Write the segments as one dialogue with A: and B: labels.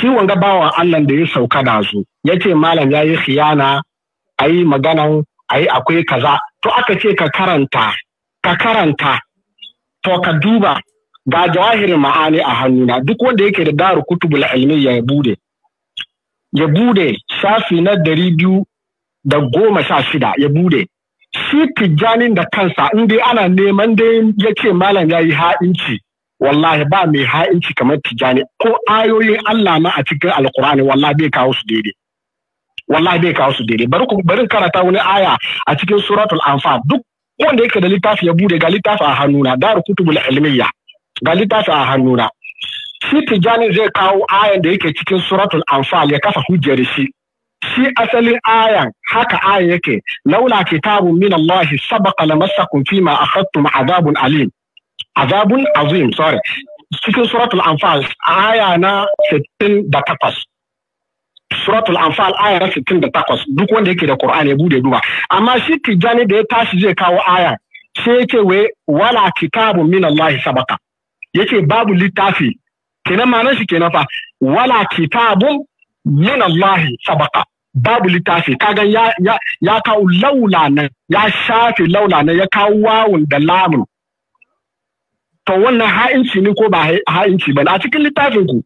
A: shi wanga bawan Allah da ya sauka da su ya ce malam ya yi khiyana a yi maganan a yi akwai kaza to aka ce ka karanta ka karanta to ka duba ga jawahirin ma'ani a hannuna duk wanda yake da daru kutubul ilmi ya bude ya bude shafi na dari biyu da goma sha shida ya bude shi tijjanin da kansa in dai ana neman dai ya ce malam ya yi ha'inci wallahi ba mai ha'inci kamar tijani ko ayoyin Allah ma a cikin alkur'ani wallahi bai kawo su daidai wallahi bai kawo su daidai bari bari karata wani aya a cikin suratul anfal duk wanda yake da littafi ya bude ga littafi a hannuna dar kutubul ilmiya ga littafi a hannuna shi tijani zai kawo ayan da yake cikin suratul anfal ya kafa hujjar shi shi asalin ayan haka ayan yake laula kitabun min Allah sabaqa lamassakum fima akhadtum adabun alim azabun azim sorry cikin suratul anfal aya na 68 suratul anfal aya na 68 duk wanda yake da qur'ani ya bude duba amma shi tijani da ya tashi zai kawo aya sai yake we wala kitabun min allahi sabaka yake babu littafi kenan ma'anar shi kenan fa wala kitabun min allahi sabaka babu littafi kagan ya ya, ya kawo laula nan ya shafe laula nan ya kawo wawun da lamun to wannan ha'inci ne ko ba ha'inci ba a cikin littafin ku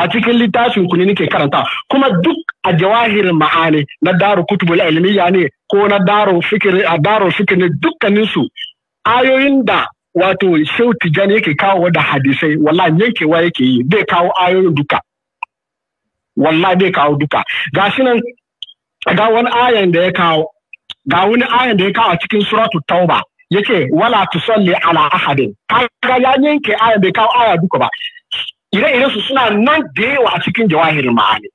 A: a cikin littafin ku ne nake karanta kuma duk a jawahirin ma'ani na daru kutubul ilmiya ne ko na daru fikir a daru fikir ne dukkanin su ayoyin da wato shehu tijani yake kawo da hadisai wallahi yankewa yake yi bai kawo ayoyin duka wallahi bai kawo duka gashi nan ga wani ayan da ya kawo ga wani ayan da ya kawo a cikin suratul tauba yace wala salli ala ahadin kaga ya yanke aya bai kawo aya duka ba ire ire su suna nan da yawa a cikin jawahirin ma'ani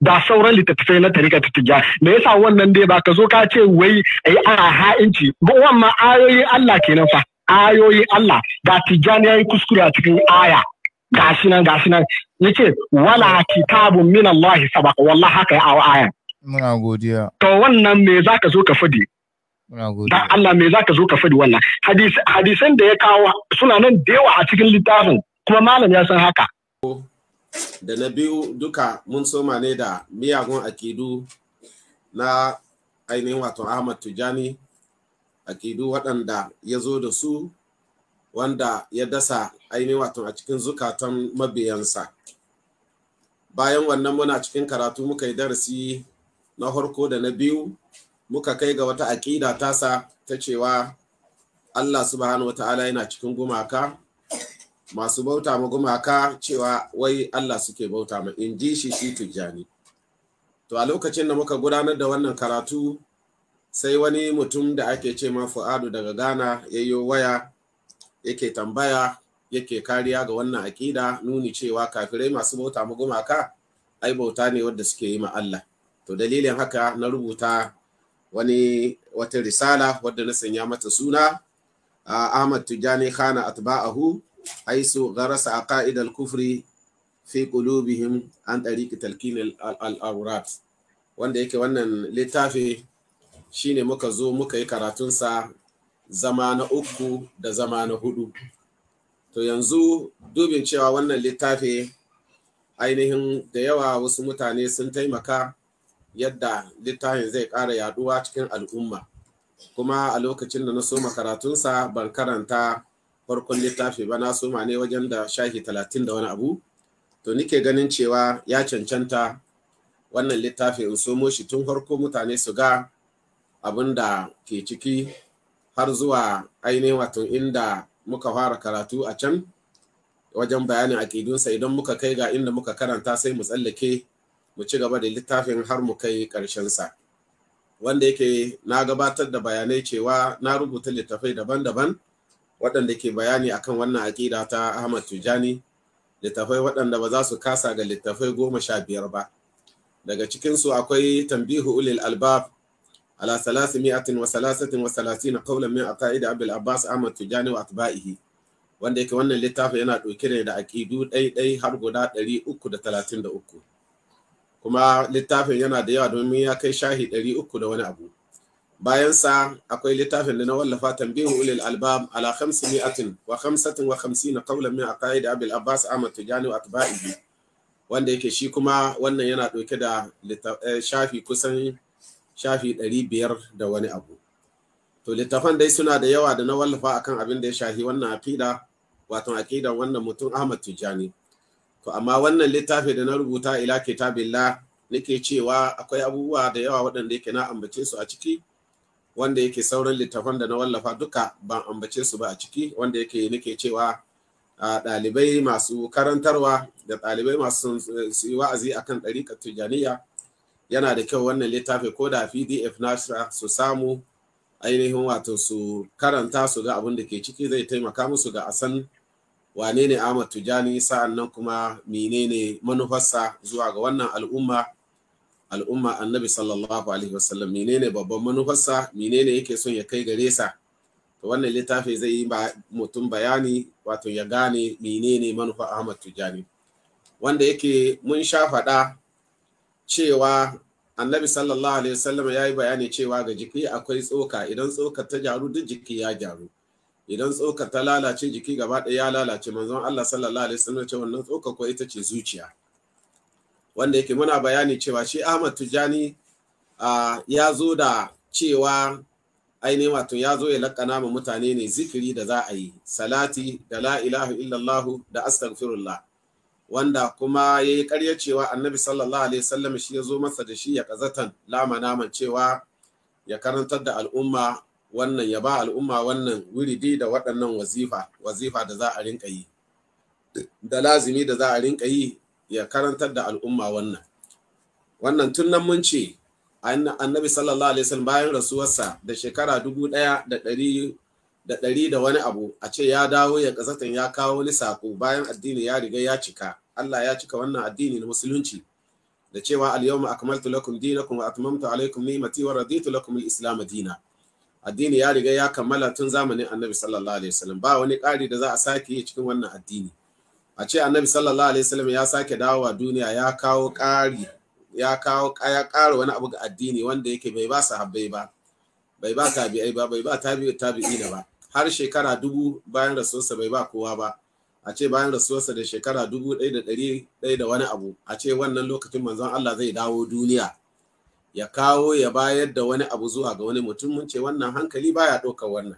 A: da sauran littattafai na tarika ta tijja me yasa wannan dai ba ka zo ka ce wai ai a ha'inci ba wannan ayoyi Allah kenan fa ayoyi Allah da tijjani yayi kuskure a cikin aya gashi nan gashi nan yace wala kitabun min Allah sabaq wallahi haka ya aya. ayan muna godiya to wannan me zaka zo ka fadi Dan Allah me za ka zo ka faɗi wannan. Hadisan da ya kawo suna nan da yawa a cikin littafin kuma malam ya san haka.
B: Da na biyu duka mun soma ne da miyagun akidu na ainihin wato Ahmad Tijani akidu waɗanda ya zo da su wanda ya dasa ainihin wato a cikin zukatan mabiyansa. Bayan wannan muna cikin karatu muka yi darasi na harko da na biyu muka kai ga wata aƙida tasa ta cewa Allah subhanahu wata'ala yana cikin gumaka masu bauta ma gumaka cewa wai Allah suke bauta ma in ji shi shi tujjani to a lokacin da muka gudanar da wannan karatu sai wani mutum da ake ce ma fu'adu daga ghana yayyo waya yake tambaya yake kariya ga wannan aƙida nuni cewa kafirai masu bauta ma gumaka ai bauta ne wadda suke yi ma Allah to dalilin haka na rubuta wani wata risala wadda na sanya mata suna Ahmad Tijani Khana atba'ahu haisu garasa a ka'idar kufri fi qulubihim an ɗari ki al-awrat wanda yake wannan littafi shine muka zo muka yi karatunsa zama na uku da zama na hudu to yanzu dubin cewa wannan littafi ainihin da yawa wasu mutane sun taimaka yadda littafin zai ƙara yaduwa cikin al'umma kuma a lokacin da na soma karatunsa ban karanta farkon littafi ba na soma ne wajen da shahi talatin da wani abu to nike ganin cewa ya cancanta wannan littafi in somo shi tun farko mutane su ga abin da ke ciki har zuwa ainihin wato inda muka fara karatu a can wajen bayanin aƙidunsa idan muka kai ga inda muka karanta sai mu tsallake mu ci gaba da littafin har mu kai ƙarshensa wanda yake na gabatar da bayanai cewa na rubuta littafai daban-daban waɗanda ke bayani akan wannan aƙida ta ahmad tijani littafai waɗanda ba za su kasa ga littafai goma sha biyar ba daga cikinsu akwai tambihu ulil albab ala salasi mi'atin wa salasatin wa salasina qawlan min aqaid abul abbas ahmad tijani wa atba'ihi wanda yake wannan littafin yana ɗauke da aƙidu ɗai-ɗai har guda ɗari uku da talatin da uku kuma littafin yana da yawa domin ya kai shahi ɗari uku da wani abu Bayansa akwai littafin da na wallafa tambihu ulil albab ala khamsiyatin wa khamsatin wa khamsina qawlan min aqaid abil abbas ahmad tijani wa atba'ihi wanda yake shi kuma wannan yana ɗauke da eh, shafi kusan shafi ɗari biyar da wani abu to littafan dai suna da yawa da na wallafa akan abin da ya shahi wannan aƙida wato aƙidan wannan mutum ahmad tijjani amma wannan littafi da na rubuta ila kitabillah nake cewa akwai abubuwa da yawa waɗanda yake na ambace su a ciki wanda yake sauran littafan da na wallafa duka ban ambace su ba a ciki wanda yake nake cewa ɗalibai masu karantarwa da ɗalibai masu su wa'azi akan ɗariƙar tijaniya yana da kyau wannan littafi ko da pdf nasa su samu ainihin wato su karanta su ga abin da ke ciki zai taimaka musu ga asan wane ne Ahmad Tijani sa'an nan kuma menene manufarsa zuwa ga wannan al'umma al'umma annabi sallallahu alaihi wasallam menene babban manufarsa menene yake son ya kai gare sa to wannan littafi zai yi mutum bayani wato ya gane menene manufar Ahmad Tijani wanda yake mun sha faɗa cewa annabi sallallahu alaihi wasallam ya yi bayani cewa ga jiki akwai tsoka idan tsoka ta jaru duk jiki ya jaru idan tsoka ta lalace jiki gaba ɗaya ya lalace manzon Allah sallallahu alaihi wasallam ce wannan tsokar ko ita ce zuciya wanda yake muna bayani cewa shi Ahmad Tijani ya zo da cewa ainihin wato ya zo ya lakana ma mutane ne zikiri da za a yi salati da la ilaha illallah da astaghfirullah wanda kuma ya yi karya cewa annabi sallallahu alaihi wasallam shi ya zo masa da shi ya kazatan lama naman cewa ya karantar da al'umma wannan ya ba al'umma wannan wuridi da waɗannan wazifa wazifa da za a rinka yi da lazimi da za a rinka yi ya karantar da al'umma wannan wannan tun nan mun ce annabi sallallahu alaihi wasallam bayan rasuwarsa da shekara dubu ɗaya da ɗari da ɗari da wani abu a ce ya dawo ya ƙasatan ya kawo wani sako bayan addini ya riga ya cika Allah ya cika wannan addini na musulunci da cewa al-yawma akmaltu lakum dinakum wa atmamtu alaykum ni'mati wa raditu lakum al-islam dina addini ya riga ya kammala tun zamanin annabi sallallahu alaihi wasallam ba wani ƙari da za a sake yi cikin wannan addini a ce annabi sallallahu alaihi wasallam ya sake dawowa duniya ya kawo ƙari ya kawo ya ƙara wani abu ga addini wanda yake bai ba sahabbai ba bai ba tabi'ai ba bai ba tabi'i na ba har shekara dubu bayan rasuwarsa bai ba kowa ba a ce bayan rasuwarsa da shekara dubu ɗaya da ɗari ɗaya da wani abu a ce wannan lokacin manzon Allah zai dawo duniya ya kawo ya bayar da wani abu zuwa ga wani mutum mun ce wannan hankali baya ɗaukar wannan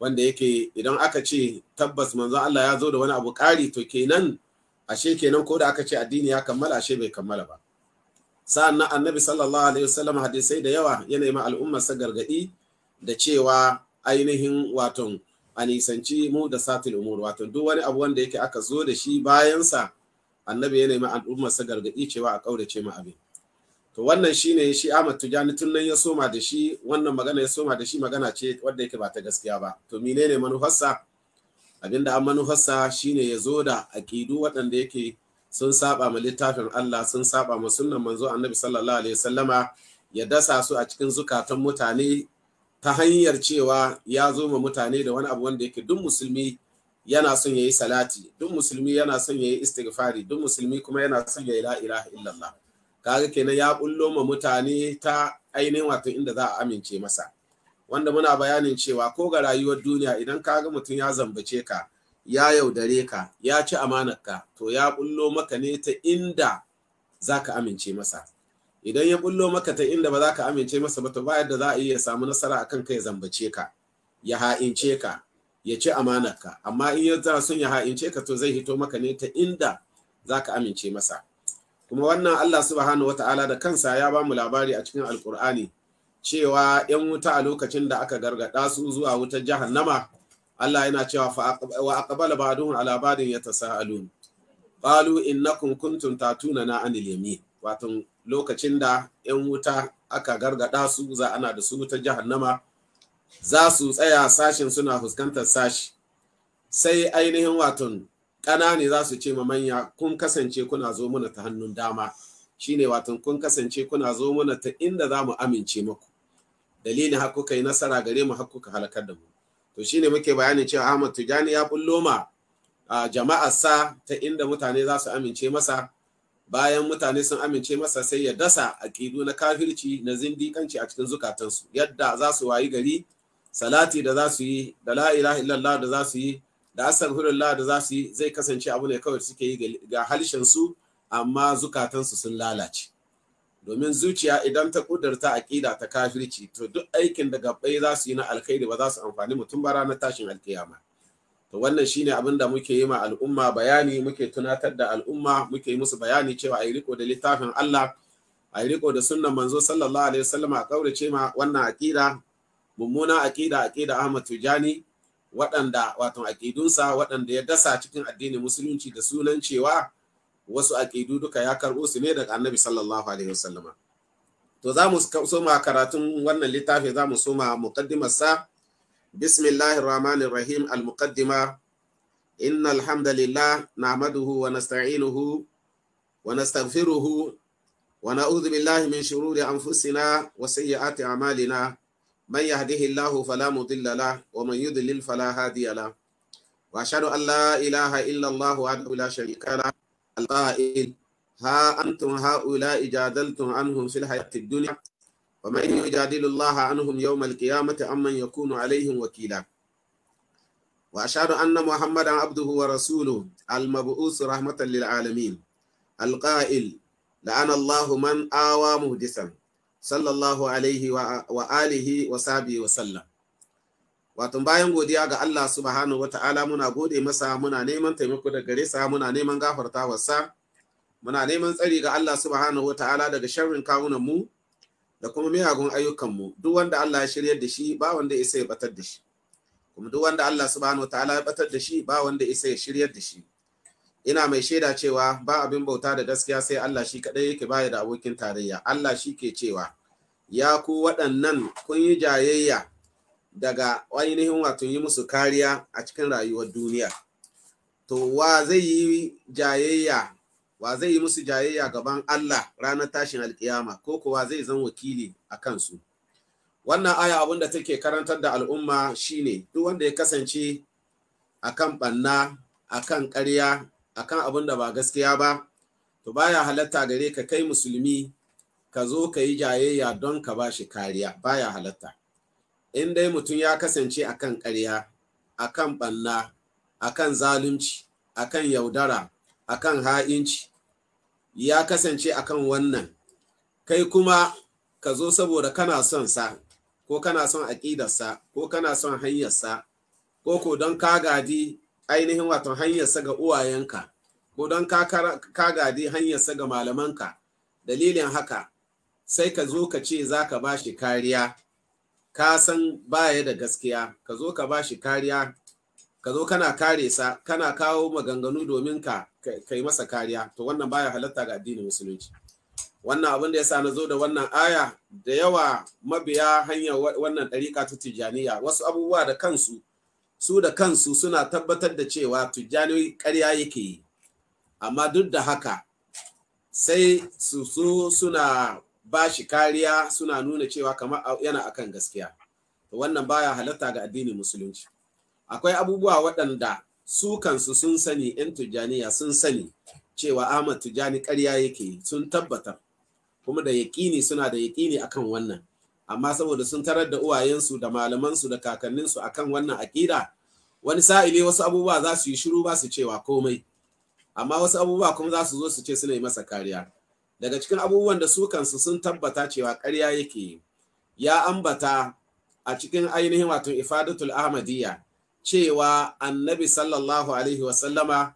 B: wanda yake idan aka ce tabbas manzo Allah ya zo da wani abu ƙari to kenan ashe kenan ko da aka ce addini ya kammala ashe bai kammala ba sa'annan annabi sallallahu alaihi wasallam hadisai da yawa yana yi ma al'umma sa gargadi da cewa ainihin wato a nisanci mu da satil umur wato duk wani abu wanda yake aka zo da shi bayansa annabi yana yi ma al'umma sa gargadi cewa a kaurace ma abin to wannan shine shi Ahmad Tujani tun nan ya soma da shi wannan magana ya soma da shi magana ce wadda yake ba ta gaskiya ba to menene manufarsa abinda an manufarsa shine ya zo da aqidu waɗanda yake sun saba ma littafin Allah sun saba ma sunnan manzo Annabi sallallahu alaihi wasallama ya dasa su a cikin zukatan mutane ta hanyar cewa ya zo ma mutane da wani abu wanda yake duk musulmi yana son yayi salati duk musulmi yana son yayi istighfari duk musulmi kuma yana son yayi la ilaha illallah kaga kenan ya bullo ma mutane ta ainihin wato inda za a amince masa wanda muna bayanin cewa ko ga rayuwar duniya idan kaga mutum ya zambace ka ya yaudare ka ya ci amanarka to ya bullo maka ne ta inda za ka amince masa idan ya bullo maka ta inda ba za ka amince masa ba to ba yadda za a iya samu nasara a kan ka ya zambace ka ya ha'ince ka ya ci amanarka amma in ya son ya ha'ince ka to zai hito maka ne ta inda za ka amince masa kuma wannan Allah subhanahu wata'ala da kansa ya ba mu labari a cikin alkur'ani cewa yan wuta a lokacin da aka gargada su zuwa wutar jahannama Allah yana cewa wa aqbala ba'dhum ala ba'din yatasaalun qalu innakum kuntum tatuna na anil yamin wato lokacin da yan wuta aka gargada su za ana da su wutar jahannama za su tsaya sashin suna fuskantar sashi sai ainihin wato ƙanane za su ce ma manya kun kasance kuna zo muna ta hannun dama shine watan kun kasance kuna zo muna ta inda za mu amince muku dalilin har kuka yi nasara gare mu har halakar da mu to shine muke bayanin cewa Ahmad Tijani ya bullo ma jama'ar sa ta inda mutane za su amince masa bayan mutane sun amince masa sai ya dasa ƙidu na kafirci na zindikanci a cikin zukatansu yadda za su wayi gari salati da za su yi da la ilaha illallah da za su yi da astaghfirullah da za su yi zai kasance abu ne kawai suke yi ga halishin su amma zukatansu sun lalace domin zuciya idan ta kudurta aqida ta kafirci to duk aikin da gabbai za su yi na alkhairi ba za su amfani mutum ba ranar tashin alkiyama to wannan shine abin da muke yi ma al'umma bayani muke tunatar da al'umma muke yi musu bayani cewa a riko da littafin Allah a riko da sunnan manzo sallallahu alaihi wasallam a kaurace ma wannan aqida mummuna aqida aqida Ahmad Tijani waɗanda wato aƙidunsa waɗanda ya dasa cikin addinin musulunci da sunan cewa wasu aƙidu duka ya karɓo su ne daga annabi sallallahu alaihi to za mu soma karatun wannan littafi za mu soma muqaddimarsa bismillahir rahmanir rahim al muqaddima innal hamdalillah nahmaduhu wa nasta'inuhu wa nastaghfiruhu wa na'udhu billahi min shururi anfusina wa sayyiati a'malina من يهده الله فلا مضل له ومن يضلل فلا هادي له وأشهد أن لا إله إلا الله وحده لا شريك له القائل ها أنتم هؤلاء جادلتم عنهم في الحياة الدنيا ومن يجادل الله عنهم يوم القيامة عمن يكون عليهم وكيلا وأشهد أن محمدا عبده ورسوله المبعوث رحمة للعالمين القائل لعن الله من آوى مهدسا sallallahu alaihi wa alihi wa sabi wa sallam wato bayan godiya ga Allah subhanahu wata'ala muna gode masa muna neman taimako da gare sa muna neman gafarta wasa muna neman tsari ga Allah subhanahu wata'ala daga sharrin kawunan mu da kuma miyagun ayyukan mu duk wanda Allah ya shiryar da shi ba wanda isa ya batar da shi kuma duk wanda Allah subhanahu wata'ala ya batar da shi ba wanda isa ya shiryar da shi ina mai shaida cewa ba abin bauta da gaskiya sai Allah shi kaɗai yake baya da abokin tarayya Allah shi ke cewa ya ku waɗannan kun yi jayayya daga ainihin wato yi musu kariya a cikin rayuwar duniya to wa zai yi jayayya wa zai yi musu jayayya gaban Allah ranar tashin alkiyama ko kuwa zai zan wakili a kansu wannan aya abin da take karantar da al'umma shine duk wanda ya kasance akan banna akan ƙarya akan abin da ba gaskiya ba to baya halatta gare ka kai musulmi ka zo ka yi jayayya don ka ba shi kariya baya halatta in dai mutum ya kasance akan ƙarya akan ɓanna akan zalunci akan yaudara akan ha'inci ya kasance akan wannan kai kuma ka zo saboda kana son sa ko kana son aƙidarsa ko kana son hanyarsa ko ko don ka gadi ainihin wato hanyar saga uwayenka ko don ka gadi hanyar ga malamanka dalilin haka sai ka zo ka ce za ka ba shi kariya ka san baya da gaskiya ka zo ka ba shi kariya ka zo kana kare sa kana kawo maganganu domin ka kai masa kariya to wannan baya halatta ga addinin musulunci wannan abin da ya sa na zo da wannan aya da yawa mabiya hanyar wannan ɗarika ta tijjaniya wasu abubuwa da kansu su da kansu suna tabbatar da cewa tujjani karya yake yi amma duk da haka sai su su suna ba shi kariya suna nuna cewa kamar yana akan gaskiya wannan baya halatta ga addinin musulunci akwai abubuwa waɗanda su kansu sun sani 'yan tijjaniya sun sani cewa ahmad tijjani karya yake yi sun tabbatar kuma da yaƙini suna da yaƙini akan wannan amma saboda sun tarar da uwayensu da malamansu da kakanninsu a kan wannan aƙida wani sa'ili wasu abubuwa za su yi shiru ba su cewa komai amma wasu abubuwa kuma za su zo su ce suna yi masa kariya daga cikin abubuwan da su kansu sun tabbata cewa ƙarya yake ya ambata a cikin ainihin wato ifadatul ahmadiyya cewa annabi sallallahu alaihi wasallama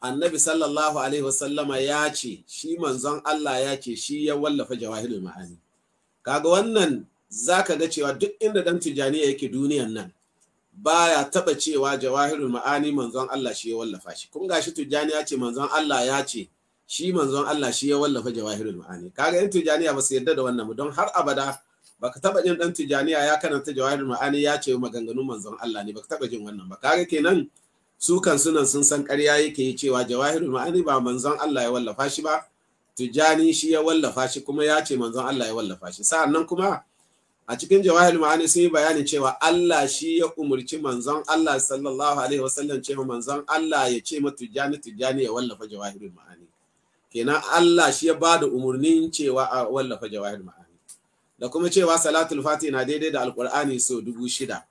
B: annabi sallallahu alaihi wasallama ya ce shi manzon Allah ya ce shi ya wallafa jawahirul ma'ani kaga wannan zaka ga cewa duk inda dan tijaniya yake duniyan nan baya taba cewa jawahirul ma'ani manzon Allah shi ya wallafa shi kun gashi tijaniya ce manzon Allah ya ce shi manzon Allah shi ya wallafa jawahirul ma'ani kaga yan tijaniya ba su yarda da wannan don har abada baka taba jin dan tijaniya ya karanta jawahirul ma'ani ya ce maganganun manzon Allah ne baka taba jin wannan ba kaga kenan su kan sunan sun san ƙarya yake yi cewa jawahirul ma'ani ba manzon Allah ya wallafa shi ba tijani shi ya wallafa shi kuma ya ce manzon Allah ya wallafa shi Sa'an nan kuma a cikin jawahir ma'ani sun yi bayanin cewa Allah shi ya umurci manzon Allah sallallahu alaihi wasallam cewa manzon Allah ya ce ma tijani tijani ya wallafa jawahir ma'ani kenan Allah shi ya ba da umurnin cewa a wallafa jawahir ma'ani da kuma cewa salatul fati na daidai da alqur'ani so dubu shida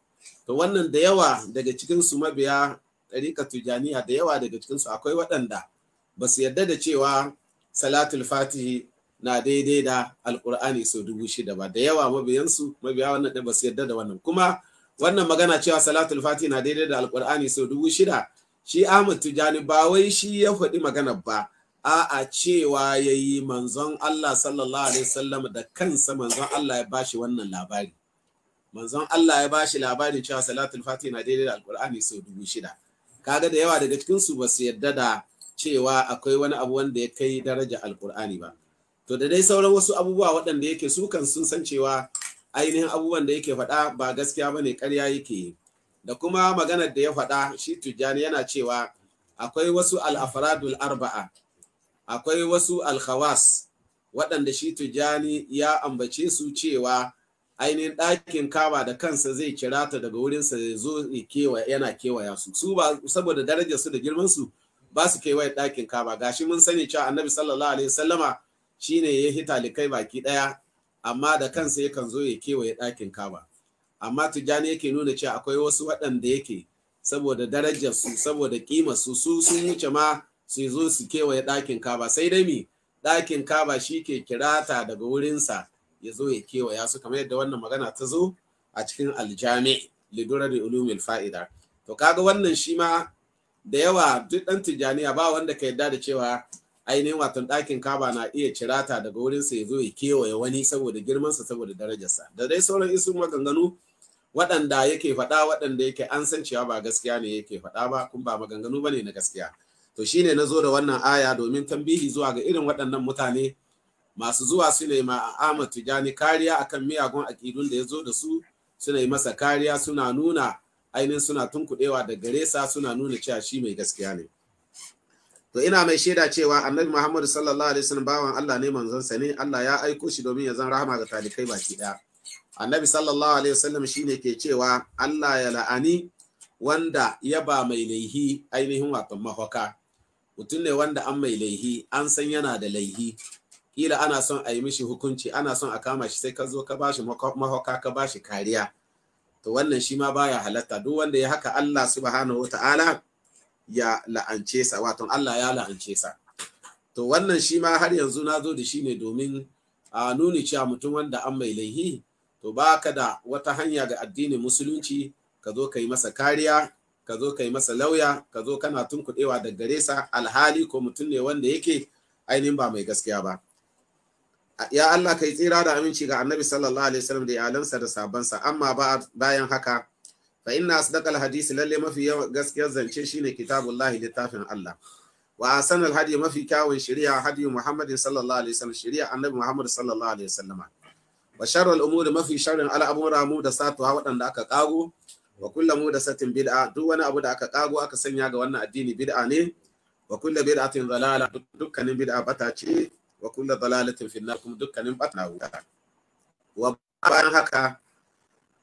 B: to wannan da yawa daga cikin su mabiya ɗarika tijaniya da yawa daga cikin su akwai waɗanda ba su yarda da cewa salatul fatihi na daidai da alkur'ani sau dubu shida ba da yawa mabiyansu mabiya wannan da basu yarda da wannan kuma wannan magana cewa salatul fatihi na daidai da alkur'ani sau dubu shida shi ahmad tijani ba wai shi ya faɗi magana ba a'a cewa ya yi manzon allah sallallahu alaihi wasallam da kansa manzon allah ya bashi wannan labari manzon allah ya bashi labarin cewa salatul fatihi na daidai da alkur'ani sau dubu shida kaga da yawa daga cikinsu ba su yarda da cewa akwai wani abu wanda ya kai daraja alkur'ani ba to da dai sauran wasu abubuwa waɗanda yake su kan sun san cewa ainihin abubuwan da yake faɗa ba gaskiya bane ƙarya yake yi, da kuma maganar da ya faɗa shi tujjani yana cewa akwai wasu al-afradul arba'a akwai wasu alkhawas waɗanda shi tujjani ya ambace su cewa ainihin ɗakin kaba da kansa zai kira ta daga wurinsa ya zo yana kewaya su su ba saboda darajar su da girman su ba su kewaye ɗakin kaba gashi mun sani cewa annabi sallallahu alaihi wasallama shine ya hita likai baki ɗaya amma da kansa yakan zo ya kewaye ɗakin kaba amma tijjani yake nuna cewa akwai wasu waɗanda yake saboda darajar su saboda kima su su sun wuce ma su zo su kewaye ɗakin kaba sai dai mi ɗakin kaba shi ke kirata daga wurinsa ya zo ya kewaya su kamar yadda wannan magana ta zo a cikin aljami lidurar ulumil fa'ida to kaga wannan shi ma da yawa duk ɗan Tijaniya ba wanda ka yarda da cewa ainihin watan ɗakin kaba na iya cirata daga wurinsa ya zo ya kewaye wani saboda girmansa saboda darajarsa da dai sauran isu maganganu waɗanda yake faɗa waɗanda yake an san cewa ba gaskiya ne yake faɗa ba kun ba maganganu ba ne na gaskiya to shine na zo da wannan aya domin tambihi zuwa ga irin waɗannan mutane masu zuwa su ne Ahmad tijani kariya akan miyagun aƙidun da ya zo da su suna yi masa kariya suna nuna ainihin suna tunkuɗewa da gare sa suna nuna cewa shi mai gaskiya ne to ina mai shaida cewa annabi muhammad sallallahu alaihi wasallam bawan allah ne manzon sa ne allah ya aiko shi domin ya zan rahama ga talikai baki ɗaya. annabi sallallahu alaihi wasallam shine ke cewa allah ya la'ani wanda ya ba mai laihi ainihin wato mahwaka mutum ne wanda an mai laihi an san yana da laihi kila ana son a yi mishi hukunci ana son a kama shi sai ka zo ka bashi mahauka ka bashi kariya to wannan shi ma baya halatta duk wanda ya haka Allah subhanahu wata'ala ya la'ance sa wato Allah ya la'ance sa to wannan shi ma har yanzu na zo da shi ne domin a nuni cewa mutum wanda an mai laihi to ba ka da wata hanya ga addinin musulunci ka zo ka yi masa kariya ka zo ka yi masa lauya ka zo kana tunkuɗewa da gare sa alhali ko mutum ne wanda yake ainihin ba mai gaskiya ba ya Allah kai tsira da aminci ga annabi sallallahu alaihi wasallam da iyalansa da sabansa amma ba bayan haka fa inna asdaqal hadisi lalle mafi yawan gaskiyar zance shine kitabullahi littafin Allah wa sanal hadi mafi kyawun shari'a hadi muhammadin sallallahu alaihi wasallam shari'a annabi muhammad sallallahu alaihi wasallama wa sharral umuri mafi sharrin al'amura mu da satuwa waɗanda aka kago wa kullu mu da satin bid'a duk wani abu da aka kago aka sanya ga wannan addini bid'a ne wa kullu bid'atin dalala dukkanin bid'a bata ce wa kullu dalalatin fi nar kuma dukkanin batna wuta wa bayan haka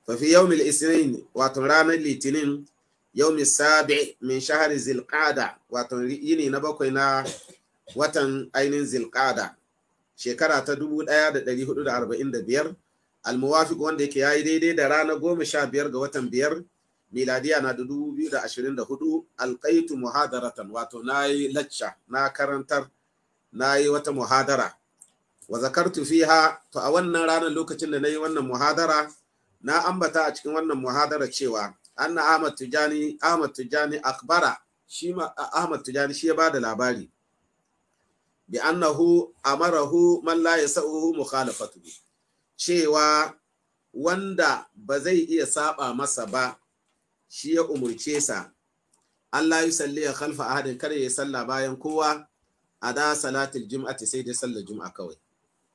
B: fa fi yawmil isnin wato ranar litinin yawmi sabi min shahar zilqada wato yini na bakwai na watan Ainin zilqada shekara ta 1445 almuwafiq wanda yake yayi daidai da ranar goma sha biyar ga watan biyar miladiya na dubu biyu da ashirin da hudu alkaitu muhadaratan wato na yi lacca na karantar na yi wata muhadara wa zakartu fiha to a wannan ranar lokacin da na yi wannan muhadara na ambata a cikin wannan muhadara cewa anna Ahmad Tijani Ahmad Tijani akbara shi ma Ahmad Tijani shi ya bada labari bi annahu amarahu man la yasahu mukhalafatu cewa wanda ba zai iya saba masa ba shi ya umurce sa Allah yi salli ya khalfa ahadin kare ya salla bayan kowa A da salatul jum'ati sai dai sallar jum'a kawai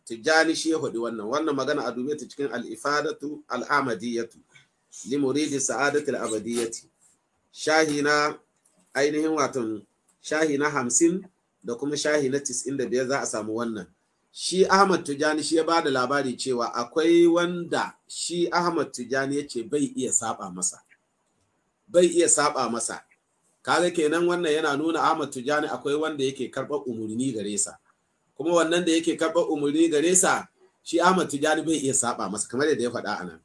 B: tijjani shi ya hudi wannan wannan magana a dube ta cikin al-ifadatu al-amadiyatu li muridi sa'adatul abadiyati shahi ainihin watan shahina na hamsin da kuma shahina na da biyar za a samu wannan shi ahmad tijjani shi ya ba da labari cewa akwai wanda shi ahmad tijjani ya ce bai iya saba masa bai iya saba masa kaga kenan wannan yana nuna Ahmad Tijani akwai wanda yake karɓar umurni gare sa kuma wannan da yake karɓar umurni gare sa shi Ahmad Tijani bai iya saba masa kamar yadda ya faɗa a nan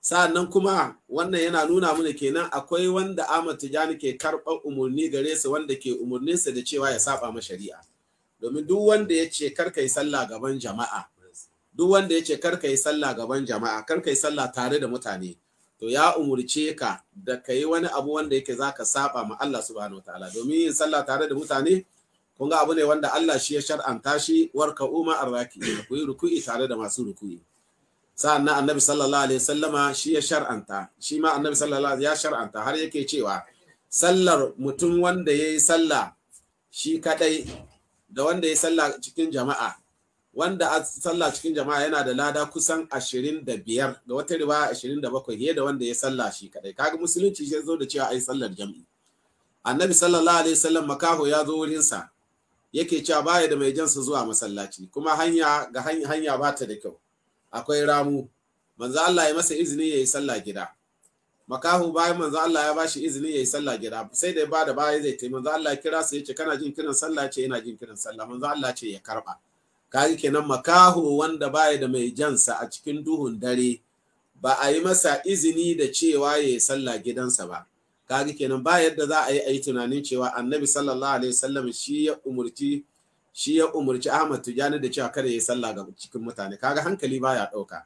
B: sa'annan kuma wannan yana nuna mana kenan akwai wanda Ahmad Tijani ke karɓar umurni gare sa wanda ke umurnin sa da cewa ya saba ma shari'a domin duk wanda ya ce kar yi sallah gaban jama'a duk wanda ya ce kar sallah gaban jama'a karka yi sallah tare da mutane to ya umurce ka da ka yi wani abu wanda yake za ka saba ma Allah subhanahu ta'ala domin yin sallah tare da mutane kun abu ne wanda Allah shi ya shar'anta shi warka uma arraki ku yi ruku'i tare da masu ruku'i sa'annan annabi sallallahu alaihi wasallama shi ya shar'anta shi ma annabi sallallahu ya shar'anta har yake cewa sallar mutum wanda ya yi sallah shi kadai da wanda ya yi sallah cikin jama'a wanda a sallah cikin jama'a yana da lada kusan 25 ga wata riwaya 27 fiye da wanda ya sallah shi kadai kaga musulunci shi zo da cewa ai sallar jam'i annabi sallallahu alaihi wasallam makaho ya zo wurin sa yake cewa baya da mai jansa zuwa masallaci kuma hanya ga hanya ba ta da kyau akwai ramu manzo Allah ya masa izini yi sallah gida makaho bayan manzo Allah ya bashi izini yi sallah gida sai da ya bada baya zai taimaka manzo Allah ya kira sa ce kana jin kiran sallah ce yana jin kiran sallah manzo Allah ce ya karba kaga kenan makaho wanda baya da mai jansa a cikin duhun dare ba a yi masa izini da cewa ya yi sallah gidansa ba kaga kenan ba yadda za a yi a yi tunanin cewa annabi sallallahu alaihi wasallam shi ya umurci shi ya umurci Ahmad Tijani da cewa kada ya yi sallah ga cikin mutane kaga hankali baya ɗauka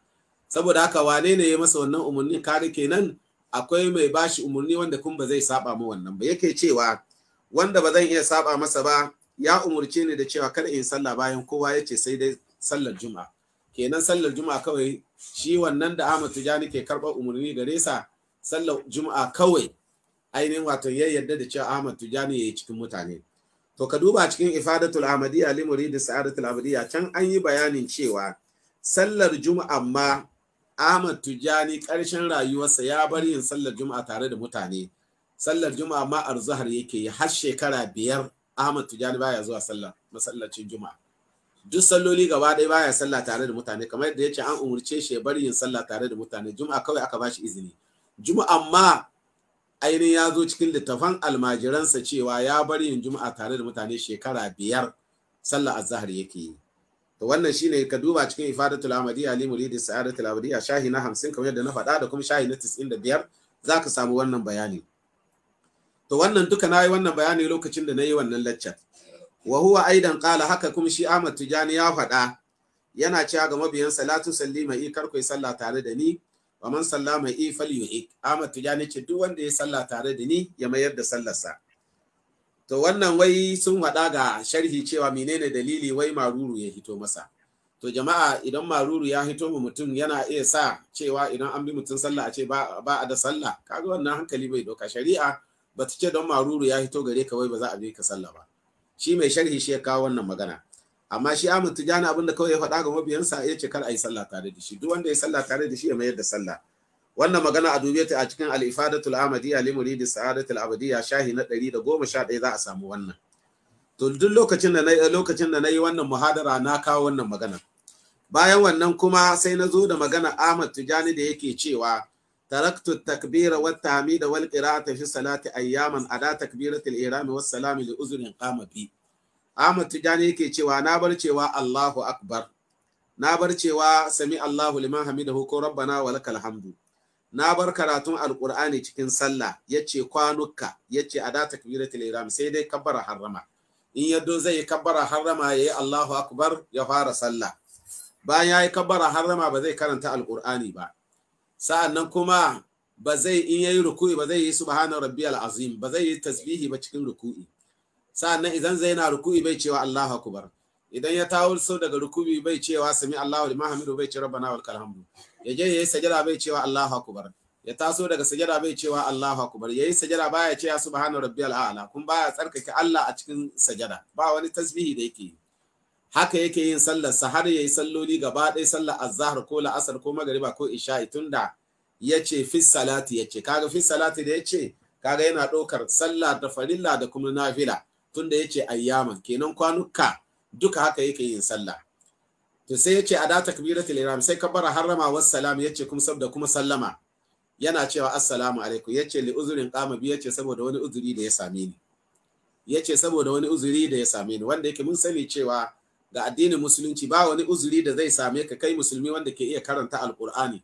B: saboda haka wane ne ya masa wannan umurni kaga kenan akwai mai bashi umarni wanda kun ba zai saba ma wannan ba yake cewa wanda ba zan iya saba masa ba ya umurce ni da cewa kada in sallah bayan kowa ya ce sai dai sallar juma'a kenan sallar juma'a kawai shi wannan da Ahmad Tijani ke karɓar umarni gare sa sallar juma'a kawai ainihin wato ya yarda da cewa Ahmad Tijani ya yi cikin mutane to ka duba cikin ifadatul ahmadiyya li murid sa'adatul abadiyya can an yi bayanin cewa sallar juma'a ma Ahmad Tijani ƙarshen rayuwarsa ya bar yin sallar juma'a tare da mutane sallar juma'a ma arzahar yake yi har shekara biyar Ahmad Tijani baya zuwa sallah masallacin Juma'a duk salloli gaba ɗaya baya sallah tare da mutane kamar yadda ce an umurce shi ya bari yin sallah tare da mutane Juma'a kawai aka bashi izini Juma'a ma ainihin ya zo cikin littafan almajiransa cewa ya bari yin Juma'a tare da mutane shekara biyar sallah azhar yake yi to wannan shine ka duba cikin ifadatul amadi ali muridi sa'adatul abadiyya shahi na 50 kamar yadda na faɗa da kuma shahi na 95 zaka samu wannan bayanin. to wannan duka na yi wannan bayani lokacin da na yi wannan laccar wa huwa aidan qala haka kuma shi Ahmad Tijani ya faɗa yana cewa ga mabiyan salatu sallima i kar yi sallah tare da ni wa man sallama i fal yui, Ahmad Tijani ce duk wanda ya sallah tare da ni ya mayar da sallarsa to wannan wai sun faɗa ga sharhi cewa menene dalili wai maruru ya hito masa to jama'a idan maruru ya hito mu mutum yana iya sa cewa idan an bi mutum sallah a ce ba a da sallah kaga wannan hankali bai doka shari'a ba ce don maruru ya hito gare ka wai ba za a bi ka sallah ba shi mai sharhi shi ya kawo wannan magana amma shi Ahmad Tijani abin da kawai ya faɗa ga mabiyansa ya ce kar a yi sallah tare da shi duk wanda ya sallah tare da shi ya mayar da sallah wannan magana a dube ta a cikin al-ifadatul amadiyya li muridi sa'adatul abadiyya shahi na 111 za a samu wannan to duk lokacin da na lokacin da nayi wannan muhadara na kawo wannan magana bayan wannan kuma sai na zo da magana Ahmad Tijani da yake cewa تركت التكبير والتعميد والقراءة في الصلاة أياما أداة تكبيرة الإيرام والسلام لأذن قام بي Ahmad Tijani yake cewa na bar cewa Allahu Akbar na bar cewa sami Allahu liman hamidahu ko rabbana wa lakal hamdu na bar karatun alqur'ani cikin sallah yace kwanuka yace ada takbiratul ihram sai dai kabbara harrama in yaddo zai yi kabbara harrama yayi Allahu Akbar ya fara sallah bayan yayi kabbara harrama ba zai karanta alqur'ani ba sa'an nan kuma ba zai in yayi ruku'i ba zai yi subhana rabbi al’azim ba zai yi tasbihi ba cikin ruku'i sa'an nan idan zai na ruku'i bai cewa Allahu akubar idan ya tawo so daga ruku'i bai cewa sami Allahu liman hamidu bai ce rabbana walakal ya je yayi sajada bai cewa Allahu akubar ya taso daga sajada bai cewa Allahu akbar yayi sajada baya cewa subhana rabbiyal a'la kun baya tsarkake Allah a cikin sajada ba wani tasbihi da yake yi haka yake yin sallar sa har yayi salloli gaba ɗaya sallar azhar ko la'asar ko magariba ko isha'i tunda yace fi salati yace kaga fi salati da yace kaga yana ɗaukar sallah da farilla da kuma nafila tunda yace ayyaman kenan kwanuka duka haka yake yin sallah to sai yace ada takbiratul ihram sai kabbara harrama wassalam yace kuma sabda kuma sallama yana cewa assalamu alaikum yace li uzurin qama bi yace saboda wani uzuri da ya same ni yace saboda wani uzuri da ya same ni wanda yake mun sani cewa ga addinin musulunci ba wani uzuri da zai same ka kai musulmi wanda ke iya karanta alkur'ani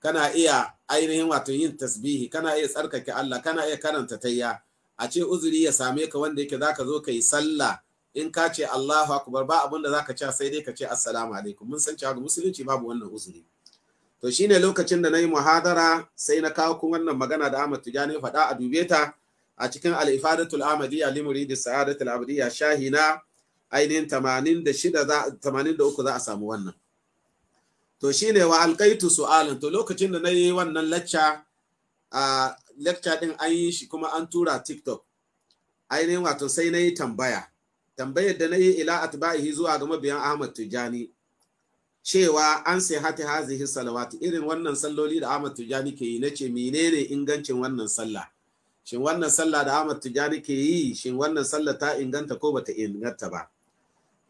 B: kana iya ainihin wato yin tasbihi kana iya tsarkake Allah kana iya karanta tayya a ce uzuri ya same ka wanda yake zaka zo kai sallah in ka ce Allahu akbar ba abin da zaka ce sai dai ka ce assalamu alaikum mun san cewa musulunci babu wannan uzuri to shine lokacin da nayi muhadara sai na kawo kun wannan magana da Ahmad Tijani faɗa a dubeta a cikin al-ifadatul amadiyya li muridi sa'adatul abdiyya shahina ainihin 86 shida za a samu wannan to shine wa alkaitu su'alan to lokacin da na yi wannan lacca a lacca ɗin an yi shi kuma an tura tiktok ainihin wato sai na yi tambaya tambayar da na yi ila atba'ihi zuwa ga mabiyan ahmad tijani cewa an sai hati hazihi salawati irin wannan salloli da ahmad tijani ke yi na ce menene ingancin wannan sallah shin wannan sallah da ahmad tijani ke yi shin wannan sallah ta inganta ko bata inganta ba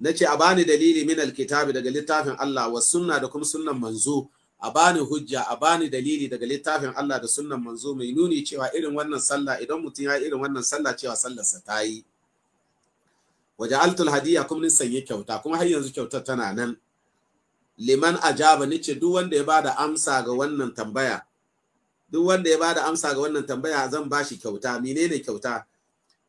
B: Na ce a bani dalili min alkitabi daga littafin Allah wa sunna da kuma sunnan manzo a bani hujja a bani dalili daga littafin Allah da sunnan manzo mai nuni cewa irin wannan sallah idan mutum ya irin wannan sallah cewa sallarsa ta yi waje altul hadiya kuma nin sanye kyauta kuma har yanzu kyautar tana nan liman ajaba ce duk wanda ya bada amsa ga wannan tambaya duk wanda ya bada amsa ga wannan tambaya zan bashi kyauta menene kyauta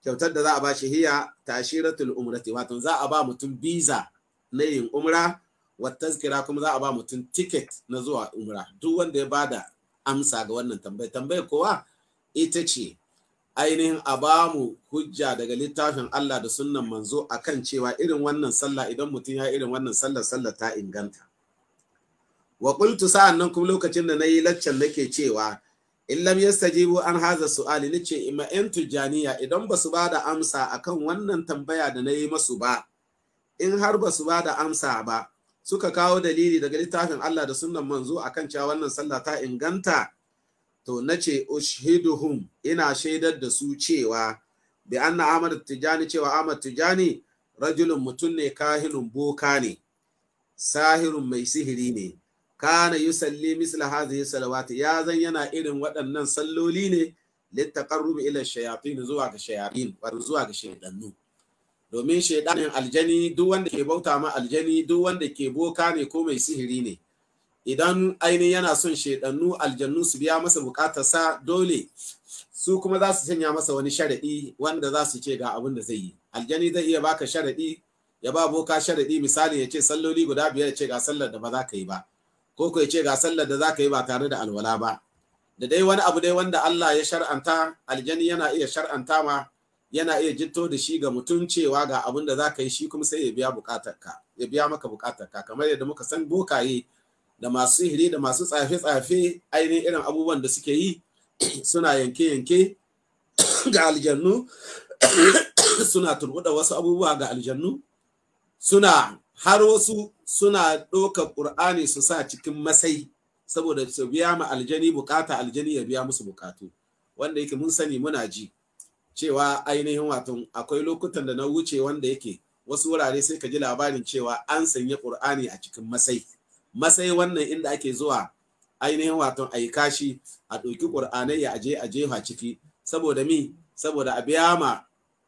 B: kyautar da za a ba shi hiya tashiratul umrati wato za a ba mutum biza na yin umra wa tazkira kuma za a ba mutum ticket na zuwa umra duk wanda ya bada amsa ga wannan tambayar tambayar kowa ita ce ainihin a ba mu hujja daga littafin Allah da sunnan manzo akan cewa irin wannan sallah idan mutum ya irin wannan sallah sallah ta inganta wa qultu sa'annan nan kuma lokacin da nayi laccan nake cewa in lam yastajibu an haza su'ali nace imma yan tujaniya idan basu ba da amsa akan wannan tambaya da na yi masu ba in har basu ba da amsa ba suka kawo dalili daga littafin Allah da sunnan manzo akan cewa wannan sallah ta inganta to nace ushiduhum ina shaidar da su cewa bi anna Ahmad Tijani cewa Ahmad Tijani rajulun mutum ne kahinun boka ne sahirun mai sihiri ne kana yusalli misla hadhihi salawati ya zan yana irin waɗannan salloli ne littaqarrubi ila shayatin zuwa ga shayatin zuwa ga shaydannu domin shaydanin aljani duk wanda ke bauta ma aljani duk wanda ke boka ne ko mai sihiri ne idan ainihin yana son shaidannu aljannu su biya masa sa dole su kuma za su sanya masa wani sharaɗi wanda za su ce ga abin da zai yi aljani zai iya baka sharaɗi ya ba boka sharaɗi misali ya ce salloli guda biyar ce ga sallar da ba za ka yi ba ko ku ce ga sallar da za ka yi ba tare da alwala ba da dai wani abu dai wanda Allah ya shar'anta aljani yana iya shar'anta ma yana iya jitto da shi ga mutum cewa ga abin da za ka yi shi kuma sai ya biya bukatarka ya biya maka bukatarka kamar yadda muka san bokaye da masu sihiri da masu tsafe-tsafe ainihin irin abubuwan da suke yi suna yanke-yanke ga aljannu suna turbuda wasu abubuwa ga aljannu suna har wasu suna ɗaukar ƙur'ani su sa cikin masai saboda su biya ma aljani bukata aljani ya biya musu bukatu wanda yake mun sani muna ji cewa ainihin watan akwai lokutan da na wuce wanda yake wasu wurare sai ka ji labarin cewa an sanya ƙur'ani a cikin masai masai wannan inda ake zuwa ainihin watan a yi kashi a ɗauki ƙur'anai ya aje a jefa ciki saboda mi saboda a biya ma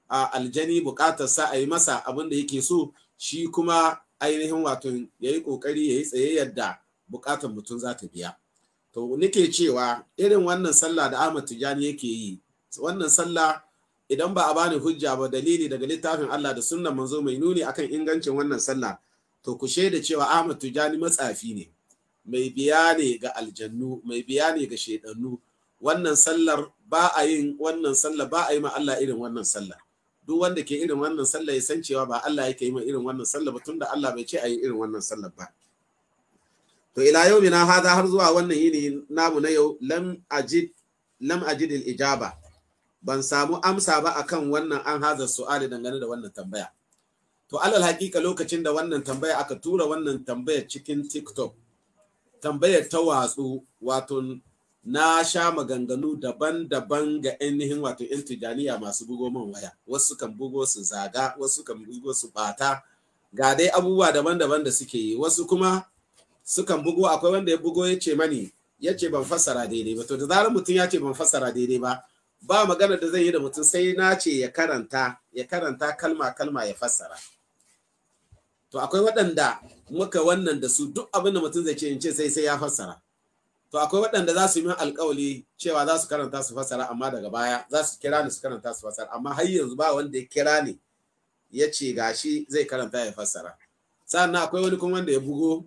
B: a aljani bukatar sa a yi masa abin da yake so shi kuma ainihin wato ya yi ƙoƙari ya yi tsaye yadda bukatar mutum za ta biya to nike cewa irin wannan sallah da ahmad tijani yake yi wannan sallah idan ba a bani hujja ba dalili daga littafin allah da sunnan manzo mai nuni akan ingancin wannan sallah to ku shaida cewa ahmad tijani matsafi ne mai biya ne ga aljannu mai biya ne ga shaidannu wannan sallar ba a yin wannan sallah. ba a yi ma allah irin wannan sallah. duk wanda ke irin wannan sallah ya san cewa ba Allah yake yi mai irin wannan sallah ba tunda Allah bai ce a yi irin wannan sallah ba to ila yau mina hada har zuwa wannan yini namu na yau lam ajid lam ajid al ijaba ban samu amsa ba akan wannan an haza su'ali dangane da wannan tambaya to alal hakika lokacin da wannan tambaya aka tura wannan tambaya cikin tiktok tambayar ta watsu wato na sha maganganu daban-daban ga ainihin wato 'yan tijaniya masu bugo man waya wasu kan bugo su zaga wasu kan bugo su bata ga dai abubuwa daban-daban da suke yi wasu kuma kan bugo akwai wanda ya bugo ya ce mani ya ce ban fassara daidai ba to da zarar mutum ya ce ban fassara daidai ba ba magana da zai yi da mutum sai na ce ya karanta ya karanta kalma kalma ya fasara. to akwai waɗanda muka wannan da su duk abin da mutum zai ce in ce sai sai ya fasara. to akwai waɗanda za su yi min alkawali cewa za su karanta su fasara amma daga baya za su kira ni su karanta su fasara amma har yanzu ba wanda ya kira ni ya ce gashi zai karanta ya fasara sannan akwai wani kuma wanda ya bugo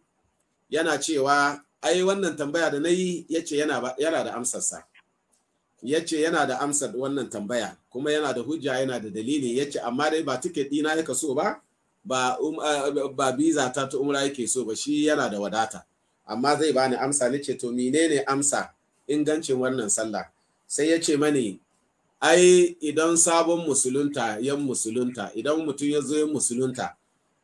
B: yana cewa ai wannan tambaya da na yi ya ce yana da amsarsa ya ce yana da amsar wannan tambaya kuma yana da hujja yana da dalili ya ce amma dai ba tiket ɗina ya so ba ba um, eh, biza ta ta umra yake so ba shi yana da wadata amma zai bani amsa ni ce to menene amsa ingancin wannan sallah sai ya ce mani ai idan sabon musulunta yan musulunta idan mutum ya zo ya musulunta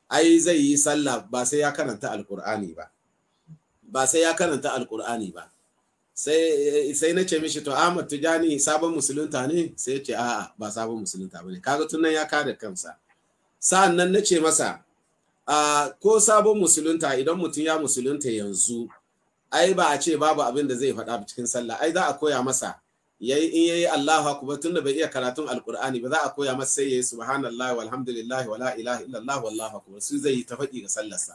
B: ai zai yi sallah ba sai ya karanta alkur'ani ba ba sai ya karanta alkur'ani ba sai na ce mishi to Ahmad Tijani sabon musulunta ne sai ya ce a'a ba sabon musulunta bane kaga tunan ya kare kansa sa'an nan na ce masa ko sabon musulunta idan mutum ya musulunta yanzu ai ba a ce babu abin da zai faɗa cikin sallah ai za a koya masa yayi in yayi Allahu akbar tunda bai iya karatun alqur'ani ba za a koya masa sai yayi subhanallahi walhamdulillahi wala ilaha illallah wallahu akbar su zai tafaki faɗi ga sallarsa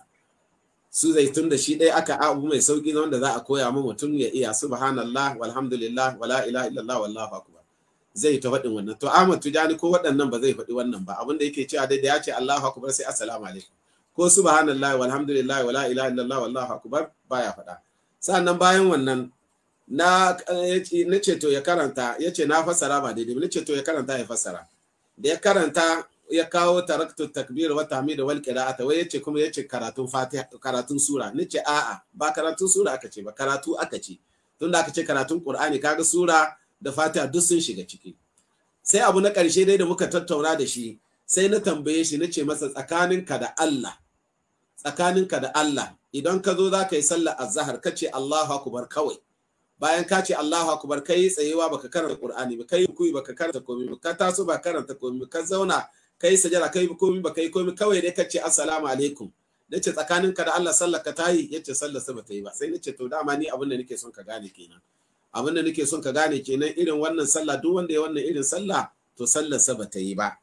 B: su zai tunda shi dai aka abu mai sauki wanda za a koya ma mutum ya iya subhanallah walhamdulillah wala ilaha illallah wallahu akbar zai ta faɗin wannan to Ahmad Tujani ko waɗannan ba zai faɗi wannan ba abinda yake cewa dai da ya ce Allahu akbar sai assalamu alaikum ko subhanallahi walhamdulillahi wala ilaha illallah wallahu akbar baya faɗa sannan bayan wannan eh, na ce to ya karanta ya ce na fassara ba daidai ba ce to ya karanta ya fassara da ya karanta ya kawo taraktu takbir wa tahmid wal qira'ata wai yace kuma yace karatun fatiha karatun sura nace a'a ba karatun sura aka ce ba karatu aka ce tunda aka ce karatun qur'ani kaga sura da fatiha duk sun shiga ciki sai abu na karshe dai da muka tattauna da shi sai na tambaye shi na ce masa tsakaninka da Allah tsakaninka da Allah idan ka zo za ka yi sallar azahar ka ce Allahu akbar kawai bayan ka ce Allahu akbar kai tsayewa baka karanta Qur'ani ba kai kuyi baka karanta komai ba ka taso ba karanta komai ka zauna kai sajada kai komai ba kai komai kawai dai ka ce assalamu alaikum nace tsakaninka da Allah sallar ka tayi yace sallar sa bata yi ba sai nace to dama ni abin da nake son ka gane kenan abin da nake son ka gane kenan irin wannan sallah duk wanda ya wannan irin sallah to sallar sa bata yi ba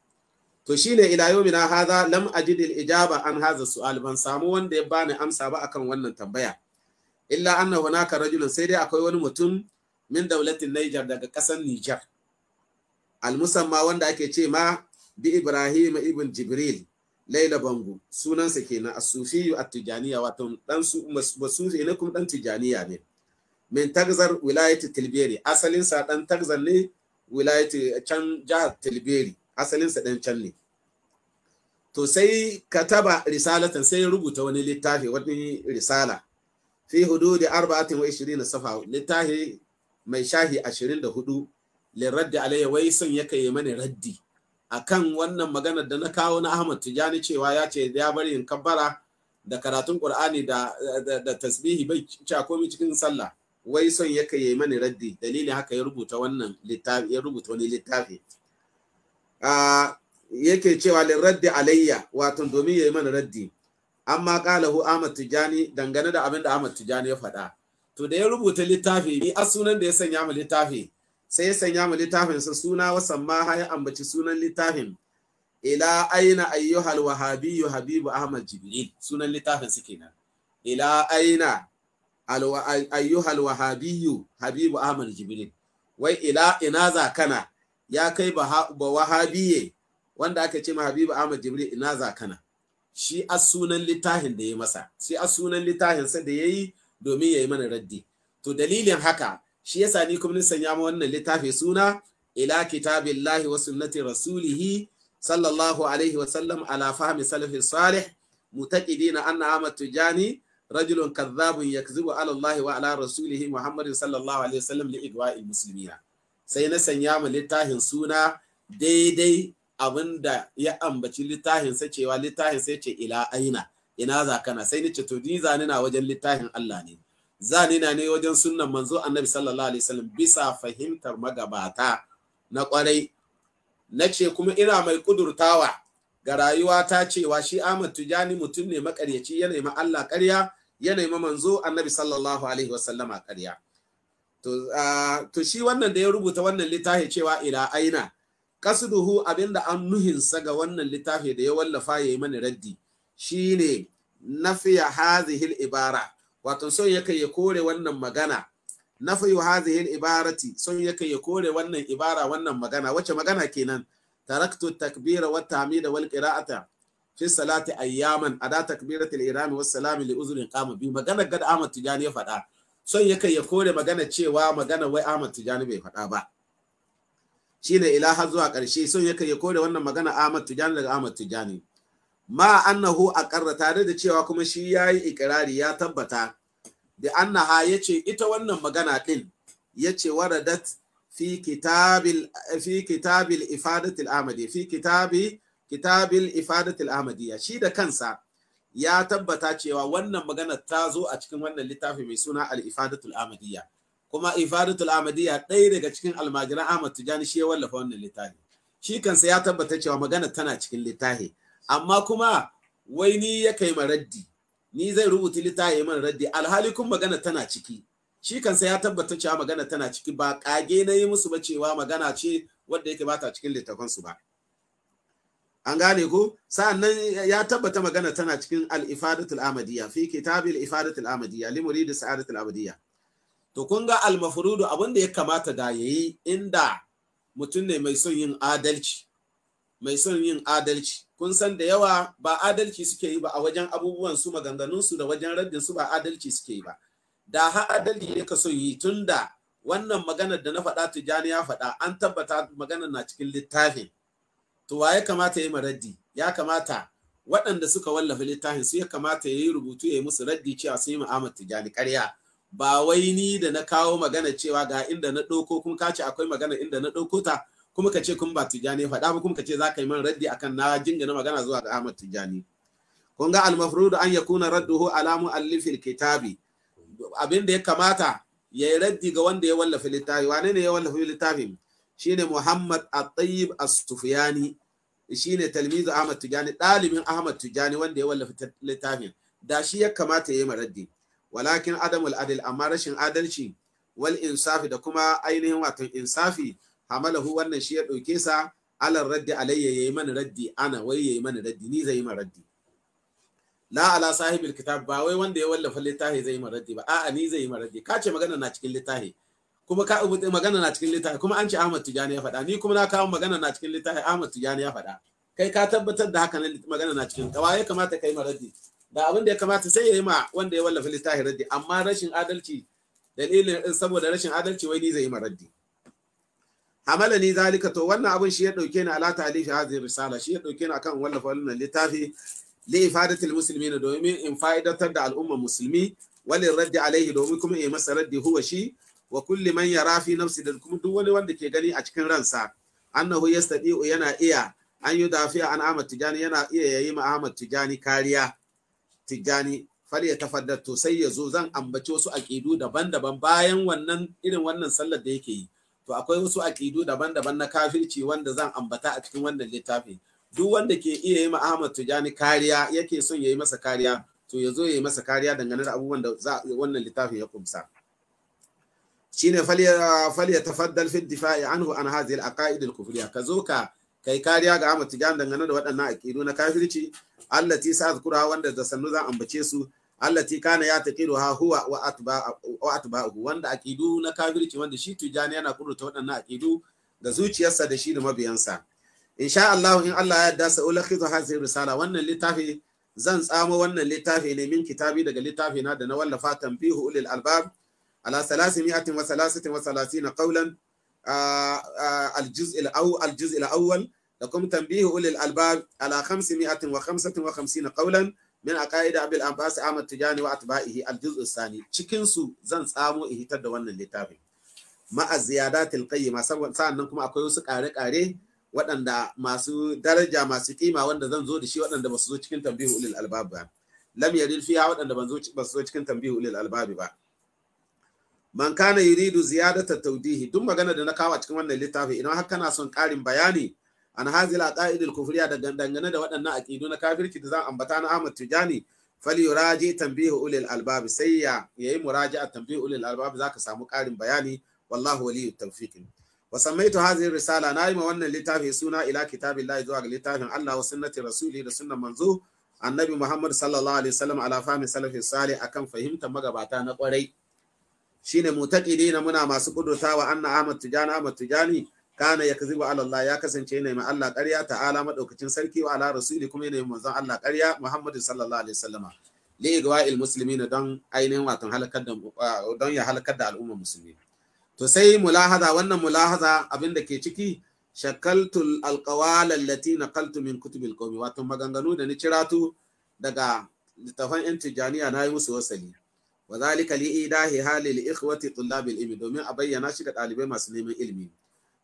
B: to shine ila yawmina hadha lam ajid al ijaba an haza su'al ban samu wanda ya bani amsa ba akan wannan tambaya illa anna hunaka rajulun sai dai akwai wani mutum min daulatin Niger daga kasar Niger al musamma wanda ake ce ma bi Ibrahim ibn Jibril Laila Bangu sunansa kenan as-sufiyu at-tijaniyya wato dan su basufi ne kuma dan tijaniyya ne min tagzar wilayati tilbiri asalin sa dan tagzar ne wilayati can jihar tilbiri asalinsa ɗan can ne to sai kataba risalatan sai ya rubuta wani littafi wani risala fi hududi arba'atin wa ishirin safa littafi mai shahi ashirin da hudu lirraddi alayya wai son ya kai mani raddi akan wannan maganar da na kawo na Ahmad Tijani cewa ya ce ya bari in kabbara da karatun Qur'ani da, da, tasbihi bai komai cikin sallah wai son ya kai mani raddi dalili haka ya rubuta wannan littafi ya rubuta wani littafi Ah, yake cewa lin raddi alayya wato domin yayi mana raddi amma qalahu Ahmad Tijani dangane da abin da Ahmad Tijani ya faɗa to da ya rubuta littafi ni a da ya sanya mu littafi sai ya sanya mu littafin sa suna wa samma ya ambaci sunan littafin ila aina ayyuhal habibu Ahmad Jibril sunan littafin su kenan ila aina ayyuhal habibu Ahmad Jibril wai ila ina za kana ya kai ba wahabiye wanda aka ce habibu ahmad jibril ina zakana shi a sunan littafin da ya yi masa shi a sunan littafin sa da ya yi domin ya yi mana raddi to dalilin haka shi yasa ni kuma nisan ya wannan littafi suna ila kitabillahi wa sunnati rasulihi sallallahu alaihi wa sallam ala fahmi salafi salih mutaqidina anna ahmad tujani rajulun kadhabun yakzibu ala allahi wa ala rasulihi muhammadin sallallahu alaihi wa sallam li igwa'il muslimina sai na sanya mu littafin suna daidai abin da ya ambaci littafin sa cewa littafin sai ce ila aina ina za kana sai ni ce to ni zani na wajen littafin Allah ne zani na ne wajen sunnan manzo annabi sallallahu alaihi wasallam bisa fahimtar magabata na kwarai na ce kuma ina mai kudurtawa ga rayuwa ta cewa shi Ahmad Tijani mutum ne makaryaci ya nemi Allah ƙarya ya nemi manzo annabi sallallahu alaihi wasallama ƙarya to uh, to shi wannan da ya rubuta wannan littafi cewa ila aina kasduhu abinda an nuhinsa ga wannan littafi da ya wallafa ya yi mana raddi shine nafiya hazihil ibara wato son yake ya kore wannan magana nafiyu hadhihi ibarati son yake ya kore wannan ibara wannan magana wace magana kenan taraktu takbira wa tahmida wal qira'ata fi salati ayyaman ada takbiratul ihram was salam li uzrin qama bi magana gad Ahmad Tijani ya fada son yakan ya kore magana cewa magana wai Ahmad Tijani bai faɗa ba shine ilaha zuwa ƙarshe son yakan ya kore wannan magana Ahmad Tijani daga Ahmad Tijani ma annahu aqarra tare da cewa kuma shi yayi ikrari ya tabbata da annaha yace ita wannan magana din yace waradat fi kitabil fi kitabil ifadatil amadi fi kitabi kitabil ifadatil amadiya shi da kansa ya tabbata cewa wannan magana ta zo a cikin wannan littafi mai suna al-ifadatul amadiyya kuma ifadatul amadiyya ɗaya daga cikin almajiran ahmad tijani shi ya wallafa wannan littafi shi kansa ya tabbata cewa magana tana cikin littafi amma kuma wai ni ya kai ma raddi ni zai rubuta littafi man raddi alhali kun magana tana ciki shi kansa ya tabbata cewa magana tana ciki ba kage na yi musu ba cewa magana ce wadda yake bata cikin su ba an gane ko sa'annan ya tabbata magana tana cikin al-ifadatul amadiyya fi kitabil ifadatul amadiyya li da sa'adatul amadiya. to kun ga al-mafrudu abin da ya kamata da yayi inda mutum ne mai son yin adalci mai son yin adalci kun san da yawa ba adalci suke yi ba a wajen abubuwan su maganganun da wajen raddin su ba adalci suke yi ba da ha adalci ne ka son yi tunda wannan maganar da na faɗa tujani ya faɗa an tabbata maganar na cikin littafin to wa ya kamata ya yi raddi ya kamata waɗanda suka wallafa littafin su ya kamata ya yi rubutu ya yi musu raddi cewa su yi mu'amar tijani ƙarya ba wai ni da na kawo magana cewa ga inda na ɗauko kuma ka ce akwai magana inda na ɗauko ta kuma ka ce kun ba tijani faɗa ba kuma ka ce za ka yi man raddi akan na jingina magana zuwa ga Ahmad Tijani. Kun ga almafrudu an yakuna radduhu alamu allifil kitabi abin da ya kamata ya yi raddi ga wanda ya wallafa littafi wane ne ya wallafa littafin shine Muhammad At-Tayyib As-Sufyani shine talmizu Ahmad Tijani dalibin Ahmad Tujani wanda ya wallafa littafin da shi ya kamata yayi maraddi walakin adamul adil amma rashin adalci wal insafi da kuma ainihin wato insafi hamalahu wannan shi ya dauke sa alan raddi alayya yayi mana raddi ana wai yayi mana raddi ni zai yi maraddi. la ala sahibil kitab ba wai wanda ya wallafa littafi zai yi maraddi ba a'a ni zai yi maraddi. kace magana na cikin littafi kuma ka magana na cikin littafi kuma an ce Ahmad Tijani ya faɗa ni kuma na kawo magana na cikin littafi Ahmad Tijani ya faɗa kai ka tabbatar da haka magana na cikin tawa ya kamata kai maraddi? da abin da ya kamata sai ya yi ma wanda ya wallafa littafi raddi amma rashin adalci dalilin eh, saboda rashin adalci wai ni zai yi maraddi. raddi hamala ni zalika to wannan abin shi ya dauke ni ala talifi hadhihi risala shi ya dauke ni akan wallafa wannan littafi li ifadatil muslimin domin in fa'idatar da al'ummar musulmi walin raddi alaihi domin kuma yi masa raddi huwa shi wa kulli man yara fi nafsi da kuma duk wani wanda ke gani a cikin ransa annahu yastadi'u yana iya an yi dafiya an Ahmad Tijani yana iya yayi ma Ahmad Tijani kariya Tijani fal ya tafaddar to sai ya zo zan ambaci wasu aqidu daban-daban bayan wannan irin wannan sallar da yake yi to akwai wasu aqidu daban-daban na kafirci wanda zan ambata a cikin wannan littafi duk wanda ke iya yi ma Ahmad Tijani kariya yake son yayi masa kariya to ya zo yayi masa kariya dangane da abubuwan da wannan littafin ya kumsa shine faliya faliya tafaddal fi difa'i anhu an hadhihi al-aqaid al kufriya ka zo ka kai kariya ga Ahmad Tijan dangane da waɗannan aqidu na kafirci allati sa'zkura wanda da sannu za ambace su allati kana ya ha huwa wa atba wa atba'uhu wanda aqidu na kafirci wanda shi Tijani yana kurta waɗannan aqidu da zuciyarsa da shi da mabiyansa insha Allah in Allah ya yarda sa'ulakhizu hadhihi risala wannan littafi zan tsamo wannan littafi ne min kitabi daga littafi na da na wallafa tanbihu ulil albab ala salasi mi'atin wa salasatin wa الجزء الأول الجزء الأول لكم تنبيه أولي الألباب على 555 قولا min aqaida abil abbas ahmad tijani wa atba'ihi al-juz'u sani cikin zan tsamo in hitar da wannan littafin ma aziyadatil qayyima sannan kuma akwai wasu kare-kare waɗanda masu daraja masu kima wanda zan zo da shi waɗanda ba su zo cikin tambihu ulil albab ba lam yarid fiha waɗanda ba su zo cikin ulil ba man kana yuridu ziyadata tawdihi duk magana da na kawo cikin wannan littafi idan har kana son karin bayani an hazil aqaidul kufriya da dangane da waɗannan aqidu na kafirci da zan ambata na Ahmad Tijani falyuraji tanbihu ulil albab sai ya yayi muraja'a tanbihu ulil albab zaka samu karin bayani wallahu waliyyu tawfiq wa sammaitu hadhihi risala na yi wa wannan littafi suna ila kitabillahi zuwa ga littafin Allah wa sunnati rasuli da sunnan manzo annabi Muhammad sallallahu alaihi wasallam ala fahmi salafi salih akan fahimtar magabata na kwarai shine mutaqidina muna masu kudurtawa anna Ahmad Ahmad Tijani kana yakzibu ala Allah ya kasance ne mai Allah ƙarya ta'ala madaukakin sarki wa ala rasuli kuma ne manzon Allah ƙarya Muhammadu sallallahu alaihi wasallama li igwa'il muslimin don ainihin watan halakar da uh, don ya halakar da al'ummar musulmi to sai mulahaza wannan mulahaza abin da ke ciki shakaltul alqawal allati naqaltu min kutubil qawmi wato maganganu da ni ciratu daga littafan yan na yi musu wasali wa zalika li idahi halil ikhwati tullabil ilmi domin a bayyana shi ga ɗalibai masu neman ilimi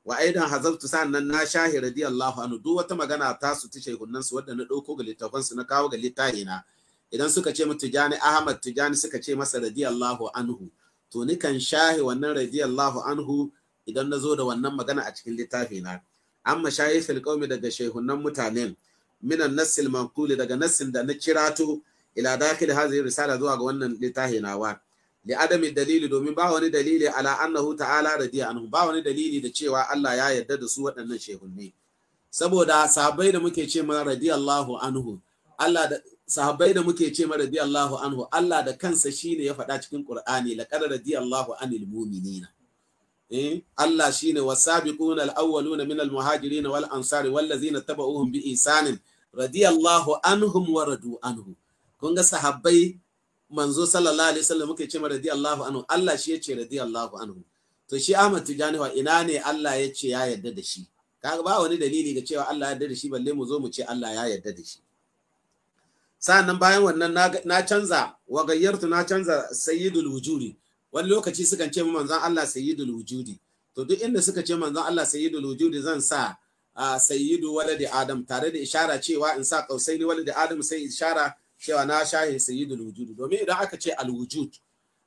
B: wa aidan hazabtu sannan na shahi radiyallahu anhu duk wata magana ta su ta shehunan wadda na ɗauko ga littafan su na kawo ga littafina idan suka ce mu tijani ahmad tijani suka ce masa radiyallahu anhu to ni kan shahi wannan radiyallahu anhu idan na zo da wannan magana a cikin littafina amma shayi fil qaumi daga shaihunan mutanen minan nassil manquli daga nassin da na kirato ila dakhil hadhihi risala zuwa ga wannan littafi nawa li adami dalili domin ba wani dalili ala annahu ta'ala radiya anhu ba wani dalili da cewa Allah ya yarda da su waɗannan shehunne saboda sahabbai da muke ce ma radiyallahu anhu Allah da sahabbai da muke ce radiyallahu anhu Allah da kansa shine ya faɗa cikin Qur'ani laqad radiyallahu anil mu'minina eh Allah shine wasabiquna al-awwaluna minal muhajirin wal ansari wallazina tabauhum bi isanin radiyallahu Anhu, wa anhu kun ga sahabbai manzo sallallahu alaihi wasallam muke ce radiyallahu anhu Allah shi yace radiyallahu anhu to shi Ahmad Tijani wa ina ne Allah yace ya yarda da shi kaga ba wani dalili ga cewa Allah ya yarda da shi balle mu zo mu ce Allah ya yarda da shi sa'annan bayan wannan na canza wa gayyartu na canza sayyidul wujudi wani lokaci sukan ce manzon Allah sayyidul wujudi to duk inda suka ce manzon Allah sayyidul wujudi zan sa sayyidu waladi adam tare da ishara cewa in sa kausai ni waladi adam sai ishara cewa na sayi da wujud domin idan aka ce alwujud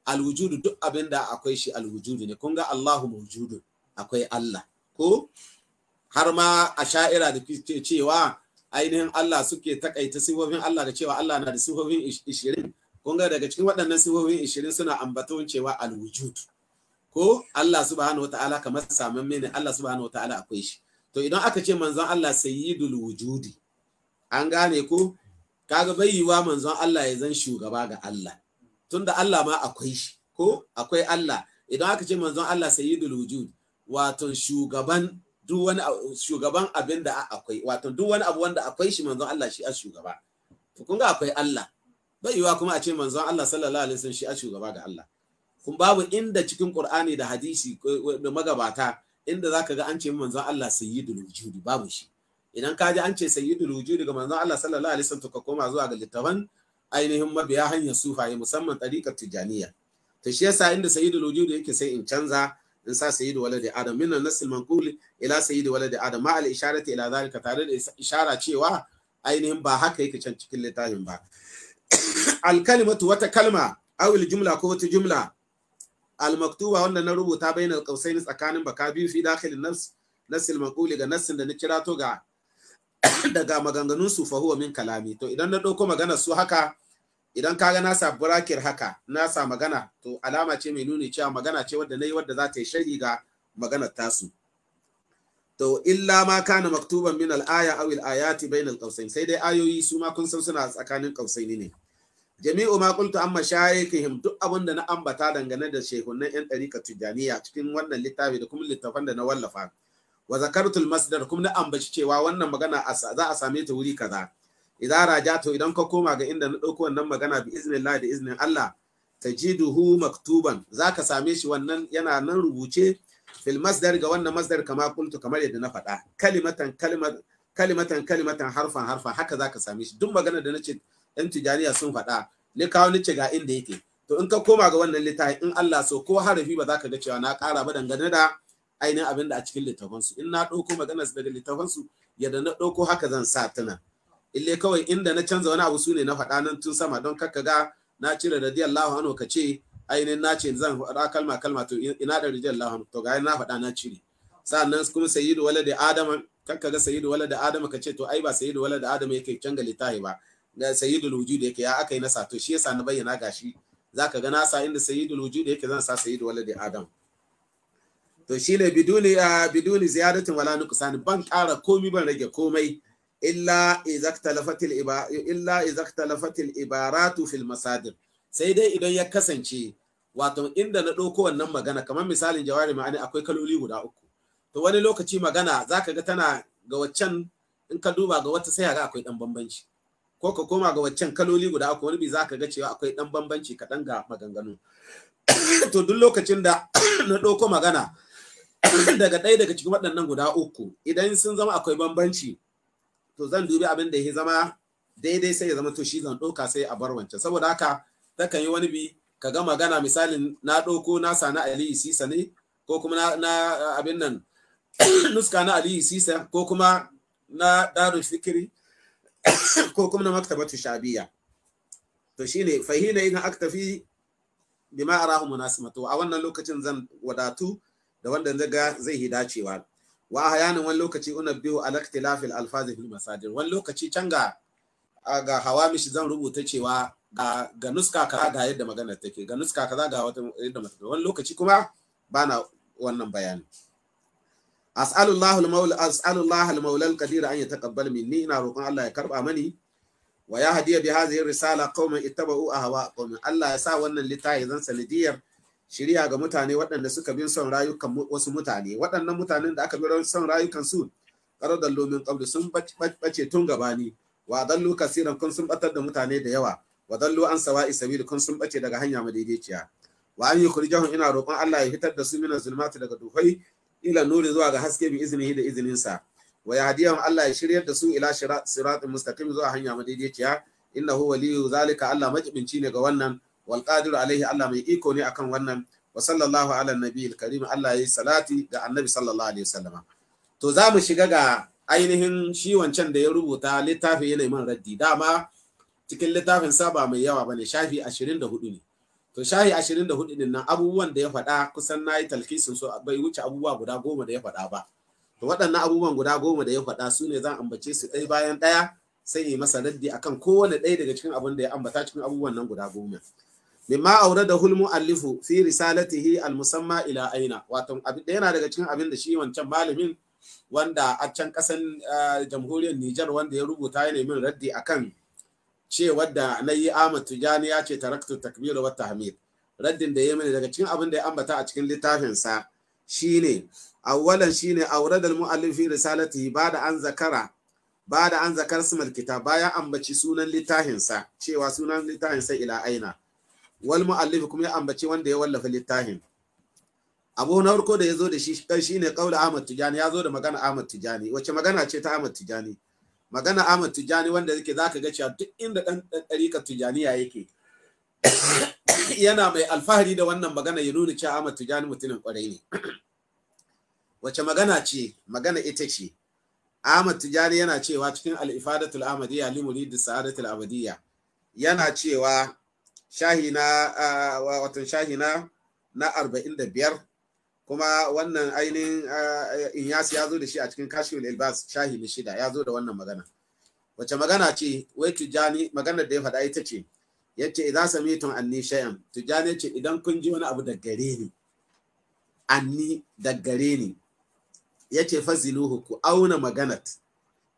B: alwujudu duk abin da akwai shi alwujudu ne kun ga Allahu mawjudun akwai Allah ko har ma a sha'ira da ke cewa ainihin Allah suke takaita sifofin Allah da cewa Allah na da sifofin 20 kun ga daga cikin waɗannan sifofin 20 suna ambaton cewa alwujud ko Allah subhanahu wataala kamar saman mene Allah subhanahu wataala akwai shi to idan aka ce manzon Allah sayyidul wujudi an gane ko kaga bai yiwa manzon Allah ya zan shugaba ga Allah tunda Allah ma akwai shi ko akwai Allah idan aka ce manzon Allah sayyidul wujud wato shugaban duk wani shugaban abin da akwai wato duk wani abu wanda akwai shi manzon Allah shi a shugaba to kun ga akwai Allah bai yiwa kuma a ce manzon Allah sallallahu alaihi wasallam shi a shugaba ga Allah kun babu inda cikin Qur'ani da hadisi eh, da magabata inda zaka ga an ce manzon Allah sayyidul wujud babu shi idan ka ji an ce sayyidul wujud daga manzon Allah sallallahu alaihi wasallam ka koma zuwa ga littafan ainihin mabiya hanyar sufaye musamman tariqar tijaniya to shi yasa inda sayyidul wujud yake sai in canza in sa sayyidu walad adam minan nasl manqul ila sayyidu walad adam ma al-isharati ila zalika tare da ishara cewa ainihin ba haka yake can cikin littafin ba al-kalimatu wata kalma aw al-jumla ko wata jumla al-maktuba wanda na rubuta bainal qausaini tsakanin baka biyu fi dakhil nafs nasl manqul ga nasin da na kirato ga daga maganganun su fa huwa min kalami to idan na dauko maganar su haka idan kaga na sa bracket haka na sa magana to alama ce mai nuni cewa magana ce wadda nayi wadda za ta yi sharhi ga maganar tasu to illa ma kana maktuban min al-aya aw al-ayati bayna al-qawsayn sai dai ayoyi su ma kun san suna tsakanin qawsayn ne jami'u ma qultu amma shaykhihim duk abin da na ambata dangane da shehunan yan dariƙa tijaniya cikin wannan littafi da kuma littafan da na wallafa wa zakartul masdar kuma na ambaci cewa wannan magana za a same ta wuri kaza idan raja to idan ka koma ga inda na dauko wannan magana bi iznillah da iznin Allah tajiduhu maktuban zaka same shi wannan yana nan rubuce fil masdar ga wannan masdar kama kuntu kamar yadda na faɗa kalimatan kalimatan kalimatan kalimatan harfan harfan haka zaka same shi duk magana da nace dan tijaniya sun faɗa ni kawo nace ga inda yake to in ka koma ga wannan littafi in Allah so ko harafi ba zaka ga cewa na ƙara ba dangane da ainihin abin da a cikin littafansu in na ɗauko maganar daga littafansu yadda na ɗauko haka zan sa tana ille kawai inda na canza wani abu su ne na faɗa nan tun sama don kakka ga na cire da radiyallahu anhu ka ce ainihin na ce zan faɗa kalma kalma to ina da radiyallahu anhu to ga na faɗa na cire Sa'annan kuma da wala da adama kakka ga da wala da adama ka ce to ai ba da wala da adama yake ga littafi ba ga sayyidul da yake ya aka yi na sa to shi yasa na bayyana gashi zaka ga na sa inda sayyidul da yake zan sa da wala da adama to ne biduni a biduni ziyaratin wala nuqsan ban ƙara komai ban rage komai illa izaktalafatil iba illa ibaratu fil masadir sai dai idan ya kasance wato inda na ɗauko wannan magana kamar misalin jawari ma'ani akwai kaloli guda uku to wani lokaci magana zaka ga tana ga waccan in ka duba ga wata sai ga akwai dan bambanci ko ka koma ga waccan kaloli guda uku wani bi zaka ga cewa akwai dan bambanci kaɗan ga maganganu to duk lokacin da na ɗauko magana daga ɗaya daga cikin waɗannan guda uku idan sun zama akwai bambanci to zan dubi abin da ya zama daidai sai ya zama to shi zan ɗauka sai a bar wancan saboda haka takan yi wani bi ka gama gana misalin na ɗauko na sana aliyu sisa ne ko kuma na abin nan nuska na aliyu sisa ko kuma na daru fikiri ko kuma na ta shabiya to shi ne fahina idan aktafi bima arahu munasibatu a wannan lokacin zan wadatu da wanda ga zai yi dacewa wa ahyanan wani lokaci unabbihu ala ikhtilafil alfazi fil masajir wani lokaci can ga ga mishi zan rubuta cewa ga ga nuska kaza ga yadda magana take ga nuska kaza ga wata yadda mata wani lokaci kuma bana wannan bayani as'alullahu al-maula as'alullahu al-maula al-qadir an yataqabbal minni ina roƙon Allah ya karba mani wa ya hadiya bi hadhihi risala qauman ittaba'u ahwa qaumin Allah ya sa wannan littafi zan sanadiyar shirya ga mutane waɗanda suka bin son rayukan wasu mutane waɗannan mutanen da aka bi son rayukan su qaradal lumin sun ɓace tun gabani wa dallu kasiran kun sun ɓatar da mutane da yawa wa dallu an sawa'i sabil kun sun ɓace daga hanya madaidaiciya wa an yukhrijahum ina roƙon Allah ya fitar da su minan zulmati daga duhai ila nuri zuwa ga haske bi iznihi da izininsa sa wa yahdihum Allah ya shiryar da su ila siratin mustaqim zuwa hanya madaidaiciya innahu waliyu zalika Allah majibinci ne ga wannan wal qadiru alaihi Allah mai iko ne akan wannan wa sallallahu ala nabiyil karim Allah yayi salati ga annabi sallallahu alaihi wasallama to za mu shiga ga ainihin shi wancan da ya rubuta littafin yana man raddi dama cikin littafin saba mai yawa bane shafi 24 ne to shafi 24 din nan abubuwan da ya fada kusan nayi talkisin su bai wuce abubuwa guda goma da ya faɗa ba to waɗannan abubuwan guda goma da ya fada su ne zan ambace su ɗaya bayan ɗaya sai yi masa raddi akan kowane ɗaya daga cikin abin da ya ambata cikin abubuwan nan guda goma lima aure da hulmu allifu fi risalatihi almusamma ila aina wato yana daga cikin abin da shi wancan malamin wanda a can kasan eh, jamhuriyar Nijar wanda ya rubuta ya nemi raddi akan cewa da na yi Ahmad Tijani ya ce taraktu takbir wa tahmid raddin da ya mini daga cikin abin da ya ambata a cikin littafinsa shine awwalan shine aure da mu'allif fi risalatihi ba da an zakara ba da an zakar kitab bayan ambaci sunan littafinsa cewa sunan littafinsa ila aina wal mu'allif kuma ya ambaci wanda ya wallafa littafin abu na farko da ya zo da shi kai shine qaulu Ahmad Tijani ya zo da magana Ahmad Tijani wace magana ce ta Ahmad Tijani magana Ahmad Tijani wanda yake zaka ga cewa duk inda dan dariƙar Tijaniya yake yana mai alfahari da wannan magana ya nuna cewa Ahmad Tijani mutumin kwarai ne wace magana ce magana ita ce Ahmad Tijani yana cewa cikin al-ifadatul ahmadiyya li murid sa'adatul abadiyya yana cewa shahi na watan shahi na na 45 kuma wannan ainihin inyas ya zo da shi a cikin kashiful ilbas shahi na shida ya zo da wannan magana wace magana ce wai tujani maganar da ya faɗa ita ce yace idza tun anni shay'an tujani ce idan kun ji wani abu da gare ni anni da gare ni yace faziluhu ku auna maganat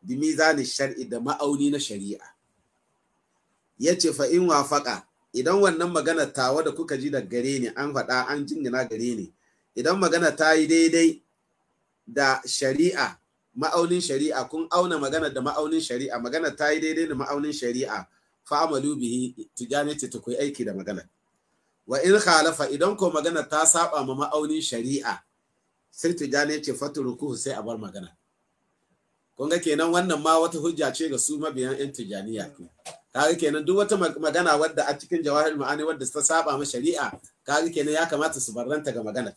B: bi mizani shar'i da ma'auni na shari'a ya ce fa in wafaqa idan wannan magana tawa da kuka ji da gare ni an faɗa an jingina gare ni idan magana ta yi daidai da shari'a ma'aunin shari'a kun auna magana da ma'aunin shari'a magana ta yi daidai da ma'aunin shari'a fa'amalu bihi tijanati ta koyi aiki da magana wa in khalafa idan ko magana ta saba ma ma'aunin shari'a sai tijani ce fatrukuhu sai a bar magana kun kenan wannan ma wata hujja ce ga su mabiyan yan tijaniya kaga kenan duk wata magana wadda a cikin jawahir ma'ani wadda ta saba ma shari'a kaga kenan ya kamata su barranta ga magana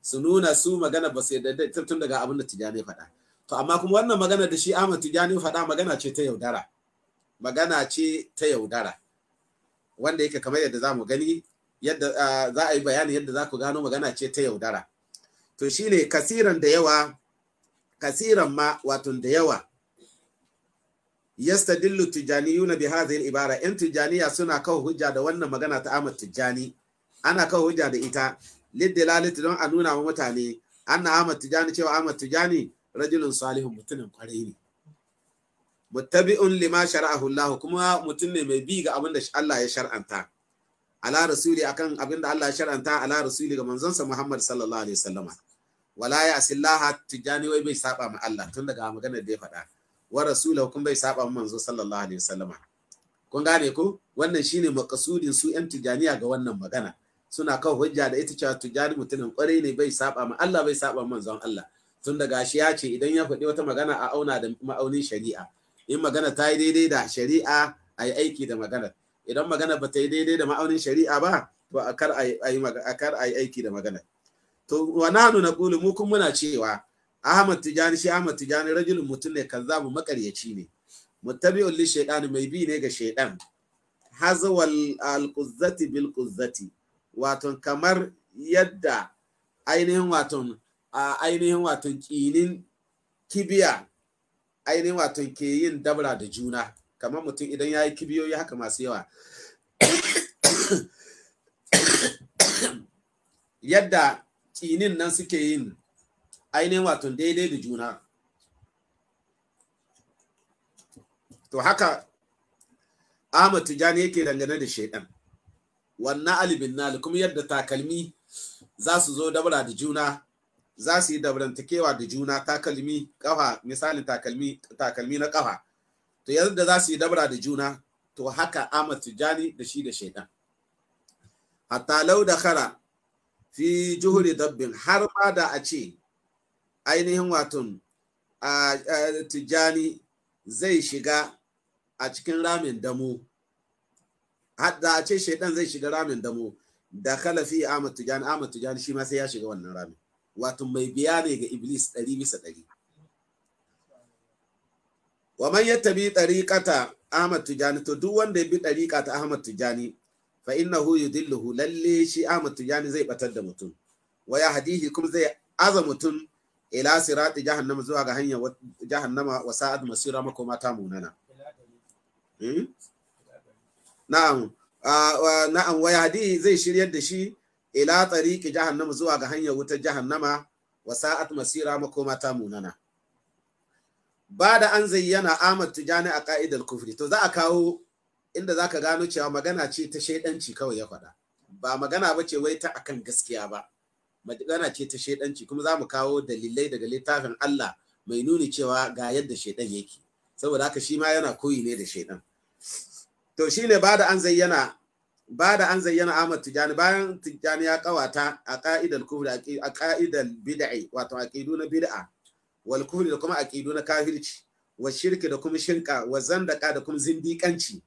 B: su nuna su magana ba su yadda tun daga abin da tijani faɗa to amma kuma wannan magana da shi Ahmad tijani faɗa magana ce ta yaudara magana ce ta yaudara wanda yake kamar yadda za mu gani yadda za a yi bayani yadda za ku gano magana ce ta yaudara to shine kasiran da yawa kasiran ma wato da yawa yastadillu tijaniyuna bi hadhihi al-ibara in tijaniya suna kawo hujja da wannan magana ta Ahmad Tijani ana kawo hujja da ita lidalalati don a nuna wa mutane anna Ahmad Tijani cewa Ahmad Tijani rajulun salihun mutumin kwarai ne muttabi'un lima shar'ahu Allah kuma mutum ne mai bi ga abin da Allah ya shar'anta ala rasuli akan abin da Allah ya shar'anta ala rasuli ga manzon sa Muhammad sallallahu alaihi wasallama wala ya asillaha tijani wai bai saba ma Allah tun daga maganar da ya faɗa wa rasulahu kun bai saba ma manzo sallallahu alaihi wasallama kun gane ko wannan shine makasudin su yan tijaniya ga wannan magana suna kan hujja da ita cewa tijani mutumin kwarai ne bai saba ma Allah bai saba ma manzon Allah tun daga shi ya ce idan ya faɗi wata magana a auna da ma'aunin shari'a in magana ta yi daidai da shari'a a yi aiki da magana idan magana ba ta yi daidai da ma'aunin shari'a ba to a kar a yi aiki da magana to wa nanu kulu mu kun muna cewa Ahmad Tijani shi Ahmad Tijani rajulun mutum ne kazzabu makaryaci ne muttabi'un li shaytan mai bi ne ga shaytan hazwal alquzzati quzzati bil quzzati kamar yadda ainihin wato a ainihin wato kinin kibiya ainihin wato ke yin dabra da juna kamar mutum idan yayi yi kibiyoyi haka masu yawa yadda tsinin nan suke yin ainihin wato daidai da juna to haka Ahmad Tijani yake dangane da shaidan wannan alibin nali kuma yadda takalmi za su zo dabara da juna za su yi dabrantakewa da juna takalmi kafa misali takalmi takalmi na kafa to yadda za su yi dabara da juna to haka Ahmad Tijani da shi da shaidan hatta lau da kara fi juhuri dabbin har ma da a ce ainihin watan a tijani zai shiga a cikin ramin damo hadda a ce shaidan zai shiga ramin damo da kalafi Ahmad Tijani Ahmad Tijani shi ma sai ya shiga wannan ramin watan mai biya ne ga Iblis ɗari bisa ɗari wa man yattabi dariƙata Ahmad Tijani to duk wanda ya bi tariqata Ahmad Tijani fa innahu yudilluhu lalle shi Ahmad Tijani zai batar da mutum wa hadihi kuma zai aza mutum ila sirati jahannama zuwa ga hanyar jahannama wa sa'ad masira makoma ta munana hmm? na'am na'am wa zai shiryar da shi ila tariqi jahannama zuwa ga wutar jahannama wa masira makoma ta munana ba da an zayyana Ahmad Tijani a ka'idar kufri to za a kawo inda za ka gano cewa magana ce ta shaidanci kawai ya faɗa ba magana ba ce wai ta akan gaskiya ba magana ce ta shaidanci kuma za mu kawo dalilai daga littafin Allah mai nuni cewa ga yadda shaidan yake saboda haka shi ma yana koyi ne da shaidan to shine ba da an zayyana ba da an zayyana Ahmad Tijani bayan Tijani ya kawata a ka'idal kufri a ka'idal bid'i wato aqidu na bid'a wal kufri da kuma aqidu na kafirci wa shirki da kuma shinka, wa zandaka da kuma zindikanci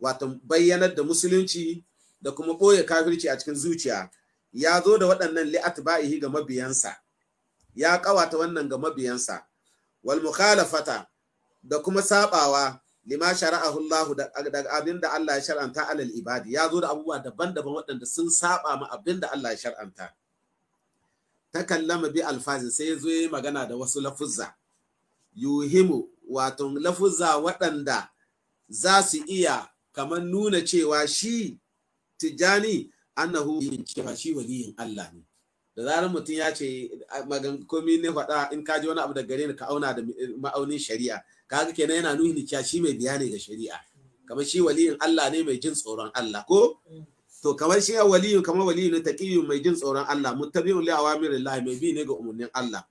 B: wato bayyanar da musulunci da kuma ɓoye kafirci a cikin zuciya ya zo da waɗannan ba'ihi ga mabiyansa ya ƙawata wannan ga mabiyansa wal mukhalafata da kuma sabawa lima shara'ahu Allah da abin da Allah ya shar'anta alal ibadi ya zo da abubuwa daban-daban waɗanda sun saba ma abinda da Allah ya shar'anta ma bi alfazin sai zo ya magana da wasu lafuzza yuhimu wato lafuzza waɗanda za su iya kamar nuna cewa shi tijjani annahu cewa shi waliyin Allah ne da zarar mutum ya ce magan komi ne faɗa in ka ji wani abu da gare ni ka auna da ma'aunin shari'a Ka ga kenan yana nuni cewa shi mai biya ne ga shari'a kamar shi waliyin Allah ne mai jin tsoron Allah ko to kamar shi yin kamar waliyu ne taqiyyun mai jin tsoron Allah muttabi'un li awamirillahi mai bi ne ga umurnin Allah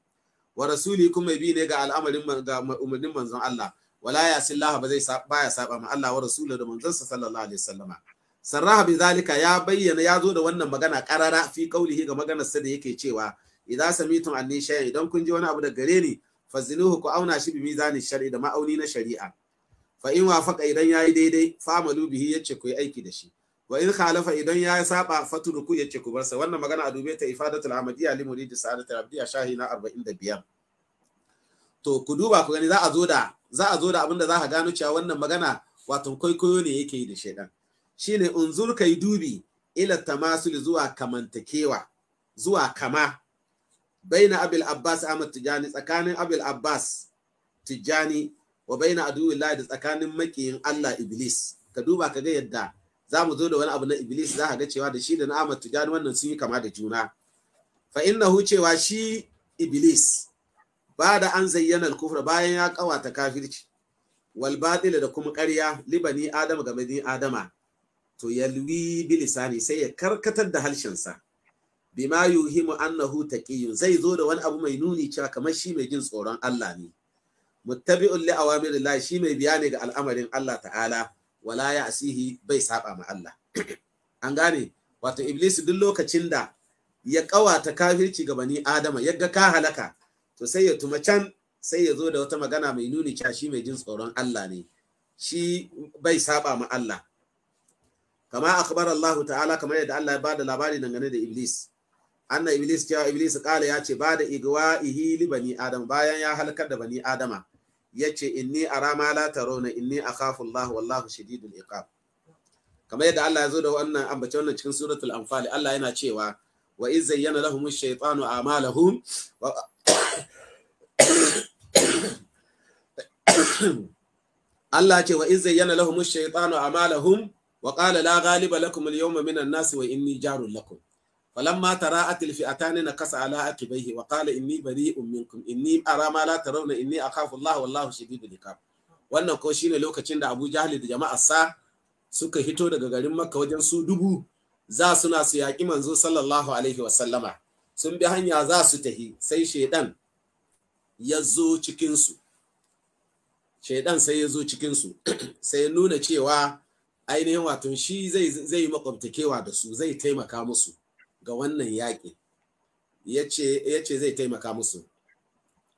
B: wa rasuli kuma mai bi ne ga al'amarin ga umurnin manzon Allah wala laha ba zai baya saba ma Allah wa rasuluhu da manzansa sallallahu alaihi wasallama sarraha bi zalika ya bayyana ya zo da wannan magana karara fi qaulihi ga maganarsa da yake cewa idza samitum anni shay'an idan kun ji wani abu da gare ni fazinuhu ku auna shi bi mizanin shari'a da ma'auni na shari'a fa in wafaqa idan yayi daidai famalu bihi yace ku yi aiki da shi wa in khalafa idan ya saba fatruku yace ku bar sa wannan magana a dube ta ifadatul ahmadiyya li muridi sa'adatul abdiya shahina 45 to ku duba ku gani za a zo da za a zo da abin za ka gano cewa wannan magana wato kwaikwayo ne yake yi da shaidan shine ka yi dubi ila tamasul zuwa kamantakewa zuwa kama baina abil abbas ahmad tijani tsakanin abil abbas tijani wa baina aduwillah da tsakanin makiyin allah iblis ka duba ka ga yadda za mu zo da wani abu na iblis za ka ga cewa da shi da na ahmad tijani wannan sun yi kama da juna fa innahu cewa shi iblis ba da an zayyana kufra bayan ya kawata kafirci wal batila da kuma ƙarya libani adama ga bani adama to yalwi bilisani sai ya karkatar da harshensa bima yuhimu annahu taqiyun zai zo da wani abu mai nuni cewa kamar shi mai jin tsoron Allah ne muttabi'un li awamirillah shi mai biya ne ga al'amarin Allah ta'ala wala ya asihi bai saba ma Allah an gane wato iblis duk lokacin da ya kawata kafirci ga bani adama ya ga ka halaka to sai ya tuma can sai ya zo da wata magana mai nuni cewa shi mai jin tsoron Allah ne shi bai saba ma Allah kama akbar Allah ta'ala kamar yadda Allah ya bada labari dangane da Iblis anna Iblis cewa Iblis kala ya ce bada igwa ihi li bani Adam bayan ya halakar da bani Adama yace inni arama la tarawna inni akhafu Allah wallahu shadidul iqab kamar yadda Allah ya zo da wannan ambace wannan cikin suratul anfal Allah yana cewa wa iz zayyana lahum ash-shaytanu a'malahum Allah ce wa izai yana lahum shaytanu amalahum wa qala la ghaliba lakum al-yawma minan nasi wa inni jarun lakum falamma tara'at al-fi'atan nakasa ala aqibayhi wa qala inni bari'un minkum inni ara ma la tarawna inni akhafu Allah wallahu shadidul iqab wannan ko shine lokacin da Abu Jahl da jama'ar sa suka hito daga garin Makka wajen su dubu za suna su yaƙi manzo sallallahu alaihi wa sallama sun bi hanya za su tahi sai shaidan ya zo cikinsu shaidan sai ya zo cikinsu sai ya nuna cewa ainihin wato shi zai zai makwabtakewa da su zai taimaka musu ga wannan yaƙi ya ce zai taimaka musu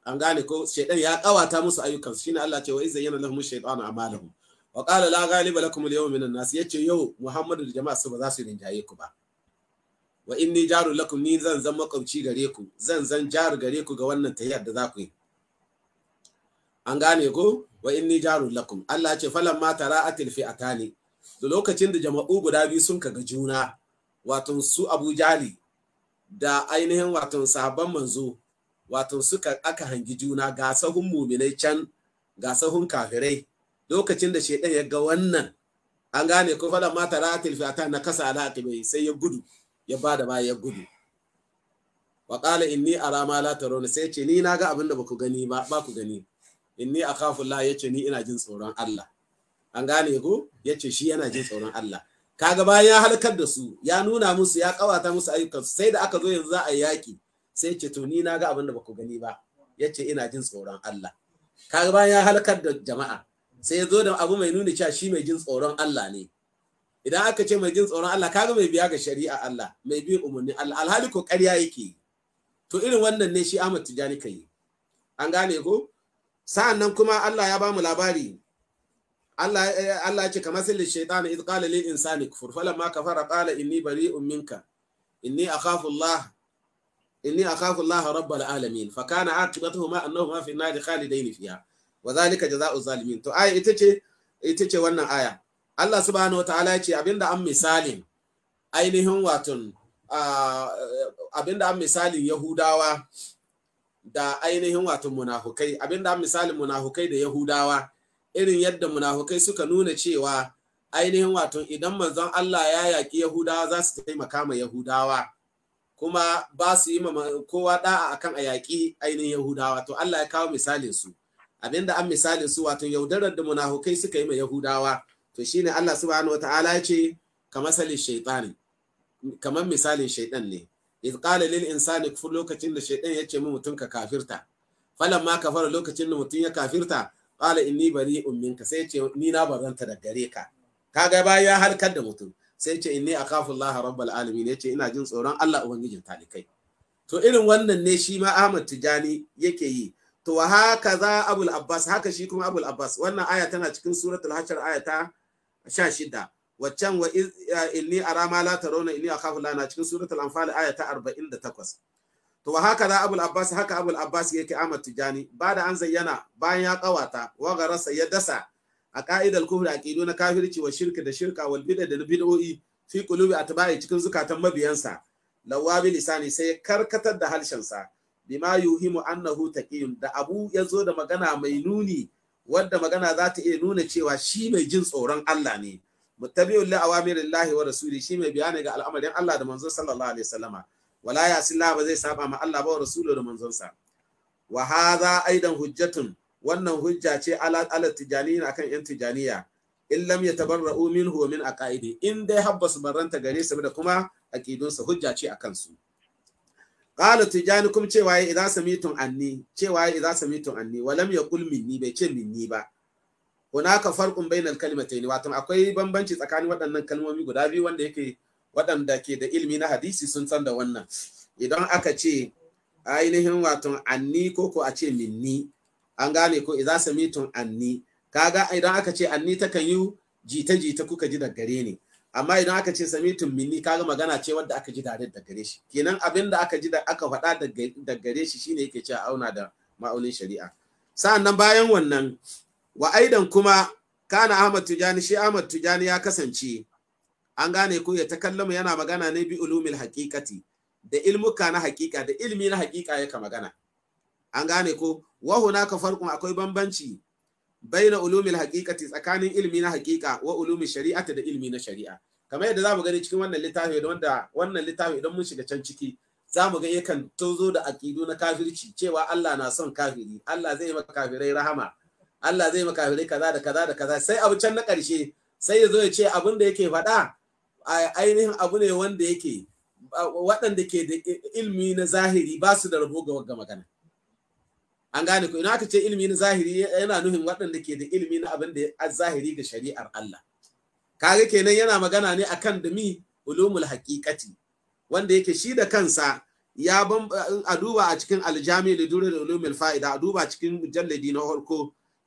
B: an gane ko shaidan ya kawata musu ayyukan shi ne Allah ce wa izza yana lahum shaytanu amalahum wa qala la ghaliba lakum al-yawma minan nas yace yau Muhammadu da jama'a su ba za su rinjaye ku ba wa inni jaru lakum ni zan zan makwabci gare ku zan zan jaru gare ku ga wannan tayyar da za ku yi an gane ko wa inni jaru lakum Allah ce falan ma tara'atil fi'atani da lokacin da jama'u guda biyu sun kaga juna wato su Abu Jali da ainihin wato sahabban manzo wato suka aka hangi juna ga sahun muminai can ga sahun kafirai lokacin da shedan ya ga wannan an gane ko falan ma tara'atil fi'atani na kasa ala sai ya gudu ya ba da baya ya gudu wa qala inni ara ma la tarawna sai ce ni na ga abin da baku gani ba ba ku gani inni akhafu la yace ni ina jin tsoron Allah an gane ku? yace shi yana jin tsoron Allah kaga bayan ya halkar da su ya nuna musu ya kawata musu ayyukan sai da aka zo yanzu za a yaki sai ce to ni na ga abin da baku gani ba yace ina jin tsoron Allah kaga bayan ya halkar da jama'a sai ya zo da abu mai nuna cewa shi mai jin tsoron Allah ne idan aka ce mai jin tsoron Allah kaga mai biya ga shari'a Allah mai biyan umarni Allah alhali ko ƙarya yake to irin wannan ne shi Ahmad Tijani kai an gane ko sa'an nan kuma Allah ya ba mu labari Allah eh, Allah ya ce kamar sai shaytan iz qala lil insani kufur falamma kafara qala inni bari'un minka inni akhafu Allah inni akhafu Allah rabbal alamin fa kana aqibatuhuma annahuma fi an-nar khalidain fiha wa dhalika jazaa'u zalimin to aya ita ce ita ce wannan aya Allah subhanahu wataala ya ce abinda an misalin ainihin watan abinda an misalin Yahudawa da ainihin watan munafukai abinda an misalin munafukai da Yahudawa irin yadda munafukai suka nuna cewa ainihin watan idan manzon Allah ya yaƙi Yahudawa za su taimaka ma Yahudawa kuma ba su yi kowa da'a akan a yaƙi ainihin Yahudawa to Allah ya kawo misalin su abinda an misalin su wato yaudarar da munafukai suka yi ma Yahudawa to shine Allah subhanahu wataala ya ce kamar misalin shaytan ne iz qala lil insani kufur lokacin da shaiɗan ya ce min mutum ka kafirta ka kafara lokacin da mutum ya kafirta qala inni bari'un minka sai ce ni na baranta da gare ka kaga ba ya halkar da mutum sai ce inni akhafu Allah rabbal alamin yace ina jin tsoron Allah ubangijin talikai to irin wannan ne shi ma Ahmad Tijani yake yi to haka za Abul Abbas haka shi kuma Abul Abbas wannan aya tana cikin suratul Hashar aya ta sha shida waccan wa inni ara ma la tarawna inni akhafu lana cikin suratul anfal aya ta 48 to wa haka da abul abbas haka abul abbas yake amat tijani ba da an zayyana bayan ya kawata wa garasa ya dasa a ka'idar kufri aqidu na kafirci wa shirka da shirka wal bid'a da bid'o'i fi qulubi atba'i cikin zukatan mabiyansa lawabi lisani sai karkatar da halshansa bima yuhimu annahu taqiyun da abu yazo da magana mai nuni wadda magana za ta iya nuna cewa shi mai jin tsoron Allah ne muttabi'un li awamirillahi wa rasuli shi mai bayani ga al'amarin Allah da manzon sallallahu alaihi wasallama wala ya yasilla ba zai saba ma Allah ba wa rasulu da manzon sa wa hadha aidan hujjatun wannan hujja ce ala ala tijaniyya akan yan tijaniyya. in lam yatabarra'u minhu min aqaidi in dai habbasu barranta gare su da kuma aqidunsa hujja ce akan su qala tijani kum cewa ya idza samitum anni cewa ya idza samitum anni wa lam yaqul minni bai ce minni ba hunaka farqun bainal kalimatayn wato akwai bambanci tsakanin waɗannan kalmomi guda biyu wanda yake waɗanda ke da ilmi na hadisi sun san da wannan idan aka ce ainihin wato anni ko ko a ce minni an gane ko idza samitum anni kaga idan aka ce anni takan yi jita jita kuka ji da gare ni amma idan aka ce sami tumbini kaga magana ce wadda aka ji dare da gare shi kenan abin da aka ji da aka faɗa da gare shi shine yake cewa auna da ma'aunin shari'a Sa'an nan bayan wannan wa aidan kuma kana Ahmad tujani shi Ahmad Tijani ya kasance an gane ko ya takallama yana magana ne bi ulumil haqiqati da ilmuka na haqiqa da ilmi na haqiqa yake magana an gane ko wa hunaka farqun akwai bambanci baina ulumil haqiqati tsakanin ilmi na haqiqa wa ulumi shari'ati da ilmi na shari'a kamar yadda zamu gani cikin wannan littafi da wanda wannan littafi idan mun shiga can ciki zamu ga yakan tozo da aqidu na kafirci cewa Allah na son kafiri Allah zai maka kafirai rahama Allah zai maka kafirai kaza da kaza da kaza sai abu can na karshe sai ya zo ya ce abin da yake faɗa ainihin abu ne wanda yake waɗanda ke da ilmi na zahiri ba su da rabo ga magana an gane ku ina ka ce ilmi na zahiri yana nufin waɗanda ke da ilmi na abin da zahiri ga shari'ar Allah kaga kenan yana magana ne akan da mi ulumul haqiqati wanda yake shi da kansa ya ban a duba a cikin aljami da durar ulumul fa'ida a duba cikin jalladi na harko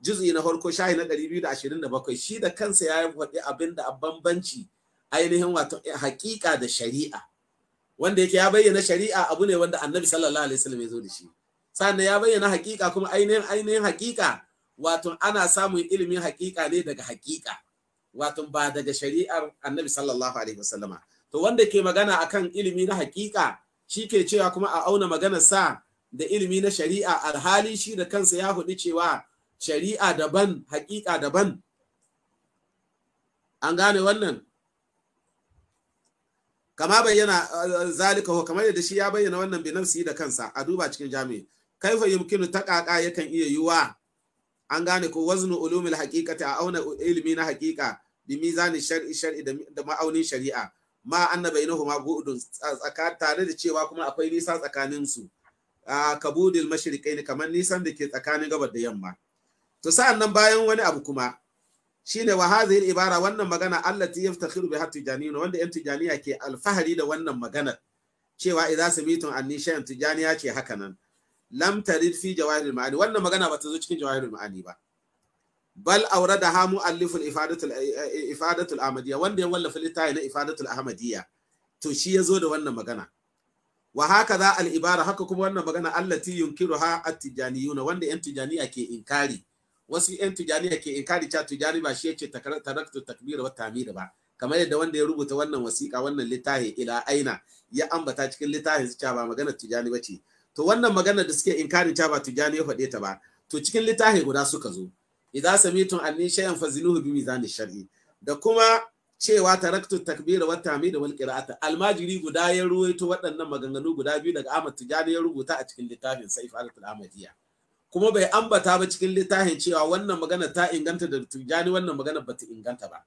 B: juz'i na harko shahi na 227 shi da kansa ya faɗi abin da a bambanci ainihin wato haqiqa da shari'a wanda yake ya bayyana shari'a abu ne wanda annabi sallallahu alaihi wasallam ya zo da shi sannan ya bayyana haqiqa kuma ainihin ainihin haqiqa wato ana samun ilimin haqiqa ne daga haqiqa wato ba daga shari'ar annabi sallallahu alaihi wasallama to wanda ke magana akan ilimi na hakika shi ke cewa kuma a auna maganar sa da ilimi na shari'a alhali shi da kansa ya hudu cewa shari'a daban hakika daban an gane wannan kama bayyana eh, zalika ko kamar yadda shi ya bayyana wannan bi da kansa a duba cikin jami'i kaifa yumkinu taqaqa yakan iya yiwa an gane ko waznu ulumil haqiqati a auna ilimi na haqiqa bi mizani shar'i shar'i da ma'aunin shari'a ma anna bainahuma bu'dun tare da cewa kuma akwai nisa tsakanin su kabudil mashriqain kamar nisan da ke tsakanin gabar da yamma to sa'an nan bayan wani abu kuma shine wa hadhihi ibara wannan magana allati yaftakhiru biha tijaniyun wanda yan tijaniya ke alfahari da wannan magana cewa idza samitun anni shay'an tijaniya ce haka nan lam tarid fi jawahirul ma'ani wannan magana ba ta zo cikin jawahirul ma'ani ba bal aurada ha mu'alliful ifadatul ifadatul ahmadiyya wanda ya wallafa littafi na ifadatul ahmadiyya to shi ya zo da wannan magana wa haka za al ibara haka kuma wannan magana allati yunkiruha at-tijaniyuna wanda yan tijaniya ke inkari wasu yan tijaniya ke inkari cha tijani ba shi yake taraktu takbir wa tamir ba kamar yadda wanda ya rubuta wannan wasiƙa wannan littafi ila aina ya ambata cikin littafin cewa ba magana tijani bace to wannan magana da suke inkari ta ba jani ya faɗe ta ba to cikin littafi guda suka zo idan samitun anni shay'an fazinuhu bi mizan shar'i da kuma cewa taraktu takbira wa tahmid wal qira'ata almajiri guda ya ruwaito waɗannan maganganu guda biyu daga Ahmad Tijani ya rubuta a cikin littafin Saif al-Ahmadiyya kuma bai ambata ba cikin littafin cewa wannan magana ta inganta da Tijani wannan magana bata inganta ba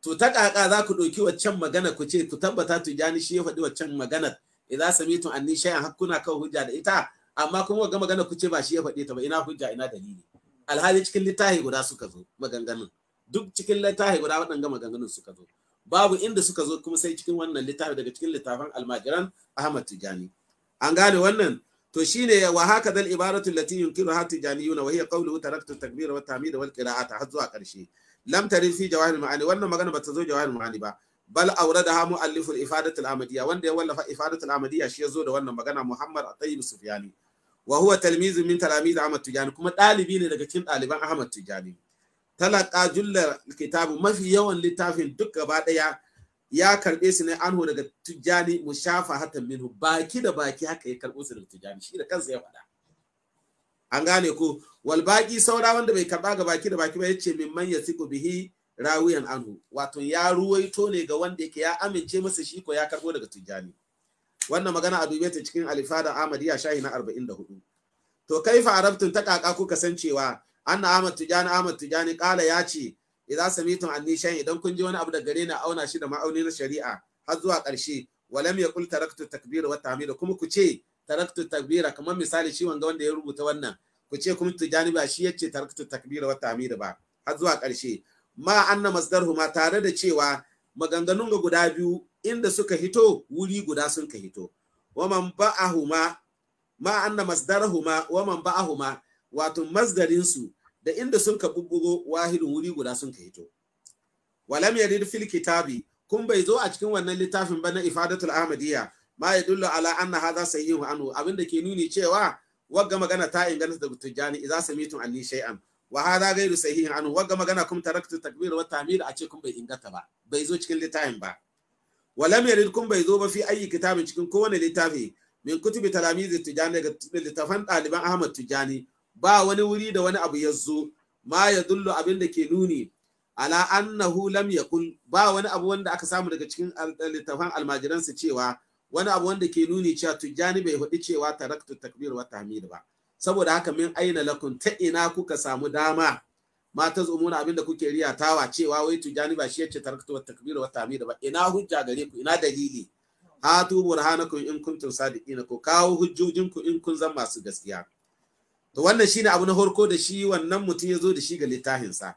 B: to ta kaka za ku ɗauki waccan magana ku ce ku tabbata Tijani shi ya faɗi waccan magana idza samitu anni shay'an hakuna kan hujja da ita amma kuma ga magana kuce ba shi ya faɗe ta ba ina hujja ina dalili alhali cikin littafi guda suka zo maganganun duk cikin littafi guda waɗanga maganganun suka zo babu inda suka zo kuma sai cikin wannan littafi daga cikin littafin almajiran Ahmad Tijani an gane wannan to shine wa haka dal ibaratu allati yunkiru ha tijaniyuna wa hiya qawluhu taraktu takbira wa tahmida wal qira'ata har zuwa karshe lam tarin fi jawahir ma'ani wannan magana bata zo jawahir ma'ani ba bal auradaha muallif al-ifadat al-amadiyya wanda ya wallafa ifadatu al-amadiyya shi yazo da wannan magana Muhammad at-Tayyib Sufyani wa huwa talmizu min talamiz Ahmad Tijani kuma dalibi ne daga cikin daliban Ahmad Tijani talaka jullar kitabu mafi yawan littafin duk gaba daya ya karbe su ne anhu daga Tijani mushafa hatta minhu baki da baki haka ya karbo su daga Tijani shi da kansa ya faɗa an gane ko wal baki saura wanda bai karba ga baki da baki ba yace mimman yasiku bihi rawiyan anhu wato ya ruwaito ne ga wanda yake ya amince masa shi ko ya karbo daga tijjani wannan magana a dube ta cikin alifada amadiya shahi na 44 to kaifa arabtun ta kaka kuka san cewa anna ahmad tijani ahmad tijani kala ya ce idan samitun anni shayin idan kun ji wani abu da gare ni auna shi da ma'auni na shari'a har zuwa ƙarshe walam yaqul taraktu takbira wa tahmida kuma ku ce taraktu takbira kamar misali shi wanga wanda ya rubuta wannan ku ce kuma tijani ba shi yace taraktu takbira wa tahmida ba har zuwa karshe. ma anna huma tare da cewa maganganun ga guda biyu inda suka hito wuri guda sun ka hito waman ba'ahuma ma anna masdarhuma waman ba'ahuma wato masdarin su da inda sun ka bubbugo wahidin wuri guda sun ka hito walam yarid fil kitabi kun bai zo a cikin wannan littafin ba na ifadatul ahmadiyya ma yadullu ala anna hadha sayyihu anhu abinda ke nuni cewa wagga magana ta inganta da tujani idza samitum anni shay'an wa hadha gairu sahihin anhu wagga magana kum taraktu takbir wa tahmid a ce kun bai ba bai zo cikin littafin ba walam yarid kun bai zo ba fi ayi kitabin cikin kowane littafi min kutubi talamizi tijani daga littafan ɗaliban ahmad tijani ba wani wuri da wani abu ya zo ma ya dullu abin da ke nuni ala annahu lam yakun ba wani abu wanda aka samu daga cikin littafan almajiransa cewa wani abu wanda ke nuni cewa tijani bai faɗi cewa taraktu takbir wa tahmid ba saboda haka min aina lakun ta ina kuka samu dama mata ta abin abinda kuke riyatawa cewa wai jani ba shi yace tarkatu wa takbir wa tamid ba ina hujja gare ku ina dalili tu burhanakum in kuntum sadiqina ko kawo hujjojin ku in kun zama masu gaskiya to wannan shine abu na farko da shi wannan mutum ya zo da shi ga littafin sa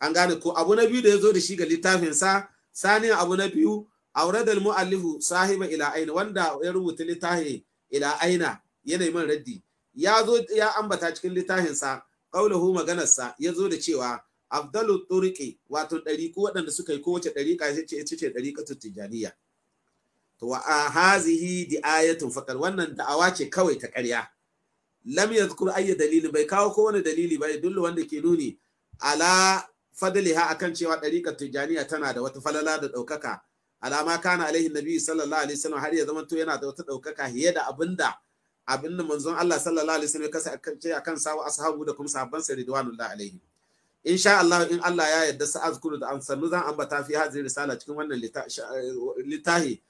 B: an gane ko abu na biyu da ya zo da shi ga littafin sa sani abu na biyu auradal muallifu sahiba ila aina wanda ya rubuta littafi ila aina yana man raddi ya zo ya ambata cikin littafinsa maganar maganarsa ya zo da cewa afdalu turiki wato ɗariku waɗanda suka yi kowace ɗariƙa ya ce ce ɗariƙatu tijaniya to wa hazihi di ayatun fakar wannan da'awa ce kawai ta ƙarya lam yadhkur ayya dalil bai kawo ko wani dalili ba dullu wanda ke nuni ala fadliha akan cewa ɗariƙar tijaniya tana da wata falala da ɗaukaka alama kana alaihi nabi sallallahu alaihi wasallam har ya zama to yana da wata ɗaukaka hiye da abinda abin da manzon Allah sallallahu alaihi wasallam ya kasance akan saba ashabu da kuma sahabban sa ridwanullahi alaihi insha Allah in Allah ya yarda sa azkuru da ansanu zan ambata fi hadhihi risala cikin wannan litahi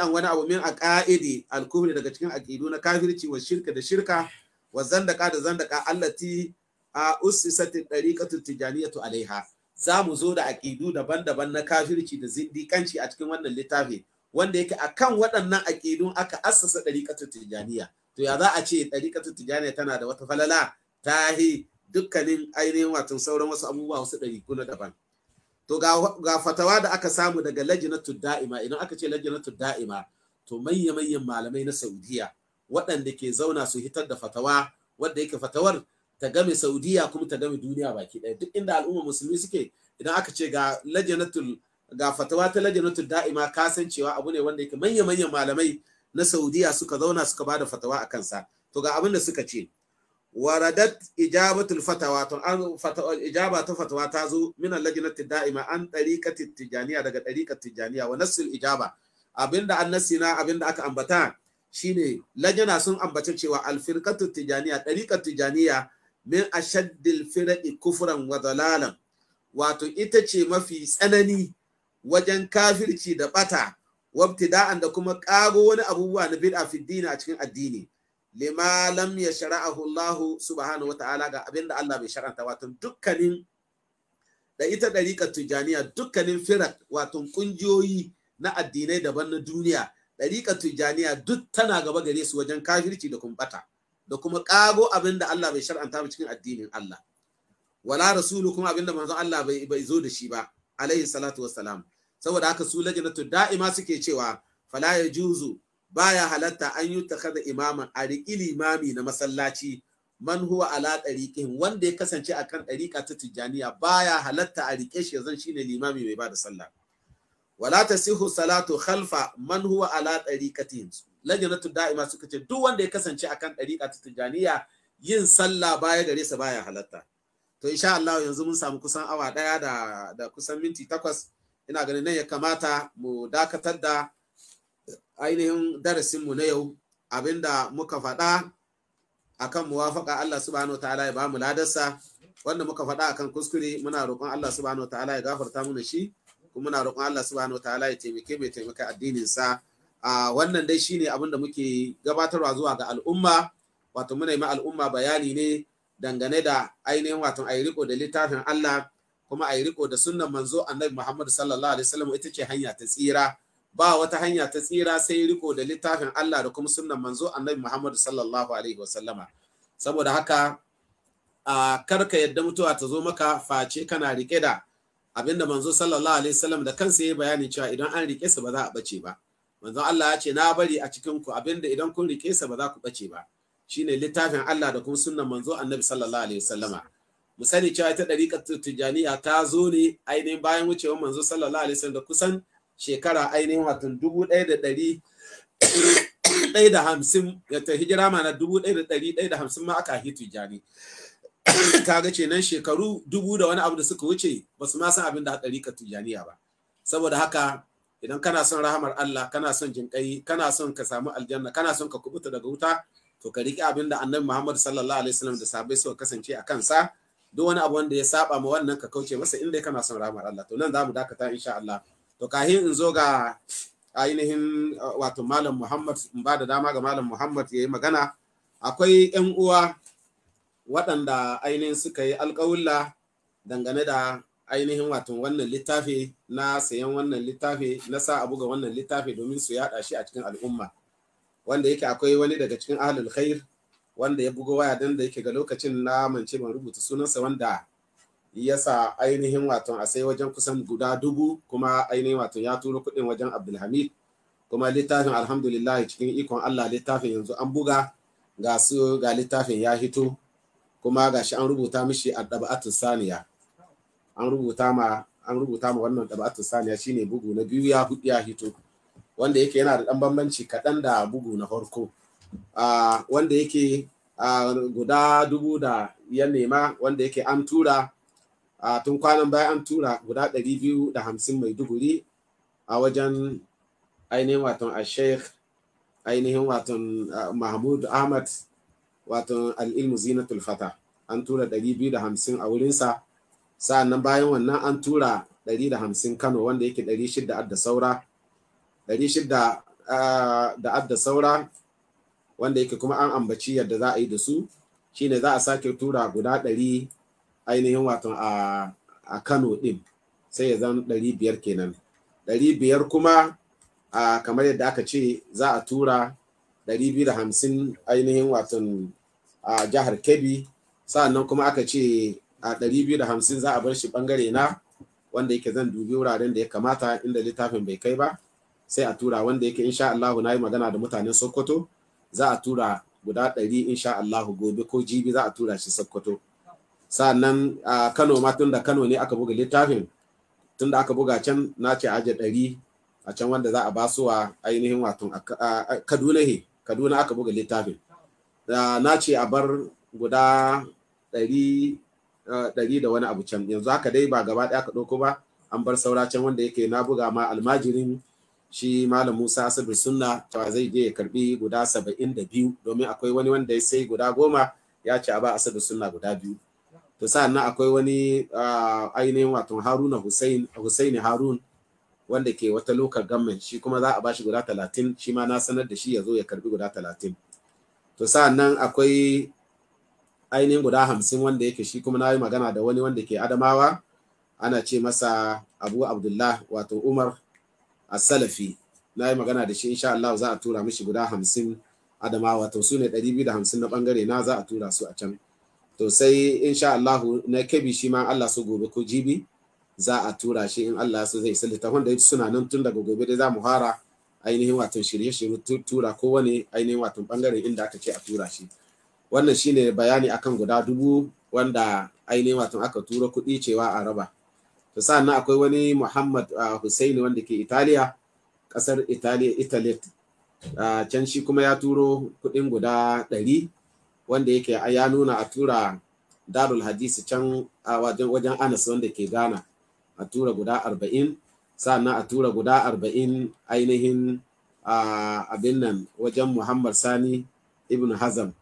B: an wani abu min aqaidi al daga cikin aqidu na kafirci wa shirka da shirka wa zandaka da zandaka allati a ussisat tariqatu tijaniyatu alaiha za mu zo da aqidu daban-daban na kafirci da zindikanci a cikin wannan littafi wanda yake akan waɗannan aqidun aka assasa tariqatu tijaniya to ya za a ce ɗariƙatu tijaniya tana da wata falala ta yi dukkanin ainihin watan sauran wasu abubuwa wasu ɗari na daban to ga fatawa da aka samu daga lajinatu da'ima idan aka ce lajinatu da'ima to manya manyan malamai na saudiya waɗanda ke zauna su hitar da fatawa wadda yake fatawar ta game saudiya kuma ta game duniya baki ɗaya duk inda al'umma musulmi suke idan aka ce ga ga fatawa ta lajinatu da'ima kasancewa abu ne wanda yake manya manyan malamai na Saudiya suka zauna suka bada fatawa a kansa to ga abin da suka ce waradat ijabatul fatawa to an ijaba ta fatawa ta zo min lajnati da'ima an tariqati tijaniya daga tariqat tijaniya wa nasul ijaba abinda annasi na abinda aka ambata shine Lajina sun ambata cewa alfirqatu tijaniya tariqat tijaniya min ashaddil firqi kufran wa dalalan wato ita ce mafi tsanani wajen kafirci da bata wabtida'an da kuma ƙago wani abubuwa na bid'a fi dini a cikin addini lima lam ya shara'ahu Allah subhanahu wa ta'ala ga abinda Allah bai shar'anta wato dukkanin da ita dariƙar tujaniya dukkanin firak wato kungiyoyi na addinai daban na duniya dariƙar tujaniya duk tana gaba gare su wajen kafirci da kumbata da kuma ƙago abinda Allah bai shar'anta ba cikin addinin Allah wala rasulu kuma abinda manzon Allah bai zo da shi ba alaihi salatu wassalam saboda haka su lajnatu da'ima suke cewa fala ya juzu baya halatta an yi kada imaman a riƙi limami na masallaci man huwa ala ɗariƙin wanda ya kasance akan ɗariƙa ta tijjaniya baya halatta a riƙe shi zan shine limami mai bada sallah wala tasihu salatu khalfa man huwa ala ɗariƙatihim lajnatu da'ima suka ce duk wanda ya kasance akan ɗariƙa ta tijjaniya yin sallah baya gare sa baya halatta to insha Allah yanzu mun samu kusan awa ɗaya da kusan minti takwas ina ganin nan ya kamata mu dakatar da ainihin darasinmu na yau abinda muka faɗa akan muwafaka Allah subhanahu ta'ala ya bamu ladarsa wanda muka faɗa akan kuskure muna roƙon Allah subhanahu ta'ala ya gafarta mana shi kuma muna roƙon Allah subhanahu ta'ala ya taimake mai taimaka addinin sa a wannan dai shine abin da muke gabatarwa zuwa ga al'umma wato muna yi ma al'umma bayani ne dangane da ainihin wato ayi riko da littafin Allah kuma a yi riko da sunan manzo annabi Muhammad sallallahu alaihi wasallam ita ce hanya ta tsira ba wata hanya ta tsira sai riko da littafin Allah da kuma sunan manzo annabi Muhammad sallallahu alaihi wasallama saboda haka a karka yadda mutuwa ta zo maka face kana rike da abinda manzo sallallahu alaihi wasallam da kansa yayi bayani cewa idan an rike sa ba za a bace ba manzo Allah ya ce na bari a cikin ku abinda idan kun rike sa ba za ku bace ba shine littafin Allah da kuma sunan manzo annabi sallallahu alaihi wasallama mu sani cewa ita ɗariƙar tijjaniya ta zo ne ainihin bayan wucewar manzo sallallahu alaihi wasallam da kusan shekara ainihin watan dubu ɗaya da ɗari ɗaya da hamsin ta hijira mana dubu ɗaya da ɗari ɗaya da hamsin ma aka hitu jani ga ce nan shekaru dubu da wani abu da suka wuce ba su ma san abin da haɗari ka tujaniya ba saboda haka idan kana son rahamar Allah kana son kai kana son ka samu aljanna kana son ka kubuta daga wuta to ka riƙe abin da annabi Muhammad sallallahu alaihi wasallam da sahabbai suka kasance a kansa duk wani abu wanda ya saba ma wannan ka kauce masa inda kana son rahmar Allah to nan za mu dakata insha Allah to kahin in zo ga ainihin uh, wato malam Muhammad in ba da dama ga malam Muhammad yayi magana akwai yan uwa waɗanda ainihin suka yi alƙawulla dangane da ainihin wato wannan littafi na sayan wannan littafi na sa abu ga wannan littafi domin su yaɗa shi a cikin al'umma wanda yake akwai wani daga cikin ahlul khair wanda ya bugo waya dan da yake ga lokacin na mance ban rubuta sunansa wanda ya sa ainihin waton a sai wajen kusan guda dubu kuma ainihin waton ya turo kuɗin wajen abdulhamid kuma littafin alhamdulillah cikin ikon allah littafin yanzu an buga ga su ga littafin ya hito kuma ga shi an rubuta mishi a ɗaba'atun saniya an rubuta ma an rubuta ma wannan ɗaba'atun saniya shine bugu na biyu ya ya hito wanda yake yana da ɗan bambanci kaɗan da bugu na farko wanda yake guda dubu da ya nema wanda yake an tura tun kwanan bayan an tura guda ɗari biyu da hamsin mai duguri a wajen ainihin waton a sheikh ainihin waton mahmud ahmad waton al'ilmu zina tulfata an tura ɗari biyu da hamsin a wurinsa sa'annan bayan wannan an tura ɗari da hamsin kano wanda yake ɗari shida da saura ɗari da saura wanda yake kuma an ambaci yadda za a yi da su shine za a sake tura guda ɗari ainihin wato a, kano ɗin sai ya zan ɗari biyar kenan ɗari biyar kuma a kamar yadda aka ce za a tura ɗari biyu da hamsin ainihin watan a jihar kebbi sa'annan kuma aka ce a ɗari biyu da hamsin za a bar shi ɓangare na wanda yake zan dubi wuraren da ya kamata inda littafin bai kai ba sai a tura wanda yake insha Allah na yi magana da mutanen Sokoto za a tura guda ɗari insha Allah gobe ko jibi za a tura shi Sokoto sannan a Kano ma tunda Kano ne aka buga littafin tunda aka buga can na ce aje ɗari a can wanda za a ba wa ainihin wato Kaduna he Kaduna aka buga littafin na ce a bar guda ɗari ɗari da wani abu can yanzu haka dai ba gaba ɗaya ka ɗauko ba an bar saura can wanda yake na buga ma almajirin shi malam Musa Asadu Sunna to zai je ya karbi guda saba'in da biyu domin akwai wani wanda ya sai guda goma ya ce a ba Asabar Sunna guda biyu to sa'annan akwai wani ainihin wato Haruna Hussein Hussein Harun wanda ke wata lokar gamman shi kuma za a ba shi guda talatin shi ma na sanar da shi ya zo ya karbi guda talatin to sa'annan akwai ainihin guda hamsin wanda yake shi kuma na yi magana da wani wanda ke adamawa ana ce masa abu abdullah wato umar a salafi na yi magana da shi insha Allah za a tura mishi guda hamsin adamawa to su ne ɗari biyu da hamsin na ɓangare na za a tura su a can to sai insha Allah na kebi shi ma Allah su gobe ko jibi za a tura shi in Allah su zai sallita wanda suna nan tun daga gobe dai za mu fara ainihin wato shirye-shirye tura kowane ainihin wato bangare inda aka ce a tura shi wannan shine bayani akan guda dubu wanda ainihin wato aka tura kuɗi cewa a raba to sannan akwai wani muhammad ah, Hussaini wanda ke italiya kasar italiya italy ah, can shi kuma ya turo kudin guda ɗari wanda yake ah, ya nuna a tura darul hadisi can wajen anas wanda ke ghana a tura guda arba'in sannan a tura guda arba'in ainihin abin nan wajen muhammad sani ibn hazam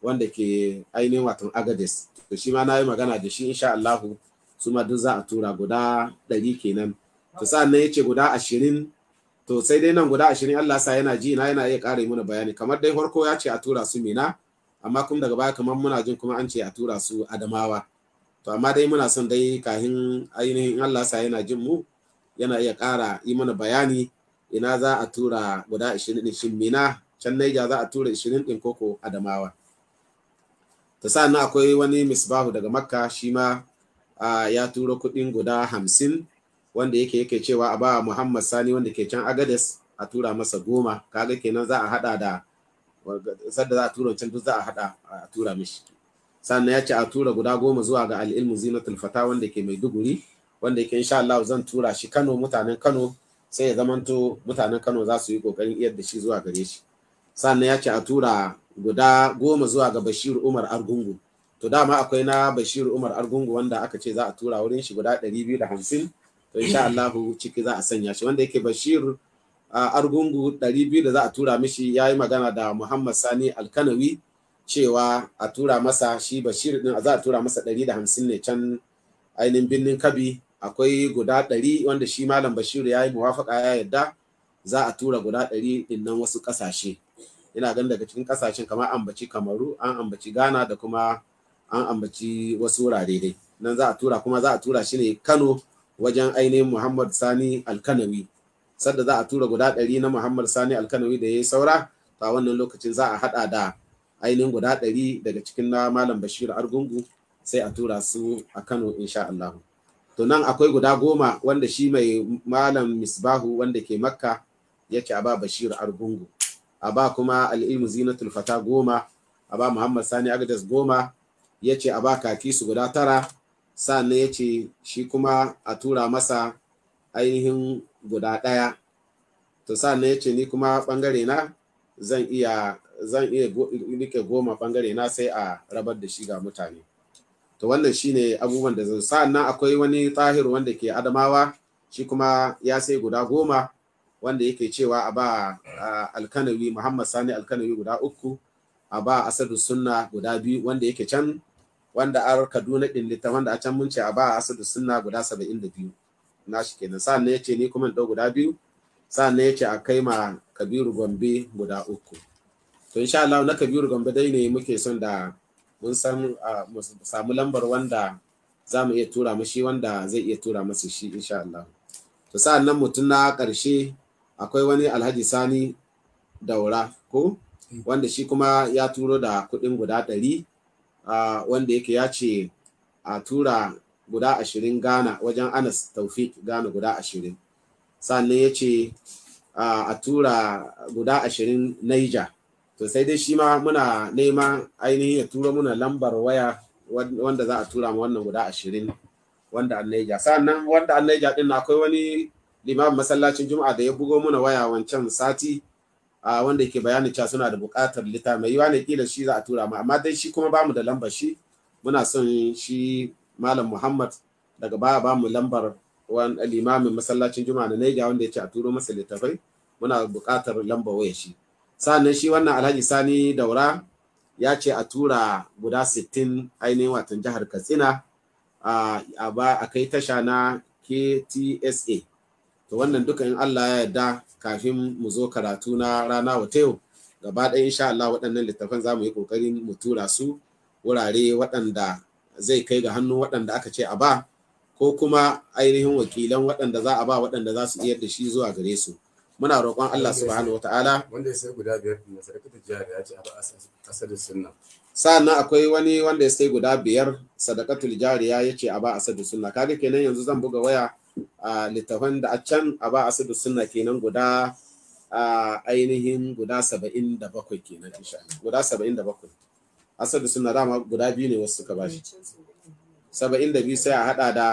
B: wanda ke ainihin watan agades to shi ma na yi magana da shi insha Allahu su ma duk za a tura guda ɗari kenan to sa'an nan ya ce guda ashirin to sai dai nan guda ashirin Allah sa yana ji na yana iya ƙara mana bayani kamar dai farko ya ce a tura su mina amma kuma daga baya kamar muna jin kuma an ce a tura su adamawa to amma dai muna son dai kahin ainihin Allah sa yana jin mu yana iya ƙara yi mana bayani ina za a tura guda ashirin ɗin shin mina can Naija za a tura ashirin ɗin koko adamawa ta sa'an nan akwai wani misbahu daga makka shi ma ya turo kuɗin guda hamsin wanda yake yake cewa a bawa Muhammad Sani wanda ke can Agades a tura masa goma kaga kenan za a hada da sadda za a tura can duk za a hada a tura mishi sannan ya ce a tura guda goma zuwa ga al'ilmu zinatul fata wanda ke mai duguri wanda yake insha Allah zan tura shi Kano mutanen Kano sai ya zamanto mutanen Kano za su yi kokarin iyar da shi zuwa gare shi sannan ya ce a tura guda goma zuwa ga Bashir Umar Argungu to dama akwai na Bashir Umar Argungu wanda aka ce za a tura wurin shi guda 250 to insha Allah ciki za a sanya shi wanda yake Bashir Argungu 200 da za a tura mishi ya yi magana da Muhammad Sani Alkanawi cewa a tura masa shi Bashir din za a tura masa 150 ne can ainihin birnin Kabi akwai guda 100 wanda shi Malam Bashir yi muwafaka ya yadda za a tura guda 100 din nan wasu kasashe ina gan daga cikin kasashen kamar ambaci Kamaru an ambaci Ghana da kuma an ambaci wasu wurare dai nan za a tura kuma za a tura shi ne kano wajen ainihin muhammad sani alkanawi sadda za a tura guda ɗari na muhammad sani alkanawi da ya yi saura a wannan lokacin za a haɗa da ainihin guda ɗari daga cikin na malam bashir argungu sai a tura su a kano insha Allah. to nan akwai guda goma wanda shi mai malam misbahu wanda ke makka yake a ba bashir argungu a ba kuma al'ilmu zinatul fata goma a ba muhammad sani agadas goma ya ce a ba kaki su guda tara sannan ya ce shi kuma a tura masa ainihin guda ɗaya to sannan ya ce ni kuma ɓangare na zan iya zan iya rike goma bangare na sai a rabar da shi ga mutane to wannan shi ne abubuwan da zan na akwai wani tahir wanda ke adamawa shi kuma ya sai guda goma wanda yake cewa a ba alkanawi muhammad sani alkanawi guda uku a ba asadu sunna guda biyu wanda yake can wanda ar Kaduna din litta wanda a can mun ce a ba Asadu Sunna guda 72 shi kenan sannan yace ni kuma dau guda biyu sannan yace a kai ma Kabiru Gombe guda uku to insha Allah na Kabiru Gombe dai ne muke son da mun san samu lambar wanda za mu iya tura mashi wanda zai iya tura masa shi insha Allah to sannan mutum na karshe akwai wani Alhaji Sani Daura ko mm. wanda shi kuma ya turo da kuɗin guda ɗari wanda yake ya ce a tura guda ashirin Ghana wajen Anas Taufik Ghana guda ashirin. Sannan ya ce a tura guda ashirin Niger. To sai dai shi ma muna nema ainihin ya tura muna lambar waya wanda za a tura ma wannan guda ashirin wanda an Niger. Sannan wanda an Niger din akwai wani limamin masallacin Juma'a da ya bugo muna waya wancan sati. a wanda yake bayanin cewa suna da buƙatar lita mai yiwa ne kila shi za a tura mu amma dai shi kuma bamu da lambar shi muna son shi malam Muhammad daga baya bamu lambar wani limamin masallacin juma na Naija wanda yake a turo masa littafai muna buƙatar lambar waya shi sannan shi wannan Alhaji Sani Daura ya ce a tura guda 60 ainihin watan jihar Katsina a ba a kai tasha na KTSA to wannan duka in Allah ya yarda kafin mu zo karatu na rana wata yau gaba ɗaya insha Allah waɗannan littafan za mu yi ƙoƙarin mu tura su wurare waɗanda zai kai ga hannu waɗanda aka ce a ba ko kuma ainihin wakilan waɗanda za a ba waɗanda za su iya da shi zuwa gare su muna roƙon Allah subhanahu wataala wanda ya sai guda biyar din sadaka jihar ya ce a ba asadin sunna sannan akwai wani wanda ya sai guda biyar sadakatul jariya ya ce a ba asadin sunna kaga kenan yanzu zan buga waya a littafan da a can a ba asidu suna kenan guda a ainihin guda saba'in da bakwai kenan isha guda saba'in da bakwai asidu sunna dama guda biyu ne wasu suka ba shi saba'in da biyu sai a haɗa da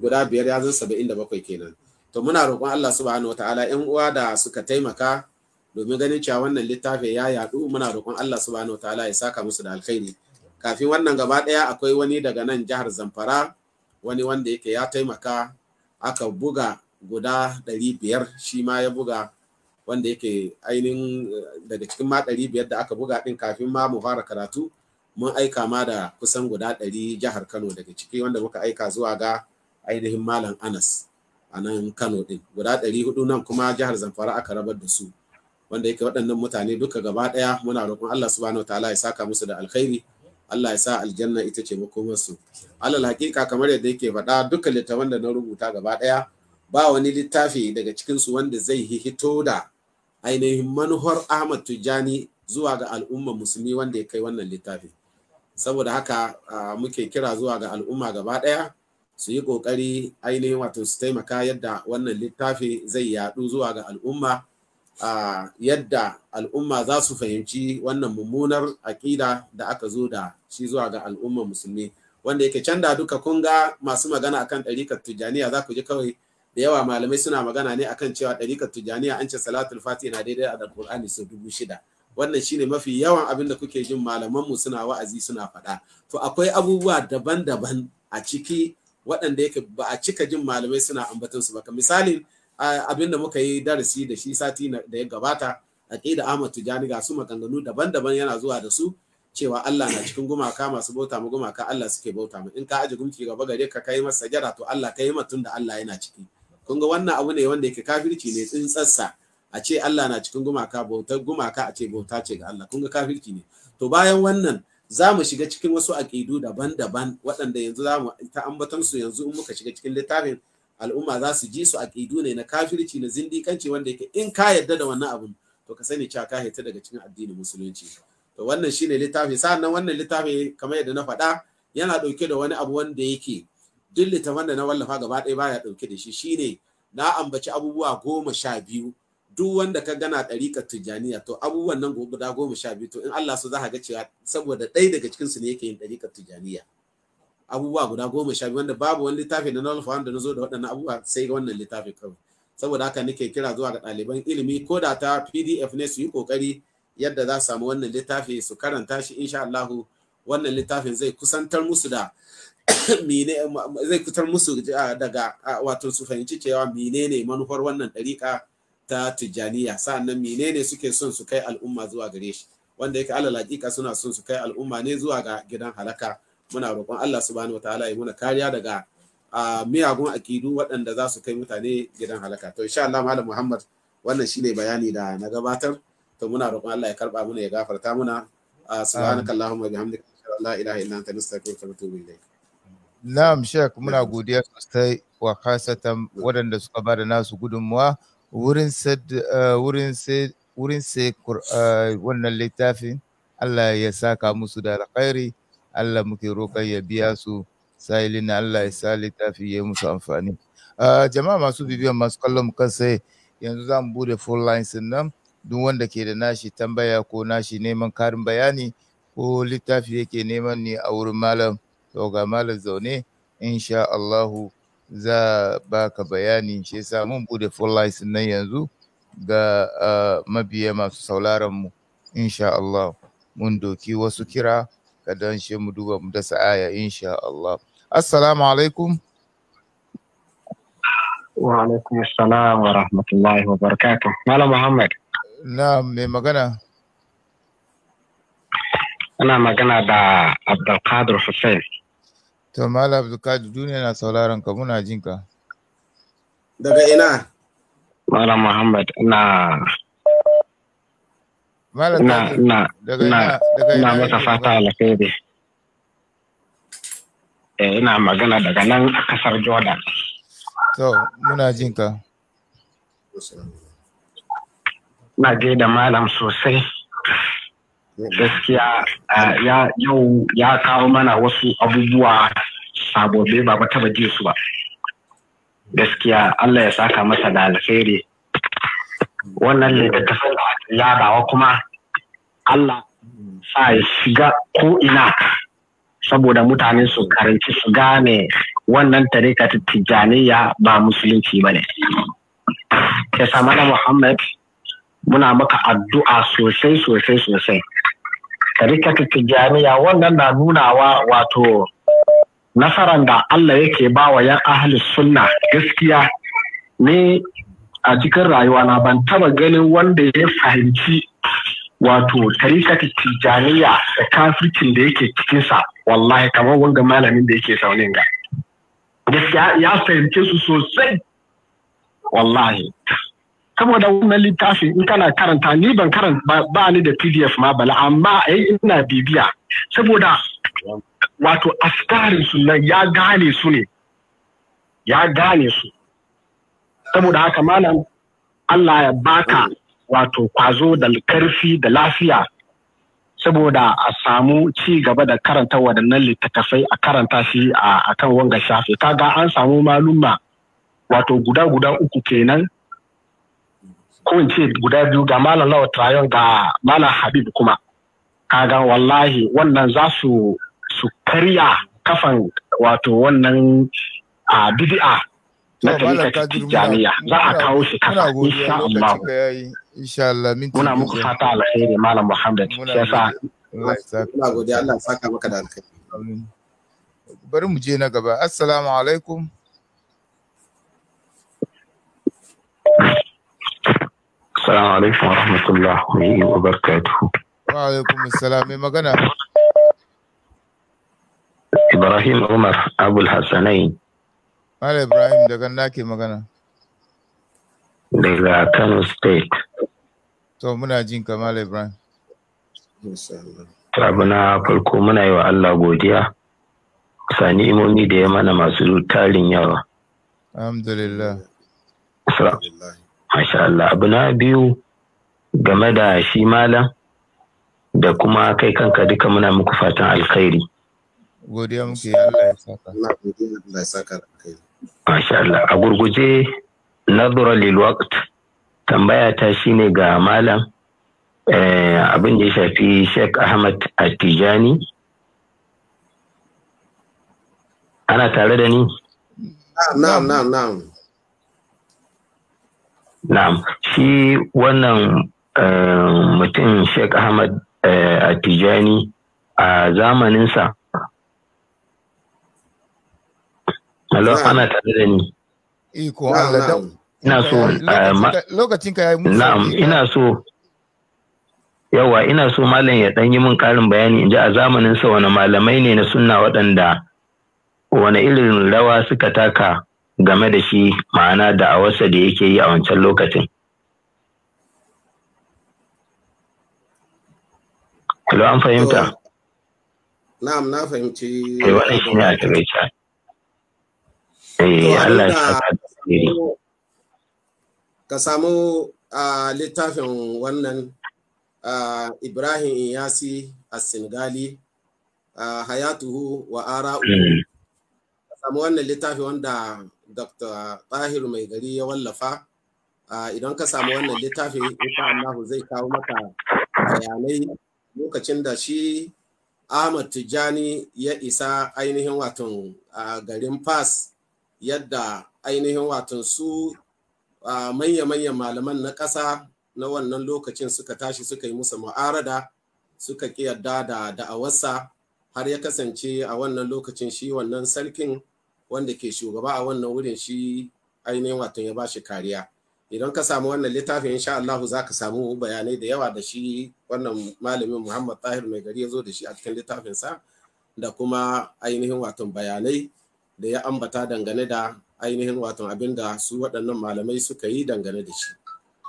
B: guda biyar ya zan saba'in da bakwai kenan to muna roƙon Allah subhanahu wa ta'ala yan uwa da suka taimaka domin ganin cewa wannan littafi ya yaɗu muna roƙon Allah subhanahu wa ta'ala ya saka musu da alkhairi kafin wannan gaba ɗaya akwai wani daga nan jihar Zamfara wani wanda yake ya taimaka aka buga guda 500 shi ma ya buga wanda yake ainihin eh, daga cikin ma 500 da aka buga din kafin ma mu fara karatu mun aika ma da kusan guda 100 jihar Kano daga ciki wanda muka aika zuwa ga ainihin Malam Anas a nan Kano din guda 400 nan kuma jihar Zamfara aka rabar da su wanda yake waɗannan mutane duka gaba ɗaya muna roƙon Allah subhanahu ta'ala ya saka musu da alkhairi Allah ya sa aljanna ita ce makomarsu alal hakika kamar yadda yake faɗa duka littafan da na rubuta gaba ɗaya ba wani littafi daga cikinsu wanda zai hito da ainihin manuhar Ahmad Tijjani zuwa ga al'umma musulmi wanda ya kai wannan littafi saboda haka muke kira zuwa ga al'umma gaba ɗaya su yi ƙoƙari ainihin wato su taimaka yadda wannan littafi zai yaɗu zuwa ga al'umma a yadda al'umma za su fahimci wannan mummunar aƙida da aka zo da shi zuwa ga al'umma musulmi wanda yake canda duka kun ga masu magana akan ɗarikar tujaniya za ku ji kawai da yawa malamai suna magana ne akan cewa ɗarikar tujaniya an ce salatul fati na daidai a alƙur'ani sau dubu shida wannan shine mafi yawan abin da kuke jin mu suna wa'azi suna faɗa to akwai abubuwa daban-daban a ciki waɗanda yake ba a cika jin malamai suna ambaton su ba misalin abin da muka yi darasi da shi sati da ya gabata da Ahmad Tijani ga su maganganu daban-daban yana zuwa da su cewa Allah na cikin gumaka masu bauta mu gumaka Allah suke bauta mu in ka aji gumki gaba gare ka kai masa sajada to Allah kai matun da Allah yana ciki kun ga wannan abu ne wanda yake kafirci ne tsassa a ce Allah na cikin gumaka bautar gumaka a ce bauta ce ga Allah kun ga kafirci ne to bayan wannan za mu shiga cikin wasu aƙidu daban-daban waɗanda yanzu za mu ta ambaton su yanzu in muka shiga cikin littafin al'umma za su ji su a ne na kafirci na zindikanci wanda yake in ka yarda da wannan abun to ka sani cewa ka haita daga cikin addinin musulunci to wannan shine littafi sannan wannan littafi kamar yadda na faɗa yana ɗauke da wani abu wanda yake duk littafin da na wallafa gaba ɗaya baya ɗauke da shi shine na ambaci abubuwa goma sha biyu duk wanda ka gana ɗarikar tijjaniya to abubuwan nan guda goma sha biyu to in Allah su za ga cewa saboda ɗaya daga cikinsu ne yake yin ɗarika tujaniya. abubuwa guda goma sha biyu wanda babu wani littafi na nolfa da na zo da waɗannan abubuwa sai ga wannan littafi kawai saboda haka nake kira zuwa ga ɗaliban ilimi ko da ta pdf ne su yi ƙoƙari yadda za su samu wannan littafi su karanta shi insha Allahu wannan littafin zai kusantar musu da mine zai kusantar musu daga wato su fahimci cewa menene manufar wannan ɗariƙa ta tijjaniya sa'annan menene suke son su kai al'umma zuwa gare shi wanda yake alal hakika suna son su kai al'umma ne zuwa ga gidan halaka muna roƙon Allah subhanahu wataala ya muna kariya daga miyagun akidu waɗanda za su kai mutane gidan halaka to insha Allah malam Muhammad wannan shine bayani da na gabatar to muna roƙon Allah ya karba muna ya gafarta muna subhanakallahumma bihamdika la ilaha illa anta nastaghfiruka wa natubu ilayk
C: Na'am Sheikh muna godiya sosai wa kasatan waɗanda suka ba da nasu gudunmuwa wurin sai wannan littafin Allah ya saka musu da alkhairi Allah muke roƙon ya biya su sahilin na Allah ya sa littafi ya musu amfani. jama'a masu bibiyan masu kallon mu sai yanzu za mu bude full lines nan duk wanda ke da nashi tambaya ko nashi neman karin bayani ko littafi yake neman ne a wurin malam to ga malam zaune insha Allahu za ka bayani shi yasa mun bude full lines nan yanzu ga mabiya masu sauraron mu insha Allah mun doki wasu kira kadan shi mu duba mu dasa aya insha Allah assalamu alaikum
A: wa alaikum assalam wa rahmatullahi
D: wa barakatuh malam muhammad
C: Na'am, me magana
D: ana magana da abdulkadir hussein
C: to malam Qadir duniya na sauraron ka muna jinka
D: daga ina malam muhammad ina.
C: na na na
D: na masa fata alheri eh ina magana daga nan a kasar Jordan
C: to muna jin ka na da malam sosai
A: gaskiya eh, ya yau ya kawo mana wasu abubuwa sabobi ba ba taba ji su ba gaskiya Allah ya saka masa da alheri wannan littattafan yadawa kuma Allah sa ya shiga ko ina saboda mutane su karanci su gane wannan tarika tijjaniya ba musulunci ba ne. Kesa mana Muhammad muna maka addu'a sosai sosai sosai. Tarika tijjaniya wannan na nunawa wato nasaran da Allah yake wa yan ahli sunna gaskiya ne a cikin rayuwa na ban taba ganin wanda ya fahimci wato tarikata tijaniya da kafircin da yake cikinsa wallahi kamar wanga malamin da yake saunin ga gaskiya ya fahimce su sosai wallahi saboda wannan littafin in kana karanta ni ban karanta ba ni da pdf ma bala amma ai ina bibiya saboda wato askarin su nan ya gane su ne ya gane su saboda haka malam Allah ya baka wato kwazo da karfi da lafiya saboda a samu ci gaba da karanta waɗannan littattafai a karanta shi a kan wanga shafi kaga an samu malumma wato guda guda uku kenan ko in ce guda biyu ga malam lawa trayon ga malam habib kuma kaga wallahi wannan za su su karya kafan wato wannan a bid'a na tarikar tijjaniya za a kawo shi kasa insha Allah
C: insha Allah minti muna muku fata alheri malam Muhammad shi yasa muna godiya Allah saka maka da alheri bari mu je na gaba assalamu alaikum
D: assalamu alaikum wa rahmatullahi wa barakatuhu
C: wa alaikum assalam mai magana
D: Ibrahim Umar Abul Hassanain
C: Malam Ibrahim daga nan ke magana.
D: Daga Kano State.
C: To muna jin ka Malam Ibrahim.
D: Abu na farko muna yi wa Allah godiya. Sani imomi da ya mana masu tarin yawa.
C: Alhamdulillah.
D: Masha Allah. Abu na biyu game da shi malam da kuma kai kanka duka muna muku fatan alkhairi.
C: Godiya muke Allah ya saka. Allah
B: ya saka alkhairi.
D: Masha Allah. A gurguje nazura lil waqt tambaya ta shine ga malam eh, abin da ya shafi Sheikh Ahmad Atijani. Ana tare da ni?
C: Na'am, na'am, na'am.
D: Na'am, shi wannan eh, mutum Sheikh Ahmad eh, Atijani a zamaninsa Hello, ana tare da ni. Iko eh, Allah dan. Ina so eh, eh,
C: lokacin ka yayi musu. Na'am, ina
D: so yawa ina so malam ya dan yi min karin bayani inji a zamanin sa wani malamai ne na sunna waɗanda wani irin rawa suka taka game da shi ma'ana da a wasa da yake yi a wancan lokacin. Hello, an fahimta?
B: Na'am, na fahimci. Wannan shi ne a
D: takaice.
E: Eh,
B: ka samu littafin wannan Ibrahim yasi a singali hayatuhu wa ara'u hmm. ka samu wannan littafin wanda Dr. Tahir mai gari ya wallafa idan ka samu wannan littafin ita allahu zai kawo maka bayanai lokacin da shi Ahmad Tijjani ya isa ainihin watan garin Fas yadda ainihin watan su manya-manyan malaman na ƙasa na wannan lokacin suka tashi suka yi musu ma'arada suka ƙi yadda da da'awarsa har ya kasance a wannan lokacin shi wannan sarkin wanda ke shugaba a wannan wurin shi ainihin watan ya ba shi kariya idan ka samu wannan littafin insha Allahu za ka samu bayanai da yawa da shi wannan malamin Muhammad Tahir mai gari ya zo da shi a cikin littafinsa da kuma ainihin watan bayanai da ya ambata dangane da ainihin wato abin da su waɗannan malamai suka yi dangane da shi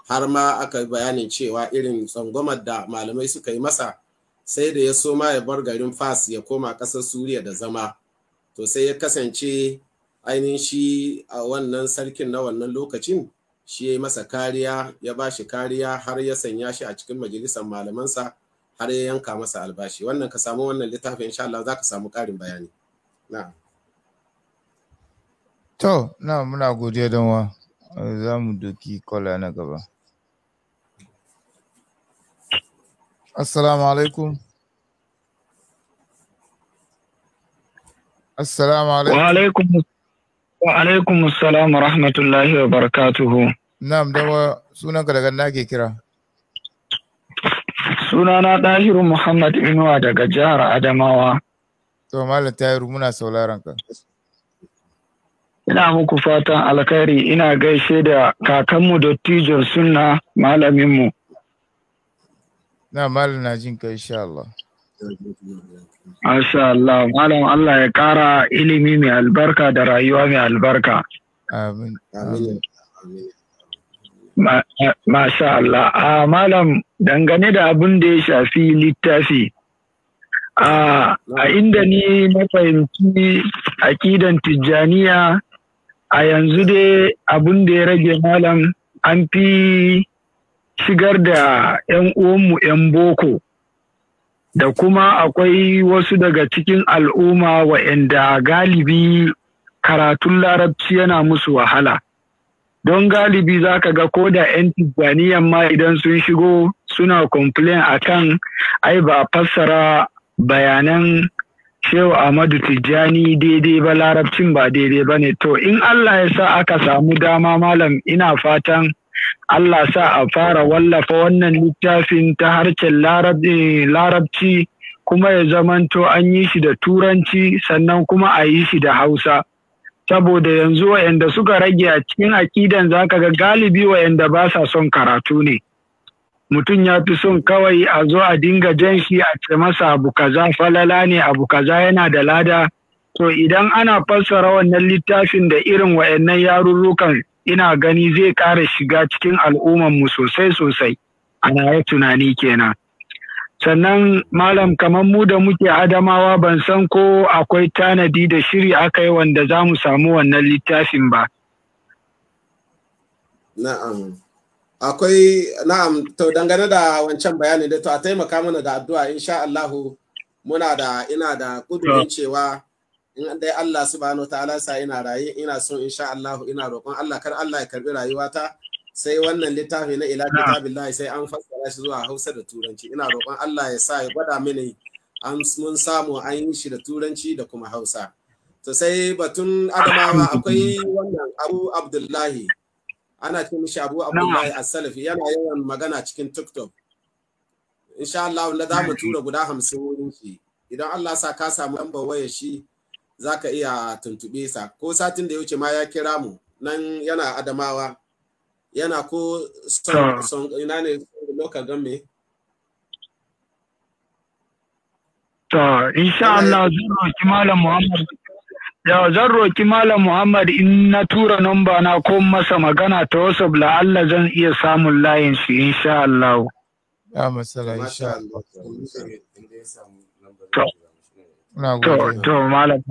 B: har ma aka yi bayanin cewa irin tsangwamar da malamai suka yi masa sai da ya so ma ya bar garin fas ya koma ƙasar suriya da zama to sai ya kasance ainihin shi a wannan sarkin na wannan lokacin shi ya yi masa kariya ya ba shi kariya har ya sanya shi a cikin majalisar malamansa har ya yanka masa albashi wannan ka samu wannan littafin insha za ka samu ƙarin bayani na'am
C: To, na muna godiya don wa za mu doki kola na gaba. Assalamu alaikum. Assalamu alaikum. Wa alaikum assalam wa rahmatullahi wa barakatuhu. Na'am, sunan sunanka daga na ke kira. Suna na Dahiru Muhammad Inuwa daga jihar Adamawa. To, Malam Tahiru muna sauraron ka.
F: Ina muku fatan alkhairi ina gaishe da kakanmu dottijon sunna malaminmu.
C: Na malam na jin ka insha Allah.
F: Masha Allah, malam Allah ya ƙara ilimi mai albarka da rayuwa mai albarka. Amin. Masha Allah, a malam dangane da abin da ya shafi littafi, a inda ni na fahimci akidan tijjaniya a yanzu dai abin da ya rage malam an fi shigar da 'yan uwanmu 'yan boko da kuma akwai wasu daga cikin al'umma wa'yanda galibi karatun larabci yana musu wahala don galibi za ka ga ko da 'yan tijjaniyan ma idan sun shigo suna complain a kan ai ba fassara bayanan Shehu Ahmadu Tijjani daidai ba larabcin ba daidai ba ne. To, in Allah ya sa aka samu dama malam ina fatan Allah sa a fara wallafa wannan littafin ta harshen eh, larabci kuma ya zamanto an yi shi da turanci sannan kuma a yi shi da hausa. Saboda yanzu wayanda suka rage a cikin aƙidan za ka ga galibi wayanda ba sa son karatu ne. mutum ya fi son kawai a zo a dinga jan shi a ce masa abu kaza falala ne abu kaza yana da lada to idan ana fassara wannan littafin da irin wa'annan yarurrukan ina gani zai ƙara shiga cikin mu sosai sosai ana ya tunani kenan sannan malam kamar mu da muke adamawa ban san ko akwai tanadi da shiri aka yi wanda za mu samu wannan littafin ba
B: na'am akwai na'am to dangane da wancan bayanin da to a taimaka mana da addu'a insha Allahu muna da ina da kudurin cewa in dai Allah subhanahu ta'ala sa ina raye ina so insha Allahu ina roƙon Allah kar Allah ya karbi rayuwata sai wannan littafi na ila kitabillahi sai an fassara shi zuwa Hausa da Turanci ina roƙon Allah ya sa ya gwada mini an mun samu an yi shi da Turanci da kuma Hausa to sai batun Adamawa akwai wannan Abu Abdullahi ana ce mishi abu abdullahi as-salafi yana yawan magana cikin tiktok insha Allah na za mu tura guda hamsin wurin shi idan Allah sa ka samu lamba waya shi zaka iya tuntube sa ko satin da ya wuce ma ya kira mu nan yana adamawa yana ko son ina ne local game in
F: insha Allah zuwa roki malam Muhammad Ya zan roƙi Malam Muhammad in na tura namba na ko masa magana ta WhatsApp la Allah zan iya samun layin shi insha Allah.
C: Ya masala insha Allah.
F: To, to Malam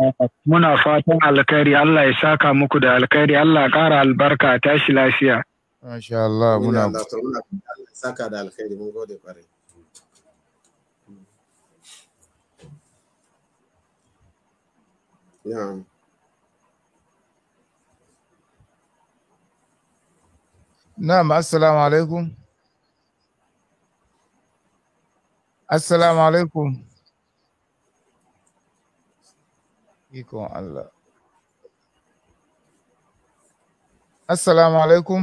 F: muna fatan alkhairi Allah ya saka muku da alkhairi Allah ƙara albarka tashi lafiya. Masha Allah muna
B: saka da alkhairi mun gode ƙwarai.
G: نعم
C: نعم السلام عليكم السلام عليكم ikon Allah. Assalamu alaikum.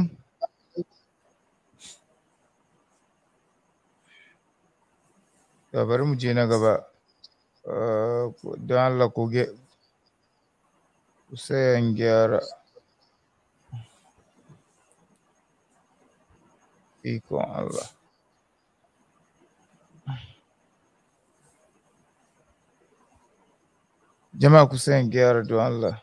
C: bari mu je na gaba. Ah, don Allah sai in gyara ikon Allah jama'a kusa sai gyara don Allah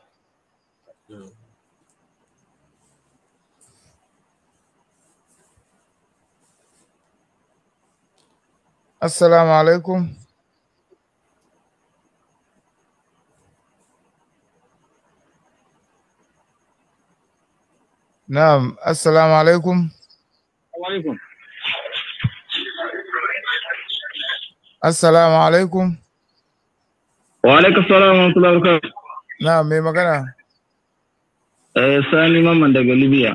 C: Assalamu alaikum. Na'am, assalamu alaikum. Alaikum. Assalamu alaikum.
H: Wa alaikum salam wa rahmatullahi wa barakatuh.
C: Na'am, me magana?
H: Eh Sani Mamman daga Libya.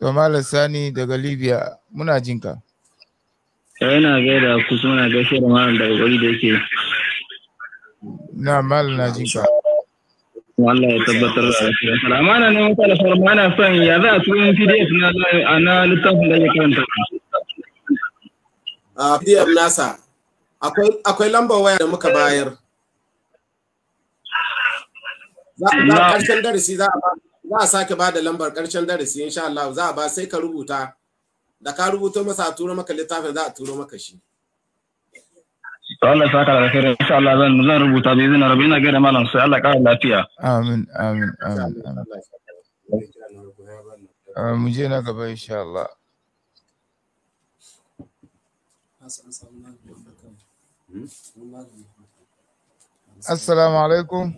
C: To Malam Sani daga Libya, muna jinka.
H: Eh ina gaida ku muna gaishe da malam daga gari da yake.
C: Na'am, Malam na jinka.
H: ya tabbatar da alkhairi amana ne mata da farma ana son ya za a turo PDF na na littafin da
B: yake ta. a PDF nasa akwai akwai lambar waya da muka bayar za a karshen darasi za a sake ba da lambar karshen darasi insha Allah za a ba sai ka rubuta da ka rubuto masa a turo maka littafin za a turo maka shi
G: Allah
H: ya saka da alheri insha Allah zan zan rubuta bi izinin rabbi ina gaida malam sai Allah ƙara lafiya amin amin
C: amin amin mu je na gaba insha Allah Assalamu alaikum.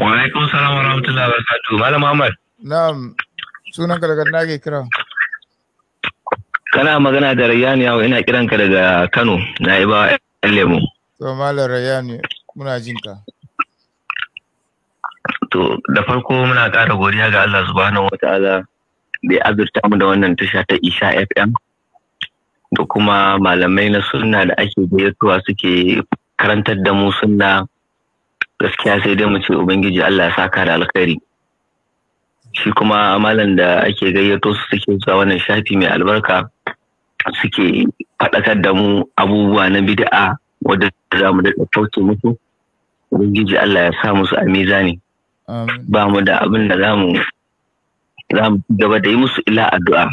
I: Wa alaikum salam wa rahmatullahi wa barakatuh. Malam Ahmad.
C: Na'am. Sunan ka daga nake kira.
J: Kana magana da Rayani yawo ina kiranka daga Kano na iba lemu.
C: To Malam Rayani muna jinka.
J: To da farko muna ƙara godiya ga Allah subhanahu ala da ya azurta mu da wannan tasha ta Isha FM da kuma malamai na sunna da ake gayyatuwa suke karantar da mu suna gaskiya sai dai mu ce ubangiji Allah ya saka da alkhairi. shi kuma malam da ake gayyato su suke zuwa wannan shafi mai albarka suke faɗakar da mu abubuwa na bid'a wadda za mu daɗa kauce musu ubangiji Allah ya sa musu a mizani ba mu da abin da za mu gaba da yi musu ila addu'a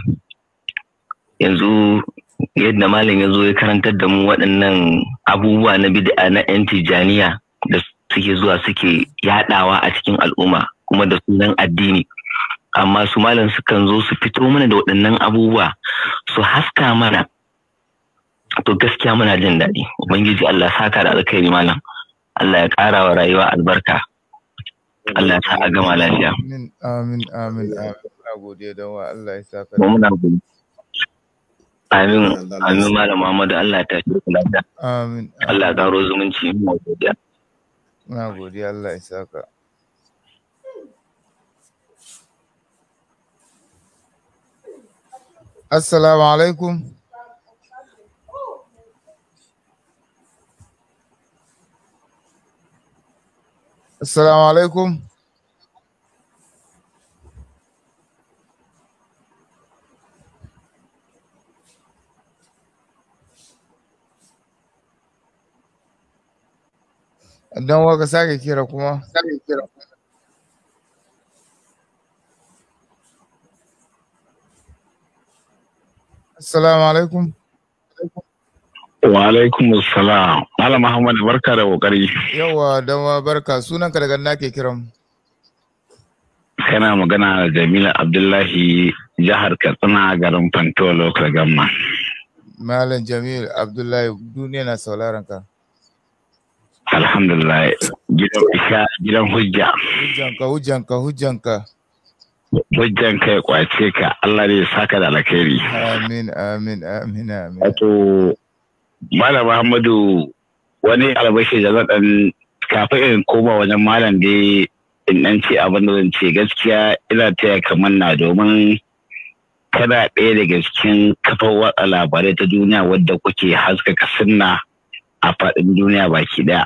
J: yanzu yadda malam ya zo ya karantar da mu waɗannan abubuwa na bid'a na 'yan tijjaniya da suke zuwa suke yaɗawa a cikin al'umma kuma da sunan addini amma su malam sukan zo su fito mana da waɗannan abubuwa su haska mana to gaskiya muna jin daɗi ubangiji Allah saka da alkhairi malam Allah ya ƙara wa rayuwa albarka Allah ta a gama lafiya amin
C: amin amin muna godiya da wa Allah ya saka
J: muna godiya amin amin malam Muhammad Allah ta shi lafiya amin Allah ya ƙaro zumunci muna godiya
C: muna godiya Allah ya saka Assalamu alaikum. Assalamu alaikum. Don waka sake kira kuma. Sake kira. Assalamu alaikum.
K: Wa alaikum assalam. Malam Muhammad barka da kokari.
C: Yawa dan barka sunan ka daga nake kiran.
K: Kana magana da Jamila Abdullahi jihar Katsina garin Fanto local
C: Malam Jamil Abdullahi duniya na sauraron ka.
K: Alhamdulillah gidan isha gidan hujja.
C: Hujjanka hujjanka hujjanka.
K: hujjan kai kwace ka Allah ne saka da alkhairi
C: amin amin amin amin
K: wato malam Muhammadu wani albashi da zan kafin in koma wajen malam da in dan ce abin da zan ce gaskiya ina taya kamar na domin kana ɗaya daga cikin kafar watsa labarai ta duniya wadda kuke haskaka sunna a faɗin duniya baki ɗaya.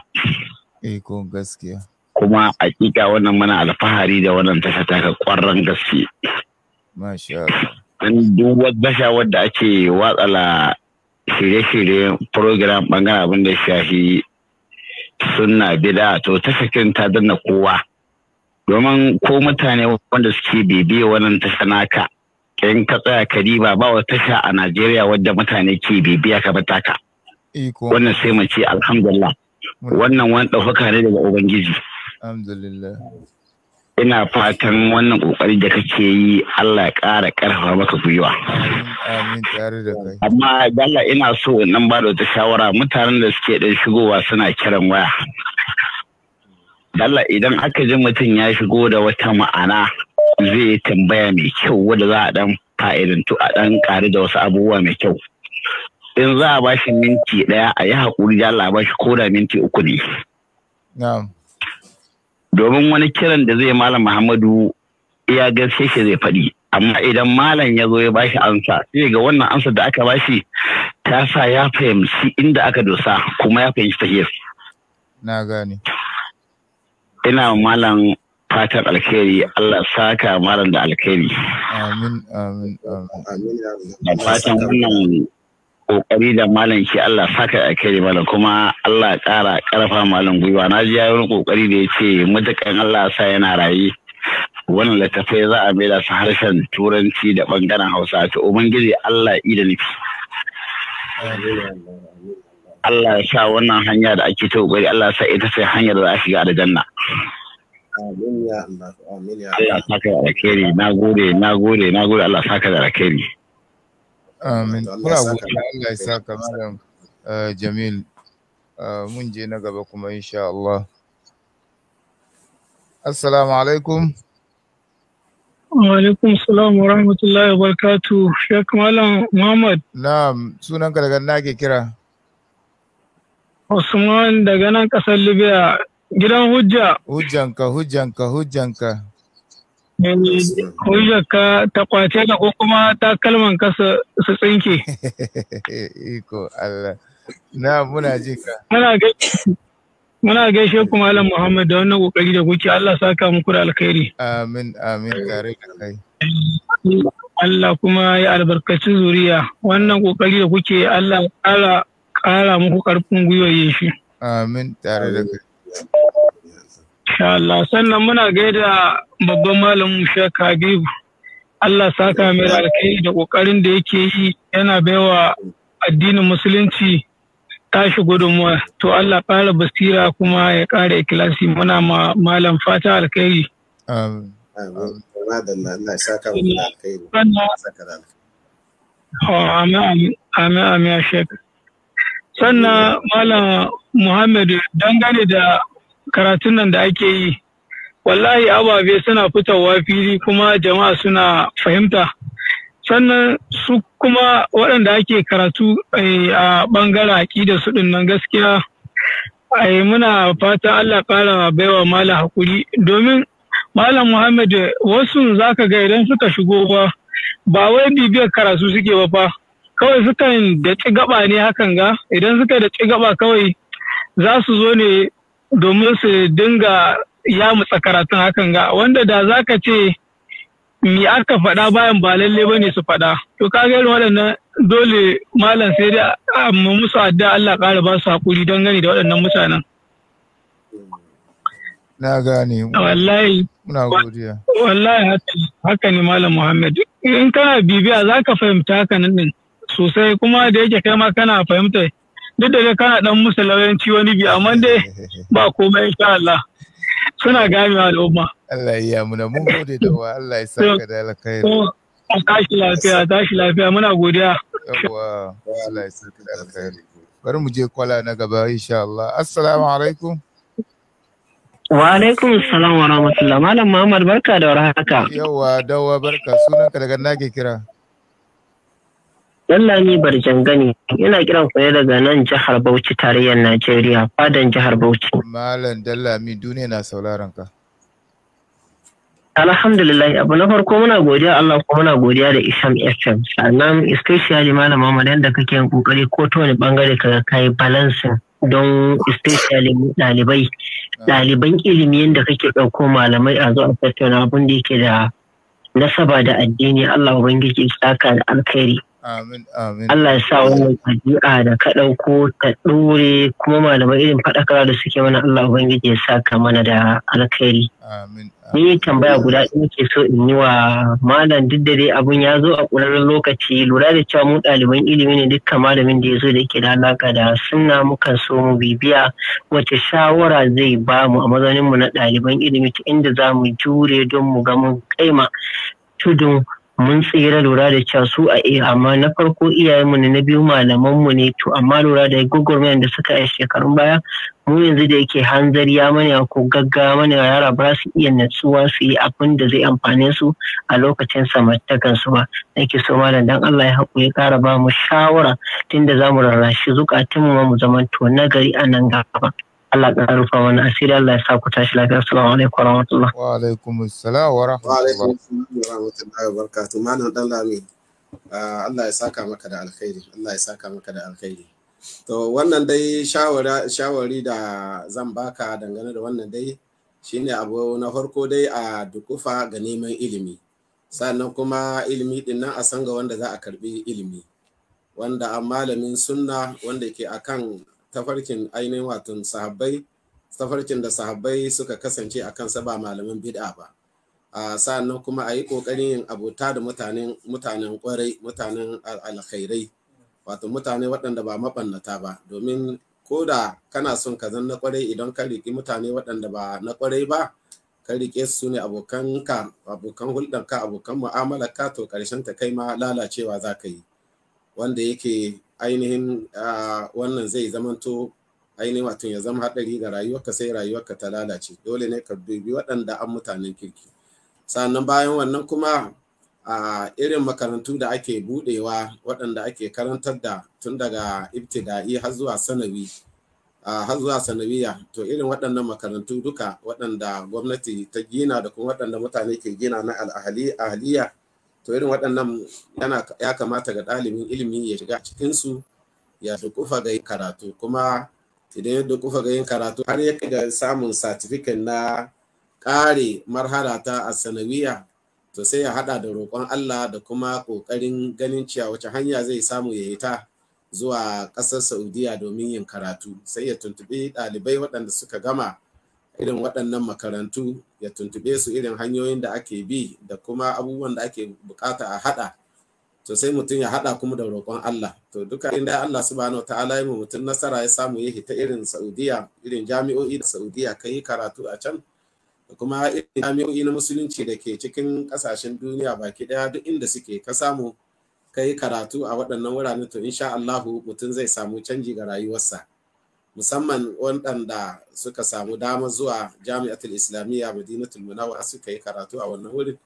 C: Eh gaskiya.
K: kuma hakika wannan mana alfahari da wannan tasha taka kwarran gaske an duk tasha wadda ake watsala shirye-shirye program bangare abin da shafi sunna bida to tasha kin ta danna kowa domin ko mutane wanda suke bebe wannan tasha naka in ka tsaya ka riba ba wata tasha a Najeriya wadda mutane ke bibiya ka ka. Wannan sai mu ce alhamdulillah. Wannan wani ɗaukaka ne daga Ubangiji.
C: Alhamdulillah.
K: Ina fatan wannan kokari da kake yi Allah ya ƙara ƙarfafa maka gwiwa.
C: Amin tare da kai.
K: Amma Allah ina so nan ba da shawara mutanen da suke ɗan shigowa suna kiran waya. Allah idan aka ji mutum ya shigo da wata ma'ana zai tambaya mai kyau wadda za a ɗan fa'idantu a ɗan ƙari da wasu abubuwa mai kyau. In za a bashi minti ɗaya a yi haƙuri da Allah bashi ko da minti uku ne. Na'am. domin wani kiran da zai malam Muhammadu ya gaske shi zai faɗi amma idan malam ya zo ya bashi ansa sai ga wannan ansa da aka bashi ta sa ya fahimci inda aka dosa kuma ya fahimci tahiyar na gane ina malam fatan alkhairi Allah saka malam da alkhairi
C: amin amin amin fatan
K: wannan kokari da malam shi Allah saka a kare malam kuma Allah ƙara karfa malam gwiwa na ji wani kokari da ya ce mutukan Allah sa yana rayu. wannan littafai za a maida su harshen turanci da bangaren hausa to ubangiji Allah ida nufi Allah ya sa wannan hanya da ake ta kokari Allah ya sa ita ce hanyar da za a shiga da janna
H: Amin ya Allah, amin ya Allah.
K: saka da alkhairi, na gode, na gode, na gode Allah saka da
D: alkhairi.
C: Amin. Kuna godiya Allah ya saka malam eh, Jamil. Eh, mun je na gaba kuma insha Allah. Assalamu alaikum.
E: Wa alaikum salam wa rahmatullahi wa barakatu. Sheikh Malam Muhammad.
C: Na'am, sunan ka daga na ke kira.
E: Usman daga nan kasar Libya. Gidan hujja. Hujjanka,
C: hujjanka, hujjanka. hujjar
L: ka ta kwace da ko
E: kuma takalman ka su tsinke.
C: Iko Allah. Na muna ji ka.
E: Muna gaishe ku Malam Muhammad da wannan kokari da kuke Allah saka muku da alkhairi.
C: Amin amin tare da kai.
E: Allah kuma ya albarkaci zuriya wannan kokari da kuke Allah kara kara muku karfin yin shi. Amin tare da kai. Masha Allah. Sannan muna gaida babban malamin Sheikh Habibu. Allah saka mai alkai da ƙoƙarin da yake yi yana baiwa addinin musulunci tashi gudunmuwa. To Allah ƙara basira kuma ya ƙara ikilasi muna ma malam fata alkhairi. Amin. Amin. Amin. Amin. Sannan Malam Muhammadu dangane da karatun nan da ake yi wallahi ababe suna fitowa fili kuma jama'a suna fahimta sannan su kuma waɗanda ake karatu eh, a ɓangaren aƙida su ɗin nan gaskiya eh, muna fata Allah ƙara baiwa mala haƙuri domin malam Muhammad wasu za ka ga idan suka shigo ba ba wai bibiyar karatu suke ba fa kawai sukan da gaba ne hakan ga idan suka da gaba kawai za su zo ne domin su dinga ya yamutsa karatun hakan ga wanda da za ka ce mi aka faɗa bayan ba lalle ba ne su faɗa to ka ga irin waɗannan dole malam sai dai amma musu adda Allah ƙara ba su haƙuri don gani da waɗannan mutanen.
C: Na gane. Wallahi. Muna godiya.
E: Wallahi haka ne Malam Muhammad. In kana bibiya za ka fahimta hakan nan sosai kuma da yake kai ma kana fahimta duk da dai kana dan musu lauyanci wani bi amma dai ba komai insha Allah suna gamewa al'umma
C: Allah ya muna mun gode da wa Allah ya saka da alkhairi a tashi lafiya tashi lafiya muna godiya yawa Allah ya saka da alkhairi bari mu je kwala na gaba insha Allah assalamu alaikum
G: wa alaikum salam wa rahmatullah malam Muhammad barka da warhaka
C: yawa dawa barka sunanka daga nake kira
G: barjanga Barjangani ina kiran ku daga nan jihar Bauchi tarayyar Najeriya fadan jihar Bauchi.
C: Malam Dallami duniya na sauraron ka.
G: Alhamdulillah abu na farko muna godiya Allah kuma muna godiya da Isham FM sannan especially malam Muhammad yanda kake yin kokari ko ta wani bangare ka kai balancing don especially dalibai daliban ilimi yanda kake ɗauko malamai a zuwa tattauna abin da yake da nasaba da addini Allah Ubangiji saka da alkhairi
C: Allah ya sa wannan
G: addu'a da ka ɗauko ta ɗore kuma malamai irin faɗakara da suke mana Allah Ubangiji ya sa ka mana da alkhairi. Ni tambaya guda ɗaya ke so in yi wa malam duk da dai abun ya zo a ƙurarren lokaci lura da cewa mu ɗaliban ilimi ne dukkan malamin da ya zo da yake da alaƙa da sunna mukan so mu bibiya wace shawara zai ba mu a mu na ɗaliban ilimi ta inda za mu jure don mu ga mun kaima tudun mun tsira lura da cewa su a iya eh, amma na farko iyayenmu ne na biyu malamanmu ne to amma lura da gwagwarmayar da suka yi shekarun baya mu yanzu da yake hanzari ya mana ko gaggawa mana yara ba su iya natsuwa su yi abin da zai amfane su a lokacin samartakan su ba nake so malam dan Allah ya haƙu ya ƙara ba mu shawara tunda za mu rarrashi zukatun mu mu zaman to nagari a nan gaba. Allah ka rufa wani asiri Allah ya sa ku tashi lafiya assalamu alaikum wa rahmatullah wa alaikum
C: assalam wa rahmatullah
B: wa rahmatullahi wa barakatuh malam dan lami ah, Allah ya saka maka da alkhairi Allah ya saka maka da alkhairi to wannan dai shawari da zan baka dangane da wannan dai shine abu na farko dai a dukufa ga neman ilimi sannan kuma ilimi din nan a sanga wanda za a karbi ilimi wanda a malamin sunna wanda ke akan tafarkin ainihin watan sahabbai tafarkin da sahabbai suka kasance a kansa ba malamin bid'a ba a sa'annan kuma a yi ƙoƙarin yin abota da mutanen mutanen ƙwarai mutanen alkhairai wato mutane waɗanda ba maɓannata ba domin ko da kana son ka zan na ƙwarai idan ka riƙi mutane waɗanda ba na ƙwarai ba ka riƙe su ne abokanka abokan hulɗarka abokan mu'amalarka to ƙarshen ta kai ma lalacewa za ka yi wanda yake ainihin wannan zai zamanto ainihin wato ya zama haɗari ga rayuwarka sai rayuwarka ta lalace dole ne ka dubi waɗanda an mutanen kirki sannan bayan wannan kuma a irin makarantu da ake buɗewa waɗanda ake karantar da tun daga ibtida'i har zuwa sanawi har zuwa sanawiya to irin waɗannan makarantu duka waɗanda gwamnati ta gina da kuma waɗanda mutane ke gina na al'ahaliya to irin waɗannan yana ya kamata ga ɗalibin ilimi ya shiga cikin su ya dukufa ga yin karatu kuma idan ya dukufa ga yin karatu har ya ga samun certificate na ƙare marhala ta a sanawiya to sai ya hada da roƙon Allah da kuma ƙoƙarin ganin cewa wace hanya zai samu ya yi ta zuwa ƙasar Saudiya domin yin karatu sai ya tuntuɓi ɗalibai waɗanda suka gama irin waɗannan makarantu ya tuntube su irin hanyoyin da ake bi da kuma abubuwan da ake bukata a haɗa to sai mutum ya haɗa kuma da roƙon Allah to duka inda Allah subhanahu ta'ala ya mutum nasara ya samu ya ta irin Saudiya irin jami'o'i da Saudiya kai karatu a can da kuma irin jami'o'i na musulunci da ke cikin ƙasashen duniya baki ɗaya duk inda suke ka samu kai karatu a waɗannan wuraren to insha Allahu mutum zai samu canji ga rayuwarsa musamman waɗanda suka samu dama zuwa jami'atul islamiyya madinatul munawwara suka yi karatu a wannan wurin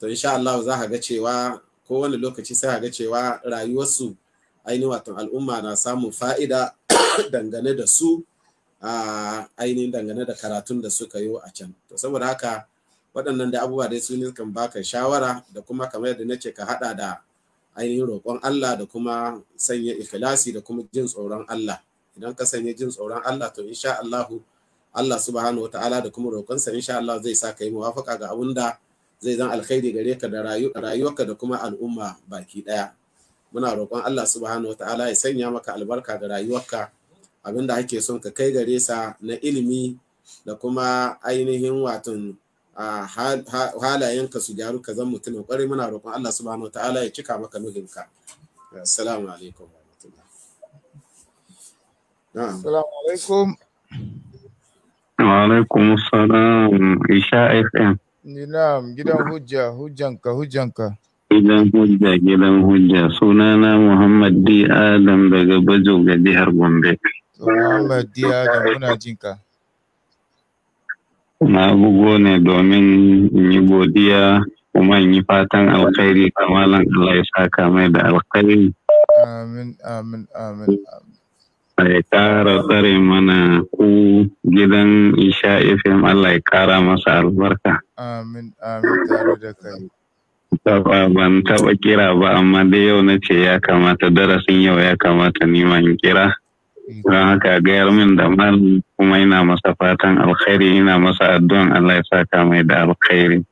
B: to insha Allah za ka ga cewa kowane lokaci sai ka ga cewa rayuwarsu ainihin watan al'umma na samun fa'ida dangane da su a ainihin dangane da karatun da suka yi a can to saboda haka waɗannan da abubuwa dai su ne kan baka shawara da kuma kamar yadda nace ka haɗa da ainihin roƙon Allah da kuma sanya ikhlasi da kuma jin tsoron Allah idan ka sanya jin tsoron Allah to insha Allah Allah subhanahu ta'ala da kuma roƙonsa insha Allah zai sa yi muwafaka ga abun da zai zan alkhairi gare ka da rayuwarka da kuma al'umma baki daya muna roƙon Allah subhanahu ta'ala ya sanya maka albarka ga rayuwarka abin da ake son ka kai gare sa na ilimi da kuma ainihin watan halayenka su gyaru ka zan mutumin kwarai muna roƙon Allah subhanahu ta'ala ya cika maka nuhinka assalamu alaikum
C: Assalamu alaikum.
D: Wa alaikum salam Isha FM.
C: Na'am gidan hujja hujjanka hujjanka.
D: Gidan hujja gidan hujja sunana Muhammad D Adam daga Bajo ga jihar Gombe.
C: Muhammad D Adam muna jinka.
D: Na bugo ne
K: domin in yi godiya kuma in yi fatan alkhairi kamalan Allah ya saka mai da alkhairi.
C: Amin amin amin
K: amin. ya ƙara tsare mana ku gidan Isha FM Allah ya ƙara masa albarka.
C: Amin, amin tare da kai.
K: Taba ban taɓa kira ba amma dai yau na ce ya kamata darasin yau ya kamata nima in kira. Don haka gayar min da malam kuma ina masa fatan alkhairi ina masa addu'an Allah ya saka mai da alkhairi.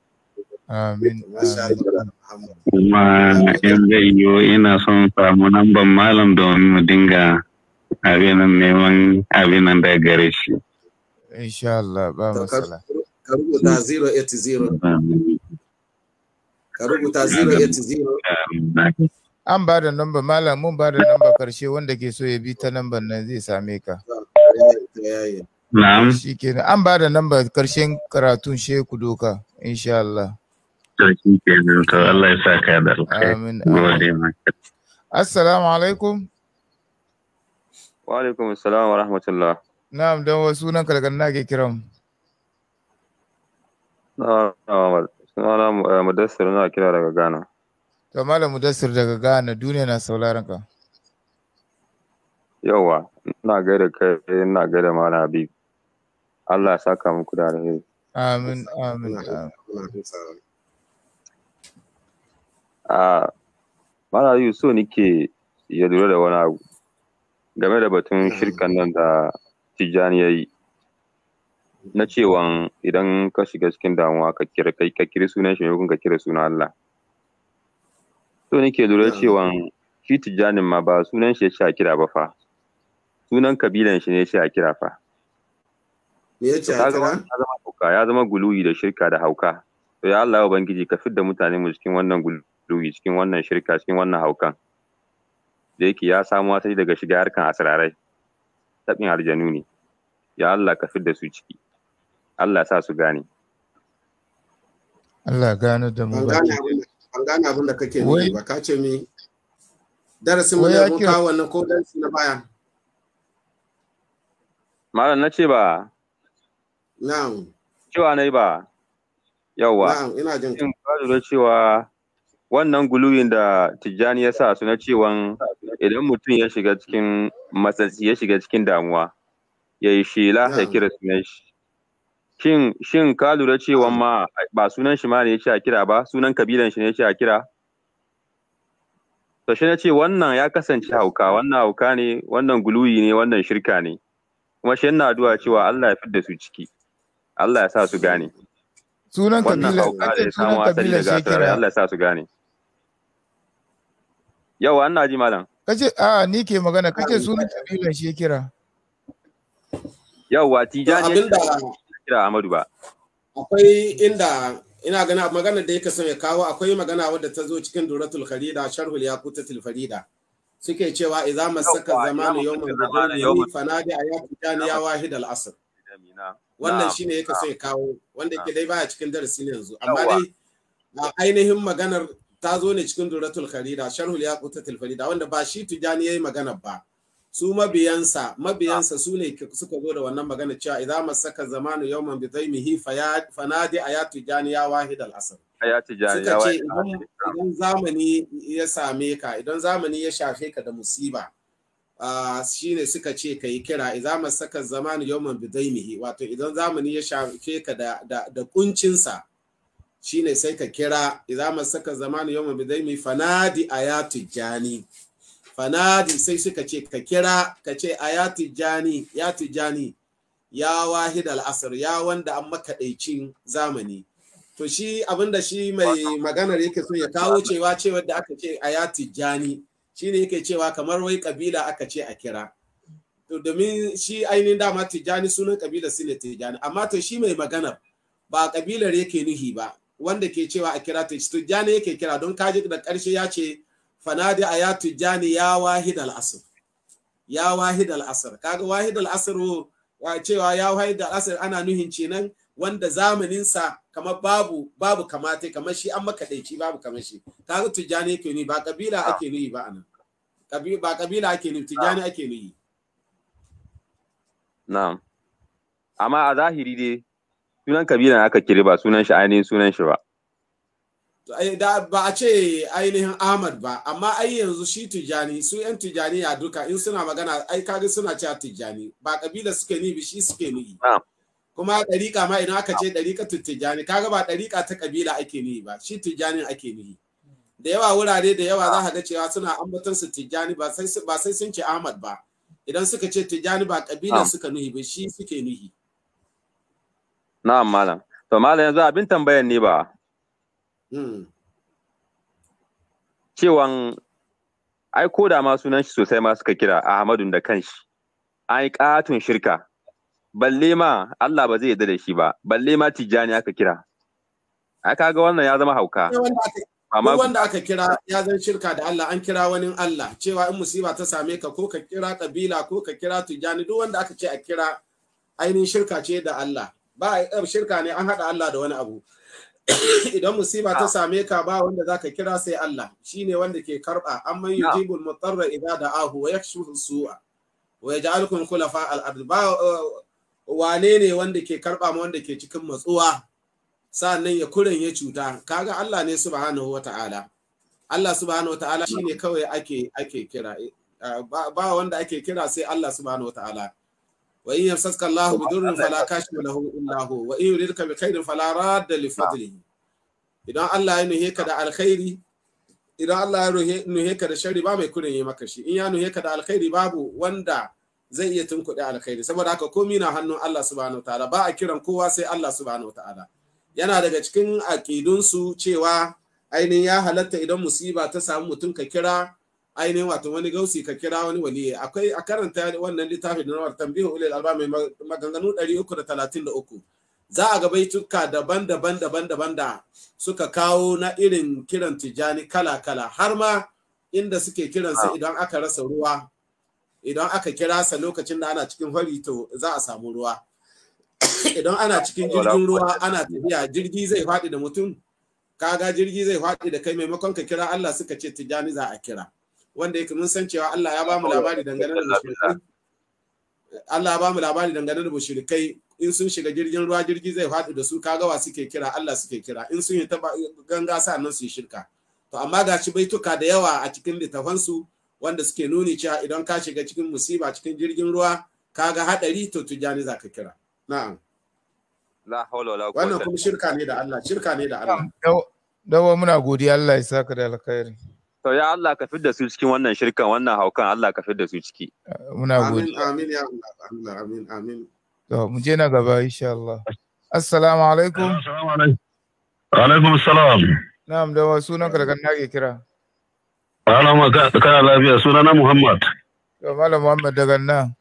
K: Amin. Kuma in zai yiwu ina son samu namban malam domin mu dinga abinan neman abinan da gare shi.
B: Insha Allah ba matsala. Ka rubuta 080. Ka rubuta 080.
C: An ba da namba malam mun ba da namba karshe wanda ke so ya bi ta nambar nan zai same ka. Na'am. Shi kenan an ba da namba karshen karatun sheku doka insha Allah.
I: Sarki kenan to Allah ya sa ka da alkhairi. Amin.
C: Assalamu alaikum.
M: Wa alaikum salam wa rahmatullah.
C: Na'am dan wasu sunan daga na ke kiran.
M: Na'am sunana eh, Mudassir na kira daga Ghana.
C: To malam Mudassir daga Ghana duniya na sauraron ka.
M: Yawwa ina gaida kai ina gaida malam Habib. Allah ya saka muku da alheri.
C: Amin amin amin.
M: Ah Malam Yusuf nike ya lura da wani abu. game da batun shirkan nan da Tijjani ya yi na cewa idan ka shiga cikin damuwa ka kira kai ka kira sunan shi maimakon ka kira sunan Allah to nake lura cewa shi Tijjanin ma ba sunan shi ya sha kira ba fa sunan kabilan shi ne ya sha kira fa
E: me ya ce ya
M: zama guluwi da shirka da hauka to ya Allah ubangiji ka fidda mutane mu cikin wannan guluwi cikin wannan shirka cikin wannan haukan da yake ya samu asali daga shiga harkan asirarai taɓin aljanu ne ya Allah ka fidda su ciki Allah sa su gane
C: Allah gane da mu ban
B: gane abin da kake nufi ba ka ce mi darasin mu ne mun kawo wannan ko darasi na baya
M: malam na ce ba na'am cewa nai ba yawwa na'am ina jin ka cewa wannan guluyin da Tijjani ya sa su na cewan idan mutum ya shiga cikin matsatsi ya shiga cikin damuwa ya yi shela ya kira sunan shi shin shin ka lura cewa ma ba sunan shi ma ne ya ce a kira ba sunan kabilan shi ne ya ce a kira to shi na ce wannan ya kasance hauka wannan hauka ne wannan guluyi ne wannan shirka ne kuma shi yana addu'a cewa Allah ya fidda su ciki Allah ya sa su gane
C: sunan kabilan hauka da shi
M: asali daga Allah ya sa su gane Yau, an na ji malam
C: kace a ni ke magana kace sunan kabilan shi kira
M: yawa tijani abinda kira amadu ba
B: akwai inda ina gana magana da yake son ya kawo akwai magana wadda ta zo cikin duratul kharida sharhul yaqutatul farida suke cewa idza masaka zamanu yawman zamanu fanadi ayatu ya wahid al asr wannan shine yake son ya kawo wanda yake dai baya cikin darasi ne yanzu amma dai ainihin maganar ta zo ne cikin duratul kharida sharhul yaqutatul farida wanda ba shi tujani yayi magana ba su mabiyansa mabiyansa su ne suka zo da wannan magana cewa idan masaka zamanu yawman bi dhaimihi fanadi ayatu janiya wahidal asr
M: ayatu janiya suka ce
B: idan zamani ya same ka idan zamani ya shafe ka da musiba shine suka ce ka yi kira idan masaka zamanu yawman bi zaimihi wato idan zamani ya shafe ka da da kuncinsa shine sai ka kira idza saka zamanu yawma mi fanadi ayatu jani fanadi sai suka ce ka kira ka ce ayatu jani ya tijani ya wahid al-asr ya wanda an makaɗaicin zamani to shi abinda shi mai maganar yake so ya kawo cewa cewa da aka ce ayatu jani shine yake cewa kamar wai kabila aka ce a kira to domin shi ainihin dama tijani sunan kabila su ne tijani amma to shi mai maganar ba kabilar yake nuhi ba wanda ke cewa a kira ta tijjani yake kira don kaji da ƙarshe ya ce fanadi a ya tijjani ya wahid al'asir ya wahid al'asir kaga wahid al'asir wa cewa ya wahid al'asir ana nuhin nan wanda zamaninsa kamar babu babu kamata kamar shi an makaɗaici babu kamar shi kaga tijjani yake ni ba kabila ah. ake nuhi ba anan ba kabila ake nuhi tijjani ah. ake nuhi
M: na'am amma a zahiri dai Sunan kabilan aka kiri ba sunan shi ainihin sunan shi ba.
B: ba a ce ainihin Ahmad ba amma ai yanzu shi Tijjani su yan Tijjani ya duka in suna magana ai kaga suna cewa Tijjani ba kabila suke ni shi suke ni kuma dariƙa ma idan aka ce dariƙa Tijjani kaga ba dariƙa ta kabila ake ni ba shi Tijjani ake ni da yawa wurare da yawa za ka ga cewa suna ambaton su Tijjani ba sai sun ce Ahmad ba idan suka ce Tijjani ba kabila suka nuhi ba shi suke nuhi
M: Na'am malam. To malam yanzu abin tambayan ne ba. Hmm. Cewan ai ko da ma sunan shi sosai ma suka kira Ahmadun da kanshi. Ai katun shirka. Balle ma Allah ba zai yarda da shi ba. Balle ma Tijjani aka kira. Ai kaga wannan ya zama hauka.
B: Amma wanda aka kira ya zan shirka da Allah an kira wani Allah cewa in musiba ta same ka ko ka kira kabila ko ka kira Tijjani duk wanda aka ce a kira ainihin shirka ce da Allah. ba eh, shirka ne an haɗa Allah da wani abu idan musiba ta ah. same ka ba wanda zaka kira sai Allah shine wanda ke karba amman ah. yujibul mutarra idza da'ahu wa yakshifu su'a wa yaj'alukum khulafa al-ard ba eh, wane ne wanda ke karba ma wanda ke cikin matsuwa sannan ya kuren ya cuta kaga Allah ne subhanahu wata'ala Allah subhanahu wata'ala shine kawai ake ake kira eh, ba wanda ake kira sai Allah subhanahu wata'ala wa in yamsaska Allahu fala kashifa lahu illa hu fala radda li idan Allah ya nuhe ka da alkhairi idan Allah ya nuhe ka da sharri mai kurin yi maka shi in ya nuhe ka da alkhairi babu wanda zai iya tunkuɗe alkhairi saboda haka komi na hannun Allah subhanahu ta'ala ba a kiran kowa sai Allah subhanahu ta'ala yana daga cikin aƙidunsu cewa ainihin ya halatta idan musiba ta samu mutum ka kira ainihin wato wani gausi ka kira wani waliye akwai a karanta wannan littafi da nawar tambihu ulil albami maganganu 333 za a ga baituka daban-daban daban-daban da suka kawo na irin kiran tijani kala-kala har ma inda suke kiransa ah. idan aka rasa ruwa idan aka kira sa lokacin da ana cikin fari to za a samu ruwa idan ana cikin jirgin ruwa ana tafiya jirgi zai faɗi da mutum kaga jirgi zai faɗi da kai maimakon ka kira Allah suka ce tijani za a kira wanda yake mun san cewa Allah ya ba mu labari dangane da mushrikai Allah ya ba mu labari dangane da mushrikai in sun shiga jirgin ruwa jirgi zai faɗi da su wa suke kira Allah suke kira in sun yi taba ganga nan su yi shirka to amma ga shi baituka da yawa a cikin littafansu wanda suke nuni cewa idan ka shiga cikin musiba cikin jirgin ruwa kaga hadari to tujani za ka kira na'am la hawla wala quwwata wannan kuma shirka ne da Allah shirka ne da Allah
C: dawo muna godiya Allah ya saka da alkhairi
B: To ya
M: Allah ka fidda su cikin wannan shirkan wannan haukan Allah ka fidda su ciki.
C: Muna gode. Amin
B: amin ya Allah amin amin.
C: To mu je na gaba insha Allah. Assalamu alaikum.
B: Assalamu
N: alaikum. salam
C: Na'am da wa sunan ka daga nake kira.
N: ka kana lafiya sunana Muhammad.
C: To Malam Muhammad daga nan.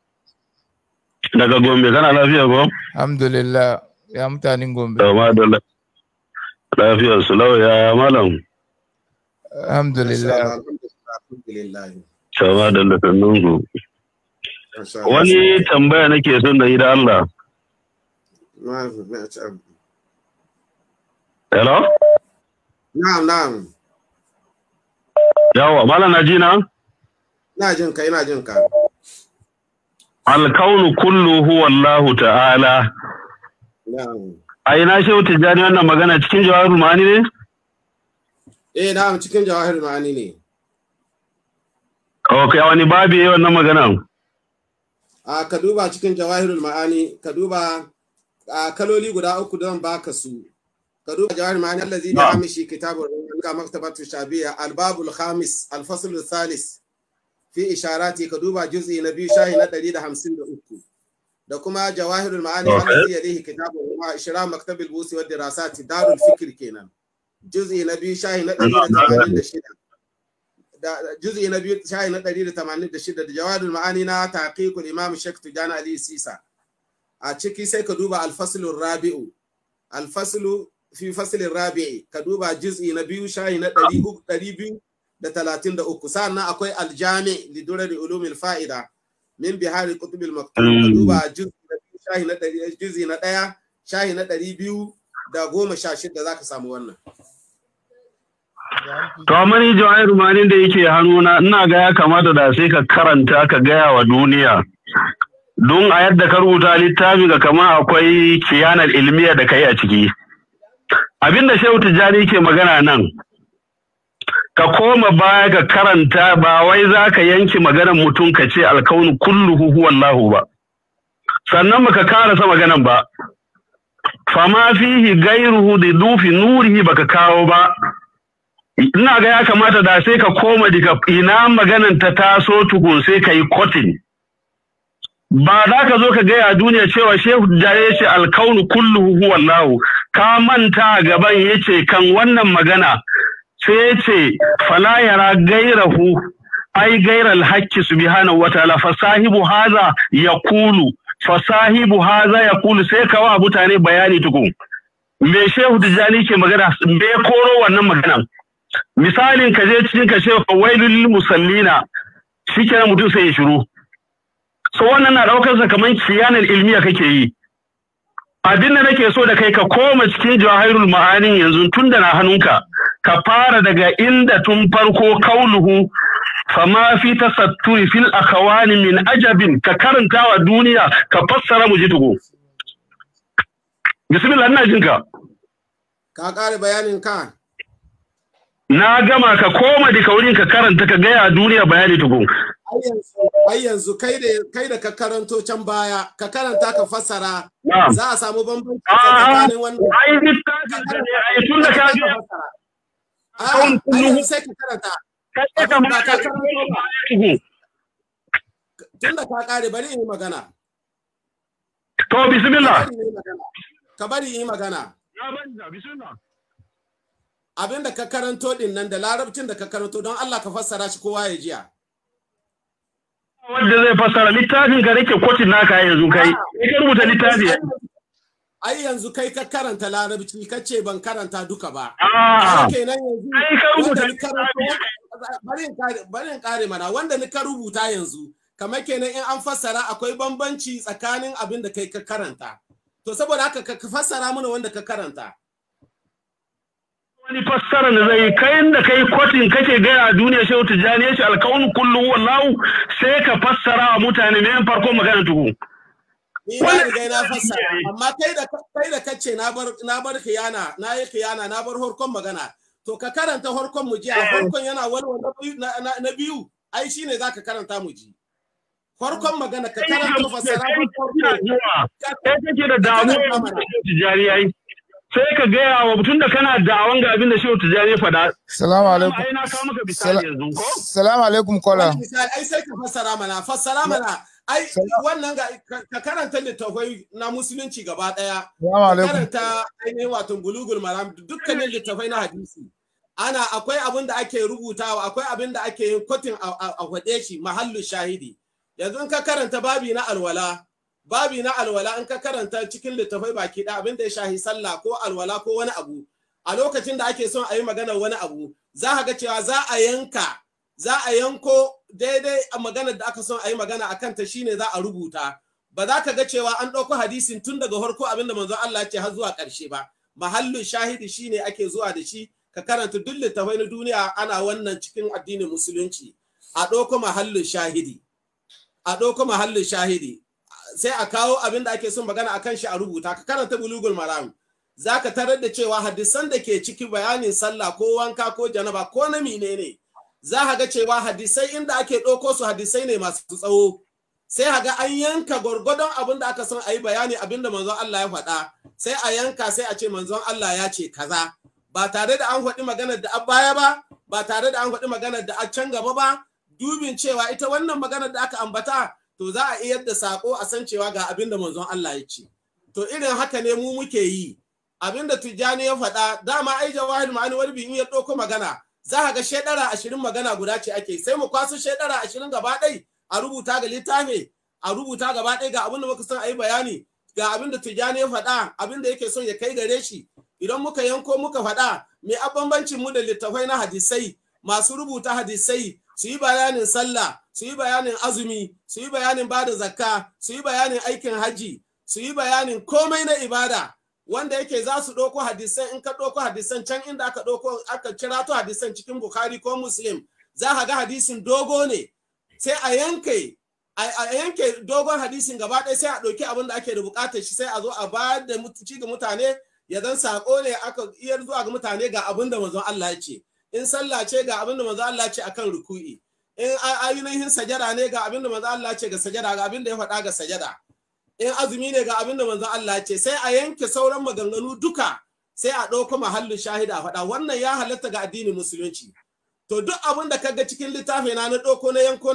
N: Daga Gombe kana lafiya ko?
C: Alhamdulillah. Ya mutanen Gombe.
N: To madalla. Lafiyar su lawa ya malam.
C: alhamdulillah
N: wani tambaya nake son da yi Allah
B: hello na'am na'am yawa mala na ji na na ina jin ka alkaunu
N: kullu huwa Allahu ta'ala na'am ai na shehu wannan magana cikin jawabul ma'ani ne
B: eh na cikin jawahir ma'ani ne
N: ok a wani babi yi wannan maganan
B: a ka duba cikin jawahirul ma'ani ka duba a kaloli guda uku don baka su ka duba jawahirul ma'ani zai da amishi kitabur ga maktabatu shabiya albabul khamis alfasl salis fi isharati ka duba juz'i na biyu shahi na 153 da kuma jawahirul ma'ani Allah allazi yadihi kitabur ma ishra maktabil busi wa dirasati darul fikr kenan juzi na biyu shahi na ɗari da tamanin da shida juzi na biyu shahi na ɗari da tamanin da shida da jawadul ma'ani na taqiqul imam shek tujana ali sisa a ciki sai ka duba alfaslun rabi'u alfaslu fi faslin rabi'i ka duba juz'i na biyu shahi na ɗari biyu da talatin da uku sannan akwai aljami lidurar ulumin fa'ida min bihari kutubil maktub ka hmm. duba juz'i na ɗaya shahi na ɗari biyu da goma sha shida za ka samu wannan
N: To amma ni jawahir rumanin da yake hannuna ina ga ya kamata da sai ka karanta ka gaya wa duniya. Don a yadda ka rubuta littafin ga kama akwai kiyanar ilmiya da ka a ciki. Abinda Shehu Tijjani ke magana nan, ka koma baya ka karanta ba wai za ka yanke maganar mutum ka ce alkaunu huhu wallahu ba. Sannan baka sa maganan ba. Fama fihi gairuhu da dufi nurihi baka kawo ba. ina ga ya kamata da sai ka koma daga ina maganan ta taso tukun sai ka yi kotin ba za ka zo ka gaya duniya cewa shehu da ya ce alkaunu kullu lahu, ka manta gaban ya ce kan wannan magana sai ya ce fala yara gairahu ai haƙƙi bi hana wata lafa sahibu haza ya kulu fasahibu haza ya kulu sai ka wa mutane bayani tukun me shehu tijani ke magana me koro wannan maganan misalin ka je cikin ka ce wailul musallina shikenan mutum sai ya shiru so wannan na daukar sa kaman kiyanan ilmiya kake yi abin da nake so da kai ka koma cikin jawahirul ma'ani yanzu tun da na hannunka ka fara daga inda tun farko kauluhu fama fi tasatturi fil akawani min ajabin ka karanta wa duniya ka fassara mu ji tugu bismillah ina jinka
B: ka kare bayanin ka
N: na gama ka koma da kaurin ka karanta ka gaya duniya bayani tukun
B: ai yanzu kai da kai da ka karanto can baya ka karanta ka fasara za a samu bambanci tsakanin wannan ai littafin da ne ai tun da ka ji nuhu sai ka karanta kai ka ma ka tun da ka kare bari in yi magana to bismillah ka bari in yi magana ya banja bismillah abin da ka karanto din nan da larabcin da ka karanto don Allah ka fassara shi kowa ya jiya.
N: Wanda zai fassara littafin ka rike kotin naka yanzu kai, ka rubuta littafi
B: Ai yanzu kai ka karanta larabci ka ce ban karanta duka ba. Ah. Kenan yanzu wanda ni kare mana wanda ni ka rubuta yanzu kamar kenan in an fassara akwai bambanci tsakanin abin da kai ka karanta. To saboda haka ka fassara mana wanda ka karanta.
N: wani fassara da zai kai da kai kwatin kake gaya a duniya shehu tijjani yace alkaun kullu wallahu sai ka fassara wa mutane me farko magana tuku
B: ni na riga na fassara amma kai da kai da kace na bar na bar khiyana na yi khiyana na bar horkon magana to ka karanta horkon mu ji a eh. horkon yana walwala na biyu ai shine zaka karanta mu ji farkon magana ka karanta fassara farko
L: kai kake da
B: damuwa
L: tijjani yayi sai ka gaya
N: wa mutum da kana dawon ga abin da shi wata jane fada. Salamu
B: alaikum.
N: Salamu alaikum kola.
B: Ai sai ka fassara mana, fassara mana. Ai wannan ga ka karanta littafai na musulunci gaba ɗaya. Salamu alaikum. Ka karanta ainihin watan gulugul maram dukkanin littafai na hadisi. Ana akwai abin da ake rubutawa, akwai abin da ake yin kotin a faɗe shi mahallu shahidi. Yanzu in ka karanta babi na alwala, babi na alwala in ka karanta cikin littafai baki da abin da ya shahi sallah ko alwala ko wani abu a lokacin da ake son a yi magana wani abu za a ga cewa za a yanka za a yanko daidai a maganar da aka son a yi magana a kanta shine za a rubuta ba za ka ga cewa an ɗauko hadisin tun daga farko abin da manzon Allah ce har zuwa ƙarshe ba mahallin shahidi shine ake zuwa da shi ka karanta duk littafai na duniya ana wannan cikin addinin musulunci a ɗauko mahallin shahidi a ɗauko mahallin shahidi sai a kawo abin da ake son magana akan shi a rubuta ka karanta bulugul maram za ka tarar da cewa hadisan da ke ciki bayanin sallah ko wanka ko janaba ko na mine za ka ga cewa hadisai inda ake ɗauko su hadisai ne masu tsawo sai ka ga an yanka gwargwadon abin da aka son a yi bayani abin da manzon Allah ya faɗa sai a yanka sai a ce manzon Allah ya ce kaza ba tare da an faɗi maganar da an ba ba tare da an faɗi maganar da a can gaba ba dubin cewa ita wannan maganar da aka ambata to za a iya da sako a san cewa ga abin da manzon Allah ya ce to irin haka ne mu muke yi abin da tijjani ya faɗa dama ai jawahir ma'ani wani bin ya ɗauko magana za ka ga shedara ashirin magana guda ce ake sai mu kwaso shedara ashirin gaba ɗai a rubuta ga littafi a rubuta gaba ɗai ga abin da muka san a yi bayani ga abin da tijjani ya faɗa abin da yake son ya kai gare shi idan muka yanko muka faɗa me a bambancin mu da littafai na hadisai masu rubuta hadisai su yi bayanin sallah su yi bayanin azumi su yi bayanin bada zakka su yi bayanin aikin haji su yi bayanin komai na ibada wanda yake za su ɗauko hadisan in ka ɗauko hadisan can inda aka ɗauko aka kira to hadisan cikin bukhari ko muslim za ka ga hadisin dogo ne sai a yanke a yanke dogon hadisin gaba ɗaya sai a ɗauki abin da ake da buƙatar shi sai a zo a ba da mutunci ga mutane ya zan saƙo ne aka iya zuwa ga mutane ga abin da manzon Allah ya ce in sallah ce ga abin da manzo Allah ce akan ruku'i in ayyunan sajada ne ga abin da manzo Allah ce ga sajada ga abin da ya faɗa ga sajada in azumi ne ga abin da manzo Allah ce sai a yanke sauran maganganu duka sai a ɗauko mahallin shahida a faɗa wannan ya halatta ga addinin musulunci to duk abin da kaga cikin littafi na na ɗauko na yanko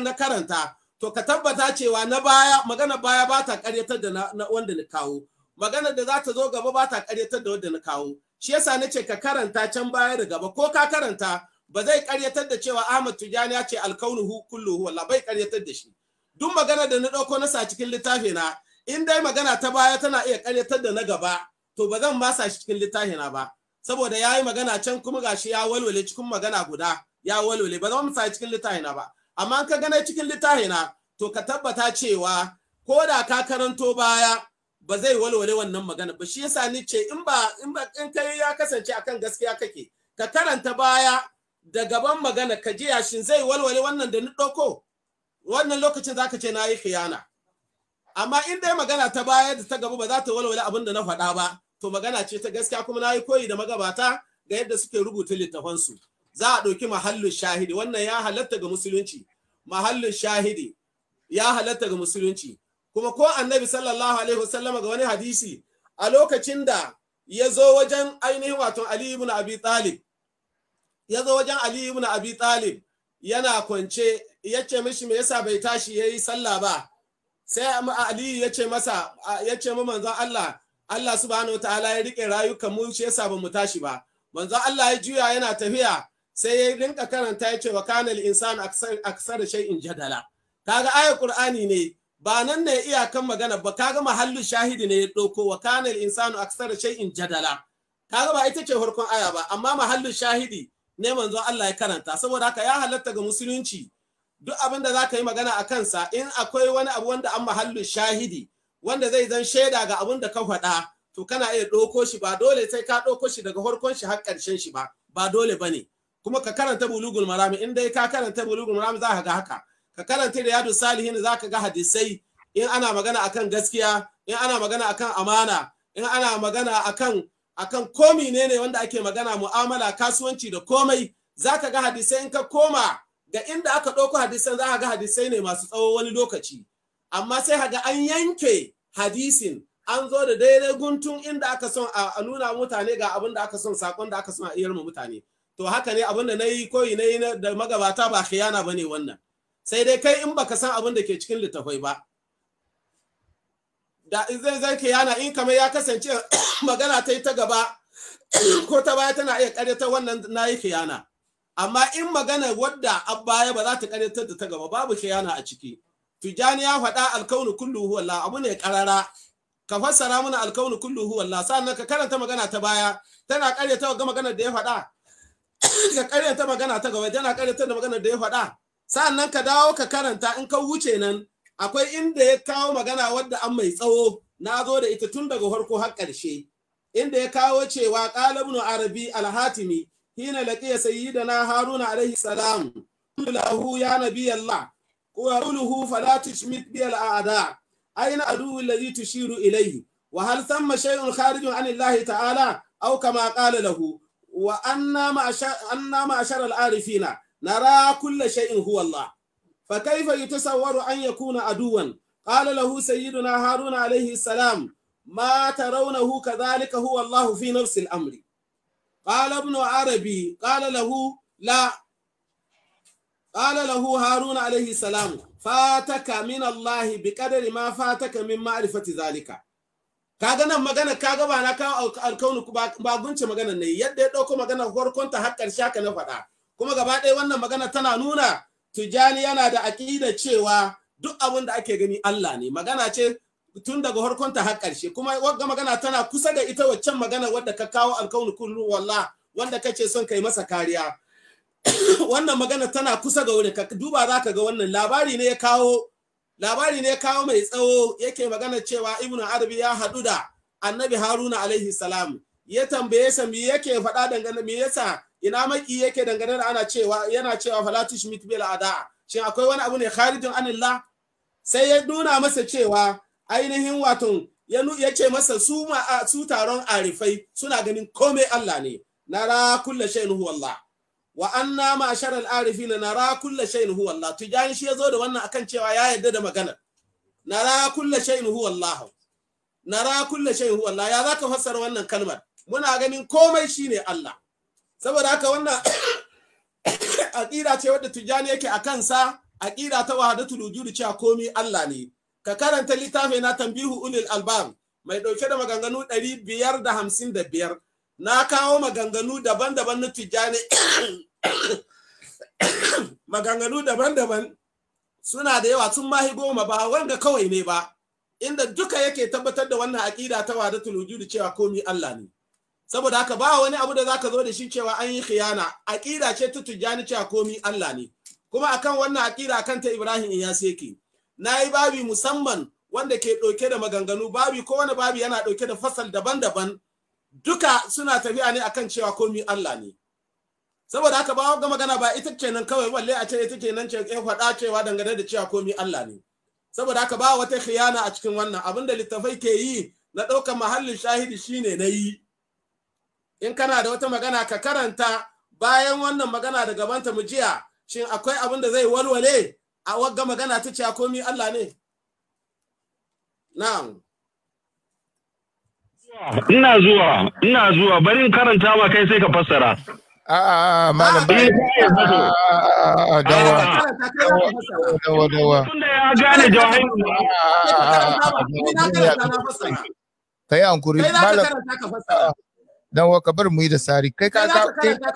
B: na karanta to ka tabbata cewa na baya magana baya ba ta ƙaryatar da wanda na kawo magana da za ta zo gaba ba ta ƙaryatar da wanda na kawo shi yasa na ce ka karanta can baya da gaba ko ka karanta ba zai karyatar da cewa Ahmad Tijani ya ce alkaunuhu hu? wallahi bai karyatar da shi duk magana da na dauko na sa cikin littafi na in dai magana ta baya tana iya karyatar da na gaba to ba zan sa shi cikin littafi ba saboda yayi magana can kuma gashi ya walwale cikin magana guda ya walwale ba zan sa cikin littafi ba amma ka gane cikin littafina, to ka tabbata cewa ko da ka karanto baya ba zai walwale wannan magana ba shi yasa ni ce in ba in ba in kai ya kasance akan gaskiya kake ka karanta baya da gaban magana ka ji yashin zai walwale wannan da ni ɗauko wannan lokacin zaka ce na yi khiyana amma in dai magana ta baya da ta gaba ba za ta walwale abin da na faɗa ba to magana ce ta gaskiya kuma na yi koyi da magabata ga yadda suke rubuta littafan su za a ɗauki mahallin shahidi wannan ya halatta ga musulunci mahallin shahidi ya halatta ga musulunci kuma ko annabi sallallahu alaihi wasallam ga wani hadisi a lokacin da ya zo wajen ainihin wato Ali ibn Abi Talib ya zo wajen Ali ibn Abi Talib yana kwance ya ce mishi me yasa bai tashi yayi sallah ba sai Ali ya ce masa ya mu manzon Allah Allah subhanahu wataala ya rike rayukan mu shi yasa bamu tashi ba manzon Allah ya juya yana tafiya sai ya rinka karanta ya ce wa kana al-insan aksar aksar shay'in jadala kaga ayar Qur'ani ne ba nan ne iyakan magana ba ga mahallu shahidi ne ya ɗauko wa kanal insanu aksara in jadala kaga ba ita ce farkon aya ba amma mahallu shahidi ne manzo Allah ya karanta saboda haka ya halatta ga musulunci duk abin da za ka yi magana a kansa in akwai wani abu wanda an mahallu shahidi wanda zai zan shaida ga abin da ka faɗa to kana iya ɗauko shi ba dole sai ka ɗauko shi daga farkon shi har karshen shi ba ba dole ba ne kuma ka karanta bulugul marami in dai ka karanta bulugul marami za ka ga haka ka karanta da yadu salihin za ka ga hadisai in ana magana akan gaskiya in ana magana akan amana in ana magana akan akan komi ne wanda ake magana mu'amala kasuwanci da komai za ka ga hadisai in ka koma ga inda aka ɗauko hadisan za ka ga hadisai ne masu tsawo wani lokaci amma sai ga an yanke hadisin an zo da daidai guntun inda aka son a nuna mutane ga abin da aka son sakon da aka son a iyar mutane to haka ne abin da na yi koyi na yi da magabata ba khiyana ba ne wannan sai dai kai in baka san abin da ke cikin littafai ba da in zai ke yana in kamar ya kasance magana ta yi ta gaba ko ta baya tana iya karyata wannan na yi kiyana amma in magana wadda an baya ba za ta karyata da ta gaba babu kiyana a ciki tijani ya faɗa alkaunu kullu huwa Allah abu ne karara ka fassara mana alkaunu kullu huwa Allah sannan ka karanta magana ta baya tana karyata ga magana da ya faɗa ka karyata magana ta gaba tana karyata da magana da ya faɗa nan ka dawo ka karanta in ka wuce nan akwai inda ya kawo magana wadda an mai tsawo na zo da ita tun daga farko har ƙarshe inda ya kawo cewa qala ibn alhatimi al-hatimi hina da na haruna alaihi salam lahu ya nabiyallah qawluhu fala tushmit bi al-a'da aina adu alladhi tushiru ilayhi wa hal thamma shay'un kharijun an Allah ta'ala aw kama qala lahu wa anna ma anna ma arifina نرى كل شيء هو الله فكيف يتصور أن يكون عدوا قال له سيدنا هارون عليه السلام ما ترونه كذلك هو الله في نفس الأمر قال ابن عربي قال له لا قال له هارون عليه السلام فاتك من الله بقدر ما فاتك من معرفة ذلك kaga nan magana kaga ba na kawo alkaunu ba gunce magana ne yadda ya dauko magana farkon ta har karshe ka na faɗa kuma gaba ɗaya wannan magana tana nuna tujani yana da aƙida cewa duk abin da ake gani Allah ne magana ce tun daga harkonta har ƙarshe kuma wagga magana tana kusa da ita waccan magana wadda ka kawo alkaunu kullu walla, wanda kace son kai masa kariya wannan magana tana kusa ga wurin ka duba zaka ga wannan labari ne ya kawo labari ne ya kawo mai tsawo yake magana cewa ibnu arabi ya haɗu da annabi haruna alaihi salam ya tambaye sa me yake faɗa dangane me yasa ina maki yake dangane da ana cewa yana cewa fala tushmit bil ada shin akwai wani abu ne kharijin anillah sai ya nuna masa cewa ainihin wato ya ce masa su ma su taron arifai suna ganin komai Allah ne nara kullu shay'in huwa Allah wa anna ma'ashara al-arifina nara kullu shay'in huwa Allah tijani shi yazo da wannan akan cewa ya yadda da magana nara kullu shay'in huwa Allah nara kullu shay'in huwa Allah ya zaka fassara wannan kalmar muna ganin komai shine Allah saboda haka wannan aqida ce wadda tujani yake a kansa aqida ta wahadatul wujud cewa komai Allah ne ka karanta littafi na tambihu ulil albab mai dauke da maganganu 555 na kawo maganganu daban-daban na tujani. maganganu daban-daban suna da yawa sun mahi goma ba wanda kawai ne ba inda duka yake tabbatar da wannan aqida ta wahdatul wujud cewa komai Allah ne saboda haka ba wani abu da zaka zo da shi cewa an yi khiyana aqida ce ta tujjani cewa komi Allah ne kuma akan wannan aqida ta Ibrahim in ya seki nayi babi musamman wanda ke ɗauke da maganganu babi ko wani babi yana ɗauke da fasal daban-daban duka suna tafiya ne akan cewa komi Allah ne saboda haka ba ga magana ba ita nan kawai balle a ce ita nan ce ya faɗa cewa dangane da cewa komi Allah ne saboda haka ba wata khiyana a cikin wannan abinda da littafai ke yi na ɗaukar mahallin shahidi shine na yi in kana da wata magana ka karanta bayan wannan magana da gabanta mu jiya shin akwai abin da zai walwale a wagga magana ta ce komi Allah ne na'am
N: ina zuwa ina zuwa barin karanta ma kai sai ka fassara A'a, malam bai. Dawa.
C: Dawa, dawa. Tunda
E: ya
N: gane jawahir.
C: A'a, a'a,
E: a'a.
C: Kai hankuri. Malam. dan waka bar mu yi da sari kai ka ka tunda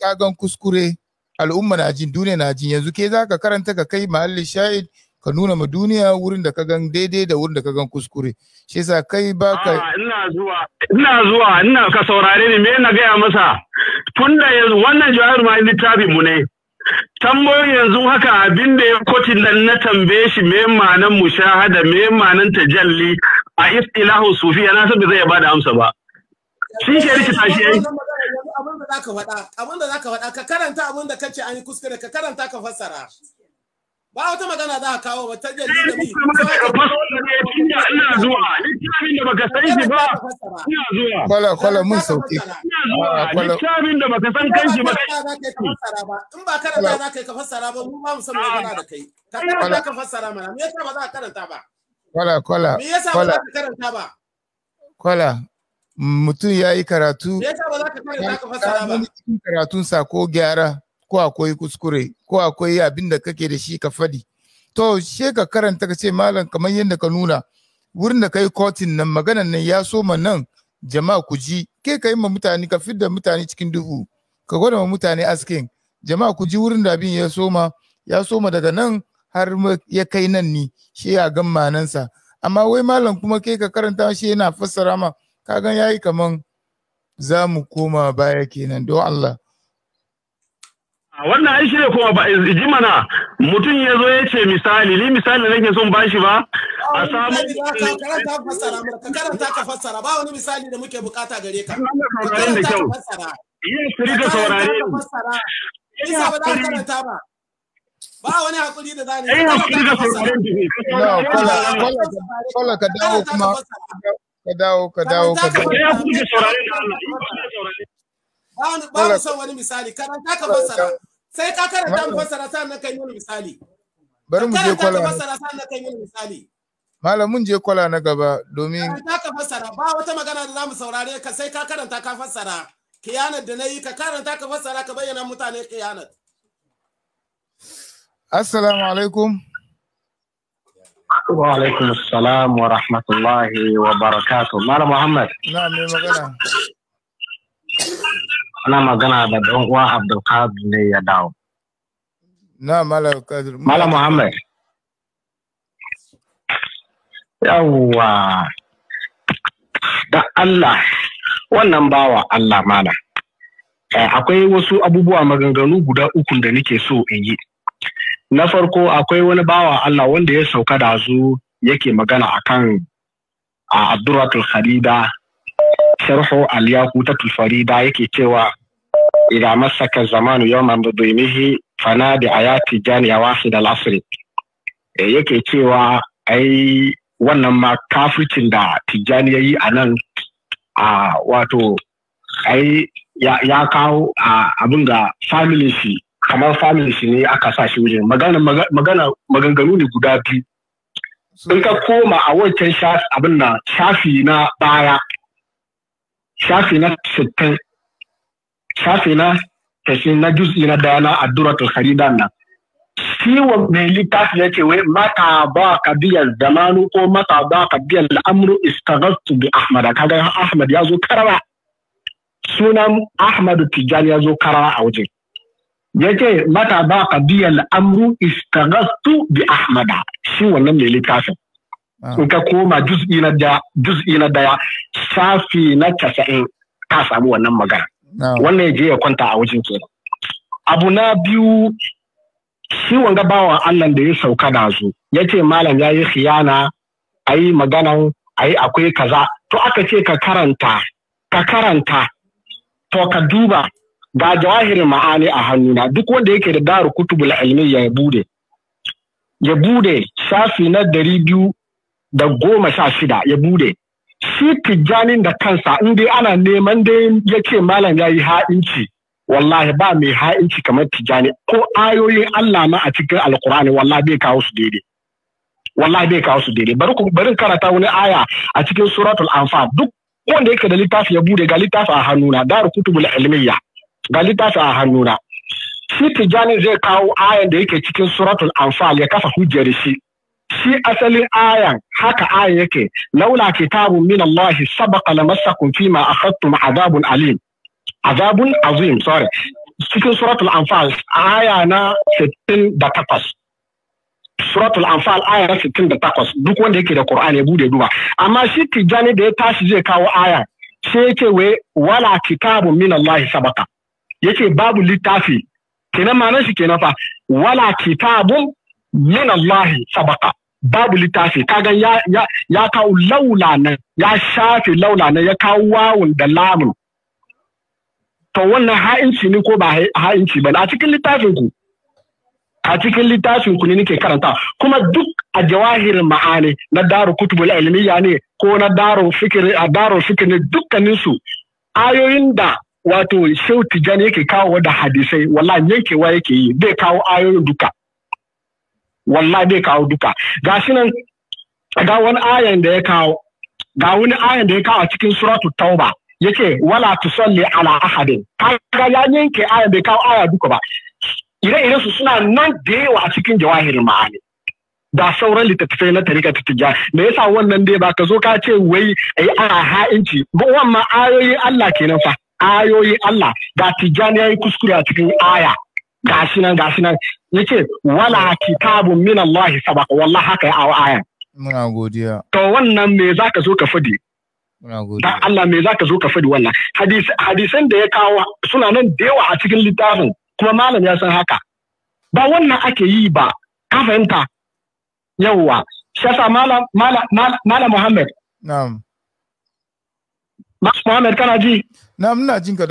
C: ka gan kuskure al'umma na jin duniya na jin yanzu ke zaka karanta ka kai mahallin shahid ka nuna ma duniya wurin da ka gan daidai da wurin da ka gan kuskure shi yasa kai ba ka
L: ina zuwa
N: ina zuwa ina ka saurare ni me na gaya masa da yanzu wannan jawahir ma littafin mu ne tambayoyin yanzu haka abin da ya kotin nan na tambaye shi me ma'anan mushahada me ma'anan tajalli a Ifilahu sufiya na san zai bada amsa ba shi ke rikita shi eh.
B: abin da zaka faɗa abin da faɗa ka karanta abin da kace an yi kuskure ka karanta ka fassara ba wata magana za a kawo ba ta jirgin da ina ina zuwa littafin da ina zuwa
C: kwala kwala ina zuwa
N: littafin da baka san kan shi
B: ba
C: mutum ya yi karatu
B: cikin
C: karatunsa ko gyara ko akwai kuskure ko akwai abin da kake da shi ka fadi to she ka karanta ka ce malam kamar yadda ka nuna wurin da kai kotin nan maganan nan ya soma nan jama'a ku ji ke ka yi ma mutane ka fidda mutane cikin duhu ka gwada ma mutane askin jama'a ku ji wurin da abin ya soma ya ma daga nan har ya kai nan ni shi ya gan manansa amma wai malam kuma ke ka karanta shi yana fassara ma kagan yayi kaman za mu koma baya kenan don Allah
N: wannan ai ne kuma ba ji mana mutum ya zo ya ce misali ni misali nake son bashi ba
B: a samu karanta fassara ka karanta ka fassara ba wani misali da muke bukata gare ka
G: karanta ka fassara da saurare ni ba
B: za ka karanta ba ba wani hakuri da zani ai hakuri da saurare da kola ka dawo kuma
C: ka dawo ka dawo ka dawo
B: ba mu son wani misali karanta ka sai ka karanta mu yi misali
C: je kwala yi na gaba domin karanta
B: ka fassara ba wata magana da mu saurare ka sai ka karanta ka fassara kiyanar da nayi ka karanta ka fassara ka bayyana mutane kiyanar
C: Assalamu alaikum. Wa alaikum
A: salam wa rahmatullahi wa barakatu. Malam Muhammad.
C: Na magana.
D: Ana magana da ɗan uwa Abdulkadir ne ya dawo. Na Malam Muhammad.
A: Yawwa. Da Allah wannan bawa Allah mana Akwai wasu abubuwa maganganu guda ukun da nake so in yi. na farko akwai wani bawa Allah wanda ya sauka da zu yake magana akan a Abdurratul Sharho, sharhu ta yaqutatul Farida yake cewa idan masaka zamanu yawman bidimihi fana da ayati janiya wahid al-asr eh, yake cewa ai wannan ma kafircin da tijjani yayi a nan a wato ai ya kawo abin ga family shi kamar family shi ne aka sa shi wajen magana maganganu ne guda biyu in ka koma a wancan shafi abin na shafi na baya shafi na sittin shafi na tashin na juz'i na daya na tulkari kharida nan shi wa mai littafi ya ce wai mata ba ka biyar zamanu ko mata ba ka biyar al'amru su bi ahmad kaga ahmad ya zo karawa sunan ahmad tijjani ya zo karawa a wajen Ya ce mata ba ka biya al’amru istagastu bi ahmada shi wannan mai littafin ah. in ka koma juz'i na da na daya safi na casa'in ka samu wannan magana ah. wannan ya je ya kwanta a wajen kenan abu na biyu shi wanga bawa Allah da ya sauka da su ce malam yi khiyana ayi maganan ayi akwai kaza to aka ce ka karanta ka karanta to ka duba ga jawahirin ma'ani a hannuna duk wanda yake da daru kutubul ilmi ya bude ya bude shafi na dari biyu da goma sha shida ya bude shi tijjanin da kansa in dai ana neman dai ya ce malam ya yi ha'inci wallahi ba mai ha'inci kamar tijjani ko ayoyin Allah ma a cikin alkur'ani wallahi bai kawo su daidai wallahi bai kawo su daidai bari barin karata wani aya a cikin suratul anfal duk wanda yake da littafi ya bude ga littafi a hannuna daru kutubul ilmiyya ga littafi a hannuna shi tijani zai kawo ayan da yake cikin suratul anfal ya kafa hujjar shi shi asalin ayan haka ayan yake laula kitabun min Allah sabaqa lamassakum fima akhadtum adabun alim azabun azim sorry cikin suratul anfal aya na 68 suratul anfal aya na 68 duk wanda yake da Qur'ani ya bude duba amma shi tijani da ya tashi zai kawo aya sai yake we wala kitabun min Allah sabaqa yace babu littafi kenan nan shi kenan fa wala kitabun min Allah sabaka babu littafi ka gan ya kawo laula nan ya shafe laula nan ya kawo wawun da lamun to wannan ha'inci ne ko ba ha'inci ba a cikin littafin a cikin littafin ne nake karanta kuma duk a jawahirin ma'ani na daru kutubul ilmiya ne ko na daru fikir a daru fikir ne dukkanin ayoyin da wato shehu tijjani yake kawo da hadisai wallahi yankewa yake yi bai kawo ayoyin duka wallahi bai kawo duka ga shi nan ga wani ayan da ya kawo ga wani ayan da ya kawo a cikin suratu tauba yake wala tusalli ala ahadin kaga ya yanke ayan bai kawo aya duka ba ire ire su suna nan da yawa a cikin jawahirin ma'ani da sauran littattafai na tarika ta tijja me yasa wannan dai ba ka zo ka ce wai ai a ha'inci ba wannan ayoyin Allah kenan fa ayoyin Allah da tijjani ya yi kuskure a cikin aya gashi nan gashi nan ya ce wala kitabun min Allah sabaka wallah haka ya awa aya Muna godiya. To wannan me za ka zo ka fadi? Muna godiya. Allah me za ka zo ka fadi wannan? Hadisan da ya kawo suna nan da yawa a cikin littafin kuma malam ya san haka. Ba wannan ake yi ba ka fahimta yawwa. Shasa malam
C: Muhammad. Na'am. Na Muhammad kana ji? Na muna jin ka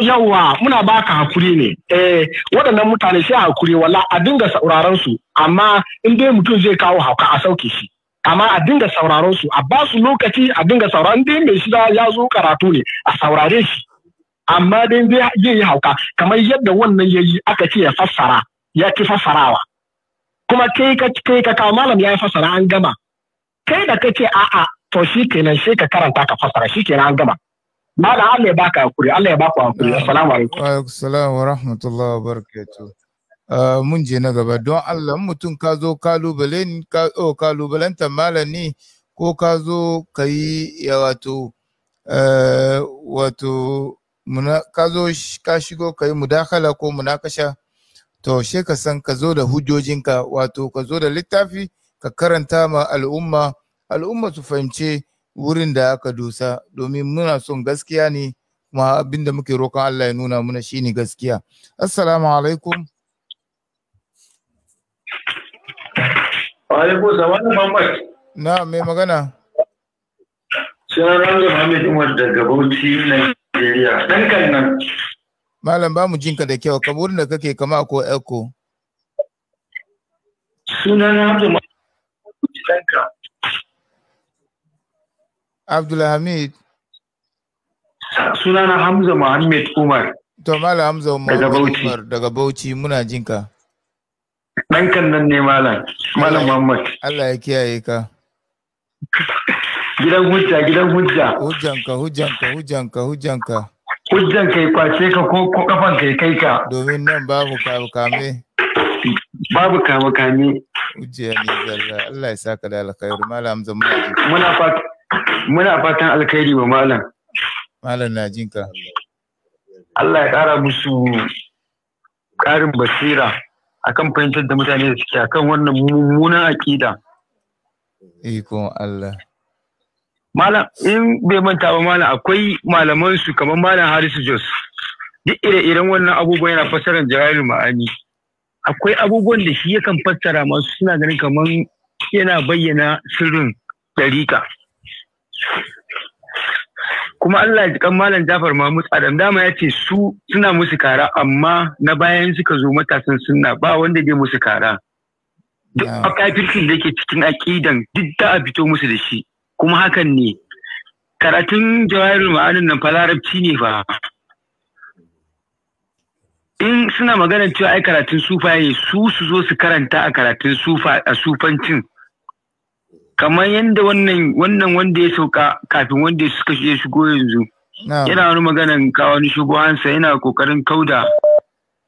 A: Yawwa muna baka hakuri ne. Eh waɗannan mutane sai hakuri wala a dinga sauraron su amma in dai mutum zai kawo hauka a sauke shi. Amma a dinga sauraron su a ba su lokaci a dinga sauraron dai mai shi ya zo karatu ne a saurare shi. Amma dai zai yi hauka kamar yadda wannan ya yi aka ce ya fassara ya ki fassarawa. Kuma kai ka kawo malam ya fassara an gama. Kai da kace a'a to shi kenan sai ka karanta ka fasara shi kenan an gama mala Allah ya baka hakuri Allah ya baka hakuri assalamu alaikum
C: wa alaikum salam wa rahmatullahi wa barakatuh uh, mun je na gaba don Allah mutum ka zo oh, kalubalanta malami ko ka zo ka yi ya wato uh, wato ka zo ka shigo ka yi mudakala ko munakasha to shi ka san ka zo da hujjojinka wato ka zo da littafi ka karanta ma al'umma al'umma su fahimce wurin da aka dosa domin muna son gaskiya ne kuma abin da muke roƙon Allah ya nuna muna shine gaskiya assalamu alaikum
L: wa
C: na mai magana
L: sunan Ramza Muhammad Umar daga Bauchi Nigeria dan kan
C: malam ba mu jinka da kyau kamar da kake kama ko echo sunan Ramza Muhammad danka Abdulhamid. Sunana Hamza Muhammad Umar. To Mala Hamza Umar daga Bauchi. muna jinka. Ɗankan nan ne Malam, Malam Muhammad. Allah ya kiyaye ka. Gidan hujja, gidan hujja. Hujjanka, hujjanka, hujjanka, hujjanka. Hujjanka ya kwace ka ko kafan ka kai ka. Domin nan babu kame. Babu kame kame. Hujjiya ne zalla. Allah ya sa ka da alkhairu. Malam Hamza muna Muna fata. muna fatan alkhairi wa malam malam na jinka
O: Allah ya ƙara musu ƙarin basira akan fahimtar da mutane da suke akan wannan mummunan aƙida. Ikon eh, Allah. Malam in bai manta ba malam akwai malaman su kamar malam Harisu Jos. Duk ire-iren wannan abubuwan yana fassarar jawabin ma'ani. Akwai abubuwan da shi yakan fassara masu suna ganin kamar yana bayyana sirrin ɗarika. kuma Allah ya kan malam Jafar Mahmud Adam dama ya ce su suna musu kara amma na bayan suka zo matasan suna ba wanda zai musu kara duk kafircin da ke cikin aƙidan duk da a fito musu da shi kuma hakan ne karatun jawahirul ma'anin nan fa larabci ne fa in suna maganar cewa ai karatun sufa ne, su su zo su karanta a karatun sufa a sufancin kamar yadda wannan wannan wanda ya sauka kafin wanda ya suka ya shigo yanzu yana wani maganan kawo wani hansa yana kokarin kauda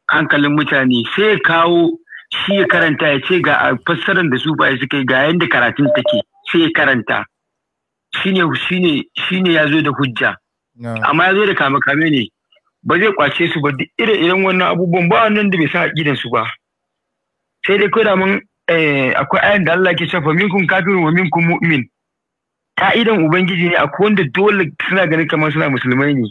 O: hankalin mutane sai ya kawo shi ya karanta ya ce ga fassarar da su baya suka yi ga yadda karatun take sai ya karanta shine shine shine ya zo da hujja amma ya zo da kame kame ne ba zai kwace su ba duk ire wannan abubuwan ba wannan da bai sa a su ba sai dai kawai da mun Eh, akwai ayan da Allah ke cewa fa minkum kafirun wa minkum mu'min ka'idan ubangiji ne akwai wanda dole suna ganin kamar suna musulmai ne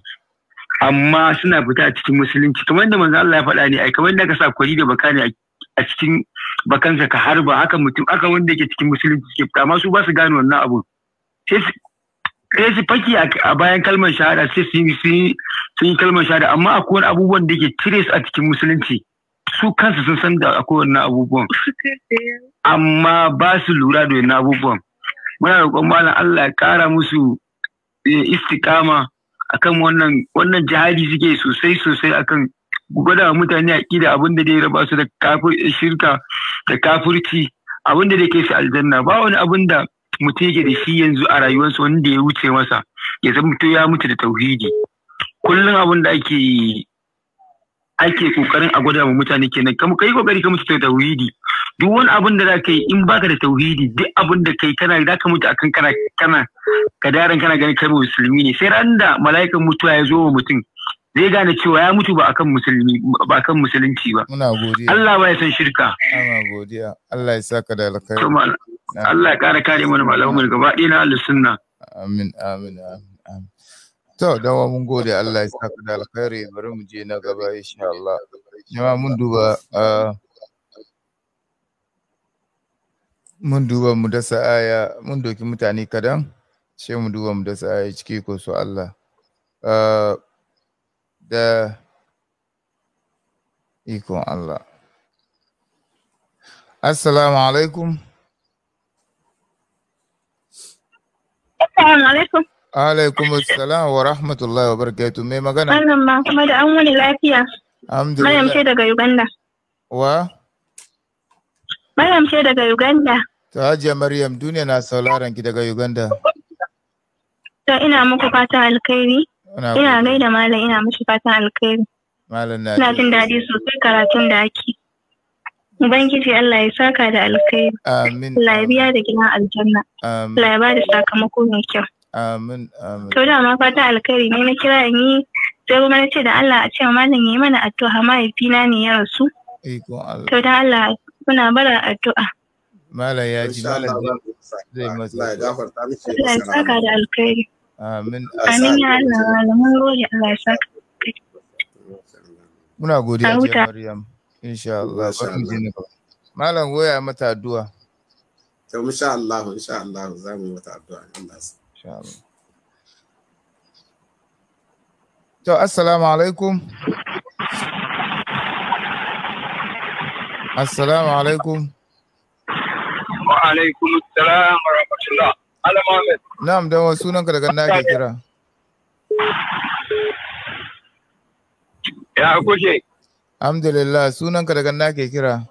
O: amma suna fita a cikin musulunci kamar yadda manzo Allah ya faɗa ne ai kamar yadda ka sa kwari da baka ne a cikin bakansa ka harba haka mutum aka wanda yake cikin musulunci ke fita amma su ba su gane wannan abun sai su faki a bayan kalmar shahada sai su yi kalmar shahada amma akwai wani abubuwan da ke cire su a cikin musulunci su kansu sun san da akwai abubuwan amma ba su lura da wannan abubuwan muna roƙon malam Allah ya ƙara musu eh, istikama akan wannan wannan jihadi suke sosai sosai akan gwada mutane a ƙida abin da zai raba su da shirka da kafurci abin da zai kai su aljanna ba wani abin da mutum yake da shi yanzu a rayuwarsa wanda ya wuce masa ya zama mutum ya mutu da tauhidi kullum abin da ake ake kokarin a gwada wa mutane kenan kamu kai kokari ka mutu da tauhidi duk wani abin da zaka yi in baka da tauhidi duk abin da kai kana zaka mutu akan kana kana kadaran kana ganin kai musulmi ne sai ran da mala'ikan mutuwa ya zo wa mutum zai gane cewa ya mutu ba akan musulmi ba akan musulunci ba
C: muna godiya Allah ba ya san shirka muna godiya Allah ya saka da alkhairi Allah ya kara kare mana malamu gaba ɗaya
O: na al-sunna
C: amin amin amin To, dawa mun gode Allah ya saka da alkhairi bari mu je na gaba insha Allah. Jama mun duba mun duba mu dasa aya mun doki mutane kadan sai mu duba mu dasa aya ciki ko su Allah. Da iko Allah. Assalamu alaikum.
G: Assalamu
E: alaikum.
C: Alaikum salam wa rahmatullahi wa barakatu Mai magana? wannan
E: ma kuma da an wani lafiya.
C: Alhamdulillah. ce daga Uganda. Wa?
E: Maryam ce daga Uganda.
C: Ta hajiya Maryam duniya na sauraron ki daga Uganda.
E: Ta ina muku fatan alkhairi. Ina gaida malam ina mashi fatan alkhairi.
C: Malam na. Ina jin daɗi
E: sosai karatun da ake. Ubangiji Allah ya saka da alkhairi. Amin. Allah ya biya da gidan aljanna. Amin. Allah ya ba da sakamako mai kyau.
C: Amin, amin. To
E: dama fata alkhairi ne na kira ni yi sai kuma na ce da Allah a ce malam yi mana addu'a mahaifina ne ya rasu.
C: Iko Allah. To
E: da Allah muna bara addu'a.
C: Malam ya ji malam zai masa. Allah ya gafarta miki. Allah ya saka da alkhairi. Amin.
E: Amin ya Allah malamin rohi Allah ya saka.
C: Muna godiya ce Maryam. Insha Allah. jini Malam goya mata addu'a. To insha Allah insha Allah za mu yi mata addu'a Allah ya To, assalamu alaikum. Assalamu alaikum.
P: Wa alaikum assalam wa rahmatullah. Ala Ahmed.
C: Na'am, dan wa sunan ka daga nake kira.
P: Ya kushe.
C: Alhamdulillah, sunan ka daga nake kira.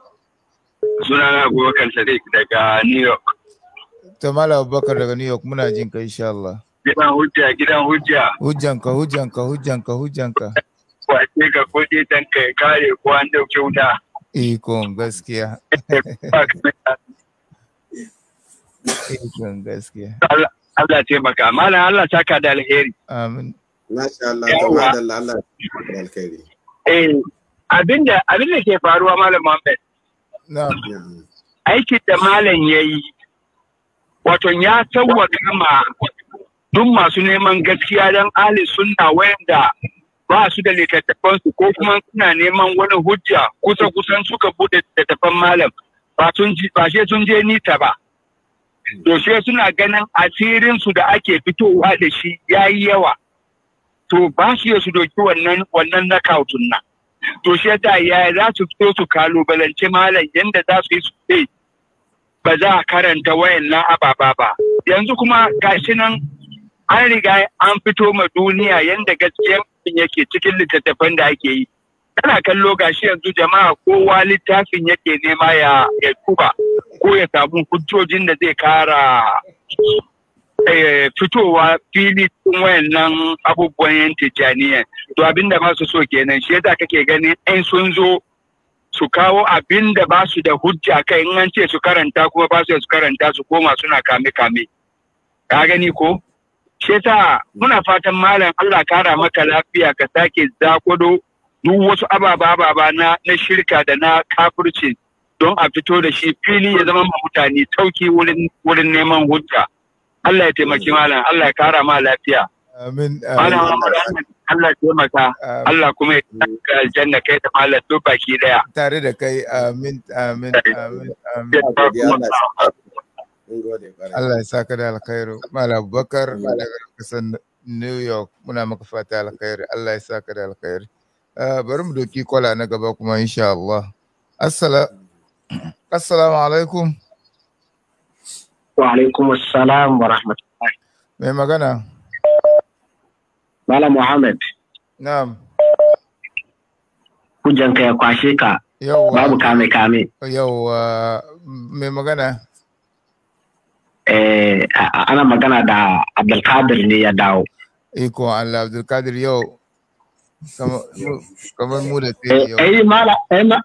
P: Sunana Abubakar Sadiq daga New York.
C: to mala Abubakar daga New York muna jin ka insha Allah.
P: Gidan hujja, gidan hujja.
C: Hujjanka, hujjanka, hujjanka, hujjanka.
P: Wace ka kuɗi dan ka ya kare ko an dauke wuta.
C: Ikon eh, gaskiya. Ikon eh, gaskiya.
P: Allah maka Malam Allah ka da alheri.
C: Amin. Masha
P: Allah, da Allah
B: da alheri.
P: Eh, abinda abinda ke faruwa Malam Muhammad.
C: Na'am.
P: Aikin da malam yayi wato ya tawwaka ma duk masu neman gaskiya don ahli sunna wayanda ba su da littattafansu ko kuma suna neman wani hujja kusa kusan suka bude littattafan malam ba sai sun je nita ba to sai suna ganin asirinsu da ake fitowa da shi ya yi yawa to ba shi su doki wannan wannan na nan to shi da ya za su fito su kalubalance malam yanda za su yi su ba za a karanta wayannan ababa ba yanzu kuma gashi nan an riga an fito ma duniya yadda yanda gaskiyar yake cikin littattafan da ake yi kana kallo gashi yanzu jama'a kowa littafin yake nema ya ya kuba ko ya samu hujjojin da zai kara eh, fitowa fili cikin wayannan abubuwan yan to abinda masu so kenan shi yadda kake ganin ɗan sun zo su kawo abin da ba su da hujja kai in an ce su karanta kuma ba su da su karanta su koma suna kame kame ka gani ko shi ta muna fatan malam Allah kara maka lafiya ka sake zakodo duk wasu ababa ababa na na shirka da na kafirci don a fito da shi fili ya zama mutane sauki wurin wurin neman hujja Allah ya taimaki malam Allah ya kara ma lafiya
C: amin amin Allah taimaka Allah
P: kuma ya saka aljanna kai da malam
C: duk baki daya tare da kai amin amin amin amin Allah ya saka da alkhairu malam Abubakar daga kasan New York muna maka fata alkhairi Allah ya saka da alkhairi ah, bari mu doki kwala na gaba kuma insha Allah assalamu alaikum wa alaikum assalam wa rahmatullahi mai magana
A: Malam Muhammad. Na'am. Hujjanka ya kwashe ka.
C: Yawwa. Babu kame kame. Yawwa magana.
A: Eh ana magana da Abdulkadir ne ya dawo.
C: Iko Allah Abdulkadir yau. Kamar mu da eh, yau. Eh, eh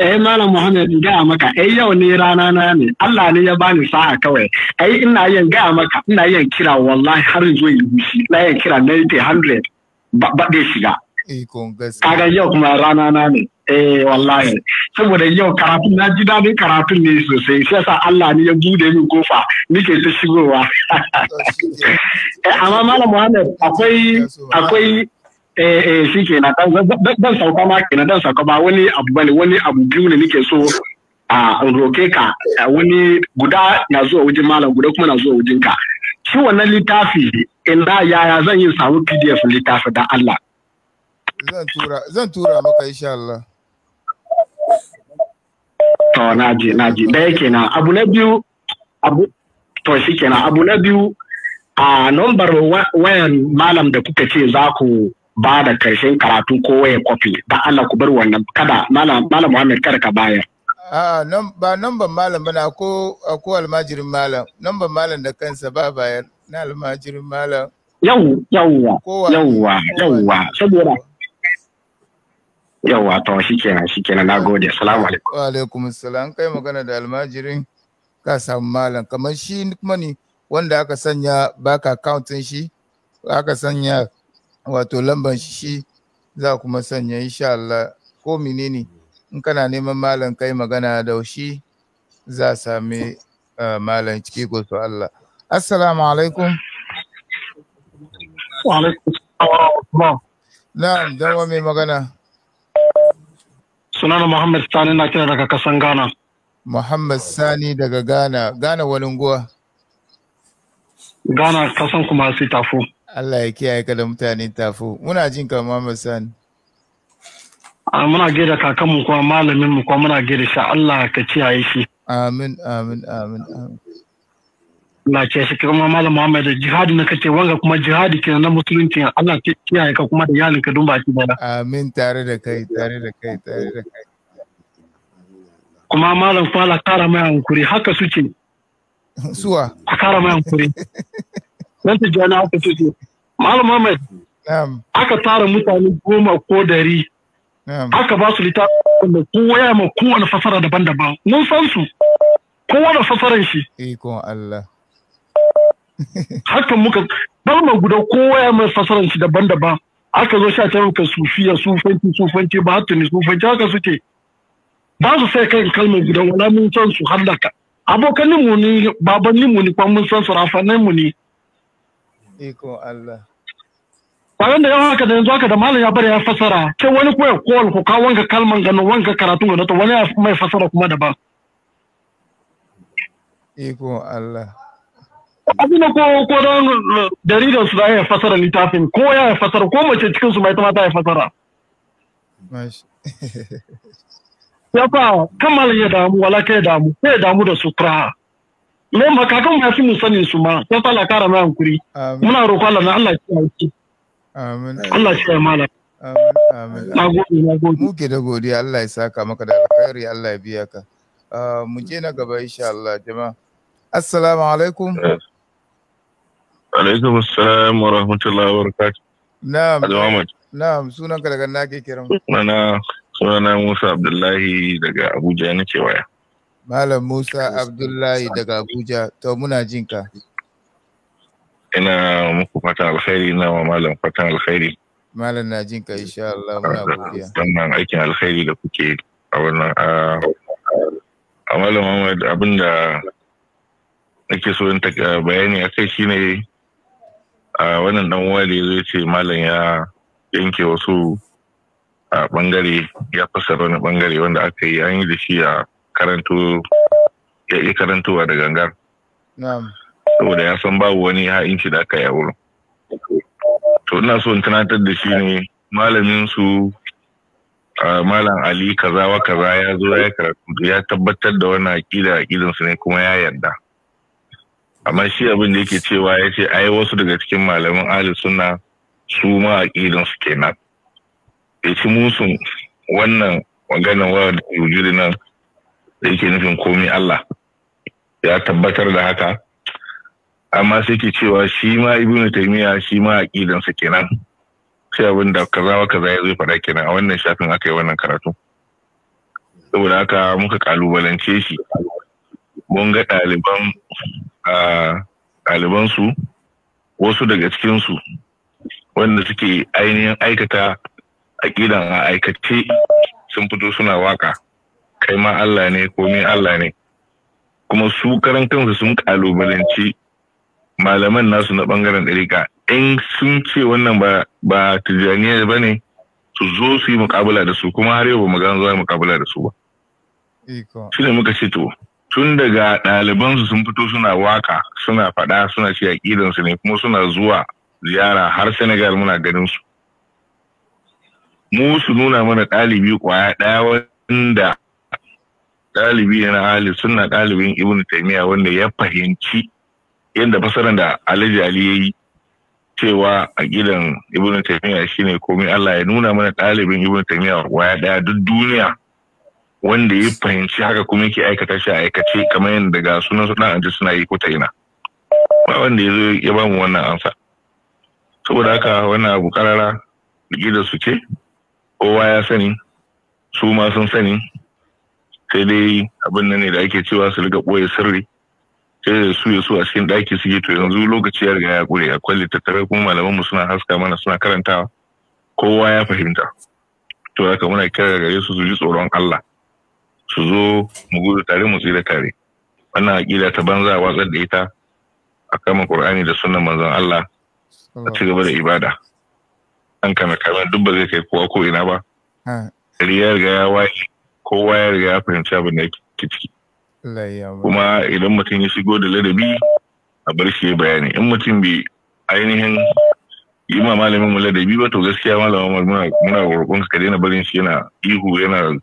C: eh malam muhammad ga maka eh yau ne rana na ne Allah
A: ne ya bani sa'a kawai ai eh, ina yin ga maka ina yin kira wallahi har yanzu yi bushi na yin kira 90 100 ba dai shiga eh, kaga yau kuma rana na ne eh wallahi saboda yau karatun na ji dadin karatun ne sosai sai yasa Allah ne ya bude min kofa nike ta shigowa eh, amma malam muhammed akwai akwai eh eh shi kenan dan sauka ma kenan dan sauka ba wani abu bane wani abu biyu ne nake so a roke ka wani guda na zuwa wajen malam guda kuma na zuwa wajen ka shi wannan littafi ina yaya zan yi samu pdf littafi da Allah
C: zan tura zan tura maka insha Allah
A: to naji naji da yake na abu na biyu abu to shi kenan abu na biyu a nombar wayan malam da kuka ce za ku ba da karshen karatu ko waye kwafi ba Allah ku bar wannan
C: kada malam Muhammad kada ka bayar a'a nan ba nan ban malam bana ko ko almajirin malam nan ban malam da kansa ba bayar na almajirin malam
N: yau
K: yauwa yauwa yauwa saboda yauwa to shikenan shikenan nagode assalamu alaikum
C: wa alaikum assalam kai magana da almajirin ka samu malam kamar shi kuma ne wanda aka sanya baka accountin shi aka sanya wato lamban shi shi za kuma sanya insha Allah ko menene in kana neman malam kai magana da shi za sami malam ciki ko su Allah assalamu alaikum wa alaikum assalam na'am dan wa mai magana
L: sunana Muhammad Sani na kira daga kasan Ghana
C: Muhammad Sani daga Ghana Ghana wani guwa
L: Ghana kasan kuma sai tafo Allah
C: ya kiyaye ka da mutanen tafo. Muna jin ka Muhammad Sani.
L: Ah, muna kakan kakanmu kuma malamin mu kuma muna gida shi Allah ka kiyaye shi. Amin amin amin na ce shi kuma malam Muhammad da jihadi na kace wanga kuma jihadi kenan na musulunci Allah ya kiyaye ka kuma da yalin ka dumba shi bana Amin tare da kai tare da kai tare da kai. Kuma malam fala kara mai hankuri haka suke. Suwa. kara mai hankuri. Nan ta jana haka suke. Malam Muhammad. Aka tara mutane goma ko dari. Aka ba su littafin da kowa ya ma kowane fasara daban-daban. Mun san su. Kowa da fasaran shi.
C: Ikon Allah.
L: Hakan muka balma guda kowa ya ma fasaran shi daban-daban. Aka zo sha ta muka sufiya sufanci sufanci ba hatta ne sufanci haka suke. Ba su sai kan kalmar guda wala mun san su hallaka. Abokanin mu ne babanin mu ne kwan mun san su rafanin mu ne.
C: Iko Allah.
L: bayan da yawa haka da yanzu haka da malam ya bari ya fasara sai wani kuma ya kowal ko kawo wanga kalman gano wanga karatu gano to wani ya mai fasara kuma ba
C: Iko Allah.
L: Abin ko ko don eh, jaridan su ya fasara littafin ko ya fasara ko mace cikin su mai ta ya fasara. Ya fa malam ya damu wala kai damu sai damu da sutura. Me makakan ya fi mu sanin su ma sai Allah kara mai hankuri. Muna roƙon Allah na Allah ya kiyaye. Amin. Allah shi ya mala. Amin amin. Muke da
C: godiya Allah ya saka maka da alkhairi Allah ya biya ka. Ah, mu je na gaba insha Allah jama'a. Assalamu alaikum.
I: Alaikum assalam wa rahmatullahi wa Na'am.
C: Na'am sunan ka daga na ke kiran.
I: Musa Abdullahi daga Abuja waya.
C: Malam Musa Abdullahi daga Abuja to muna jin ka.
I: ina muku fatan alkhairi na wa malam fatan alkhairi
C: malam na jin ka insha Allah muna godiya wannan aikin
I: alkhairi da kuke a wannan a malam Muhammad abinda nake so in bayani akai shine a wannan dan uwa da yazo ce malam ya yanke wasu a bangare ya fassara wani bangare wanda aka yi an yi da shi a karanto ya yi karantowa da gangar saboda ya san babu wani ha'inci da aka yi wurin to ina so in tunatar da shi ne malamin su malam ali kaza wa kaza ya zo ya karatu ya tabbatar da wannan aƙida aqidan su ne kuma ya yarda amma shi abin da yake cewa ya ce ai wasu daga cikin malamin Ali suna su ma aqidan su kenan ya ci musu wannan maganar wa da nan da yake nufin komai Allah ya tabbatar da haka amma sai ke cewa shi ma ibnu taymiya shi ma aqidansa kenan sai abin da kaza wa kaza ya zo fada kenan a wannan shafin aka yi wannan karatu saboda haka muka kalubalance shi mun ga ɗaliban ɗaliban su wasu daga cikin su wanda suke ainihin aikata aqidan a aikace sun fito suna waka kai ma Allah ne ko komai Allah ne kuma su karan kansu sun kalubalance. malaman nasu na bangaren ɗarika in sun ce wannan ba ba tijaniya ba ne su zo su yi mukabala da su kuma har yau ba mu zuwa za mukabala da su ba. Shi ne muka ce to tun daga ɗalibansu sun fito suna waka suna faɗa suna ce su ne kuma suna zuwa ziyara har Senegal muna ganin su. Mu su nuna mana ɗalibi kwayaɗaya, ɗaya wanda ɗalibi na hali suna ɗalibin Ibn Taymiyyah wanda ya fahimci yadda fasaran da Alhaji Ali ya yi cewa a gidan Ibn Taymiyyah shine komai Allah ya nuna mana ɗalibin Ibn Taymiyyah waya ɗaya duk duniya wanda ya fahimci haka kuma yake aikata shi a aikace kamar yadda ga sunan su dan anji suna yi ko ta ina ba wanda ya zo ya bamu wannan amsa saboda haka wannan abu karara da su ce kowa ya sani su ma sun sani sai dai abin nan ne da ake cewa su riga ɓoye sirri Eh, su su a cikin ɗaki suke to yanzu lokaci ya riga ya ƙure akwai littattafai kuma malaman mu suna haska mana suna karantawa kowa ya fahimta to haka muna kira gare su su ji tsoron Allah su zo mu gudu tare mu tsira tare wannan aƙida ta banza a watsar da ita a kama Qur'ani da sunan manzon Allah a ci gaba da ibada an kana kana duk ba zai kai kowa ko ina ba riya ga ya waye kowa ya riga ya fahimci abin da yake ciki kuma idan mutum ya shigo da ladabi a bar shi bayani in mutum bai ainihin yi ma malamin mu ladabi ba to gaskiya malamin muna muna roƙon ka daina barin shi yana ihu yana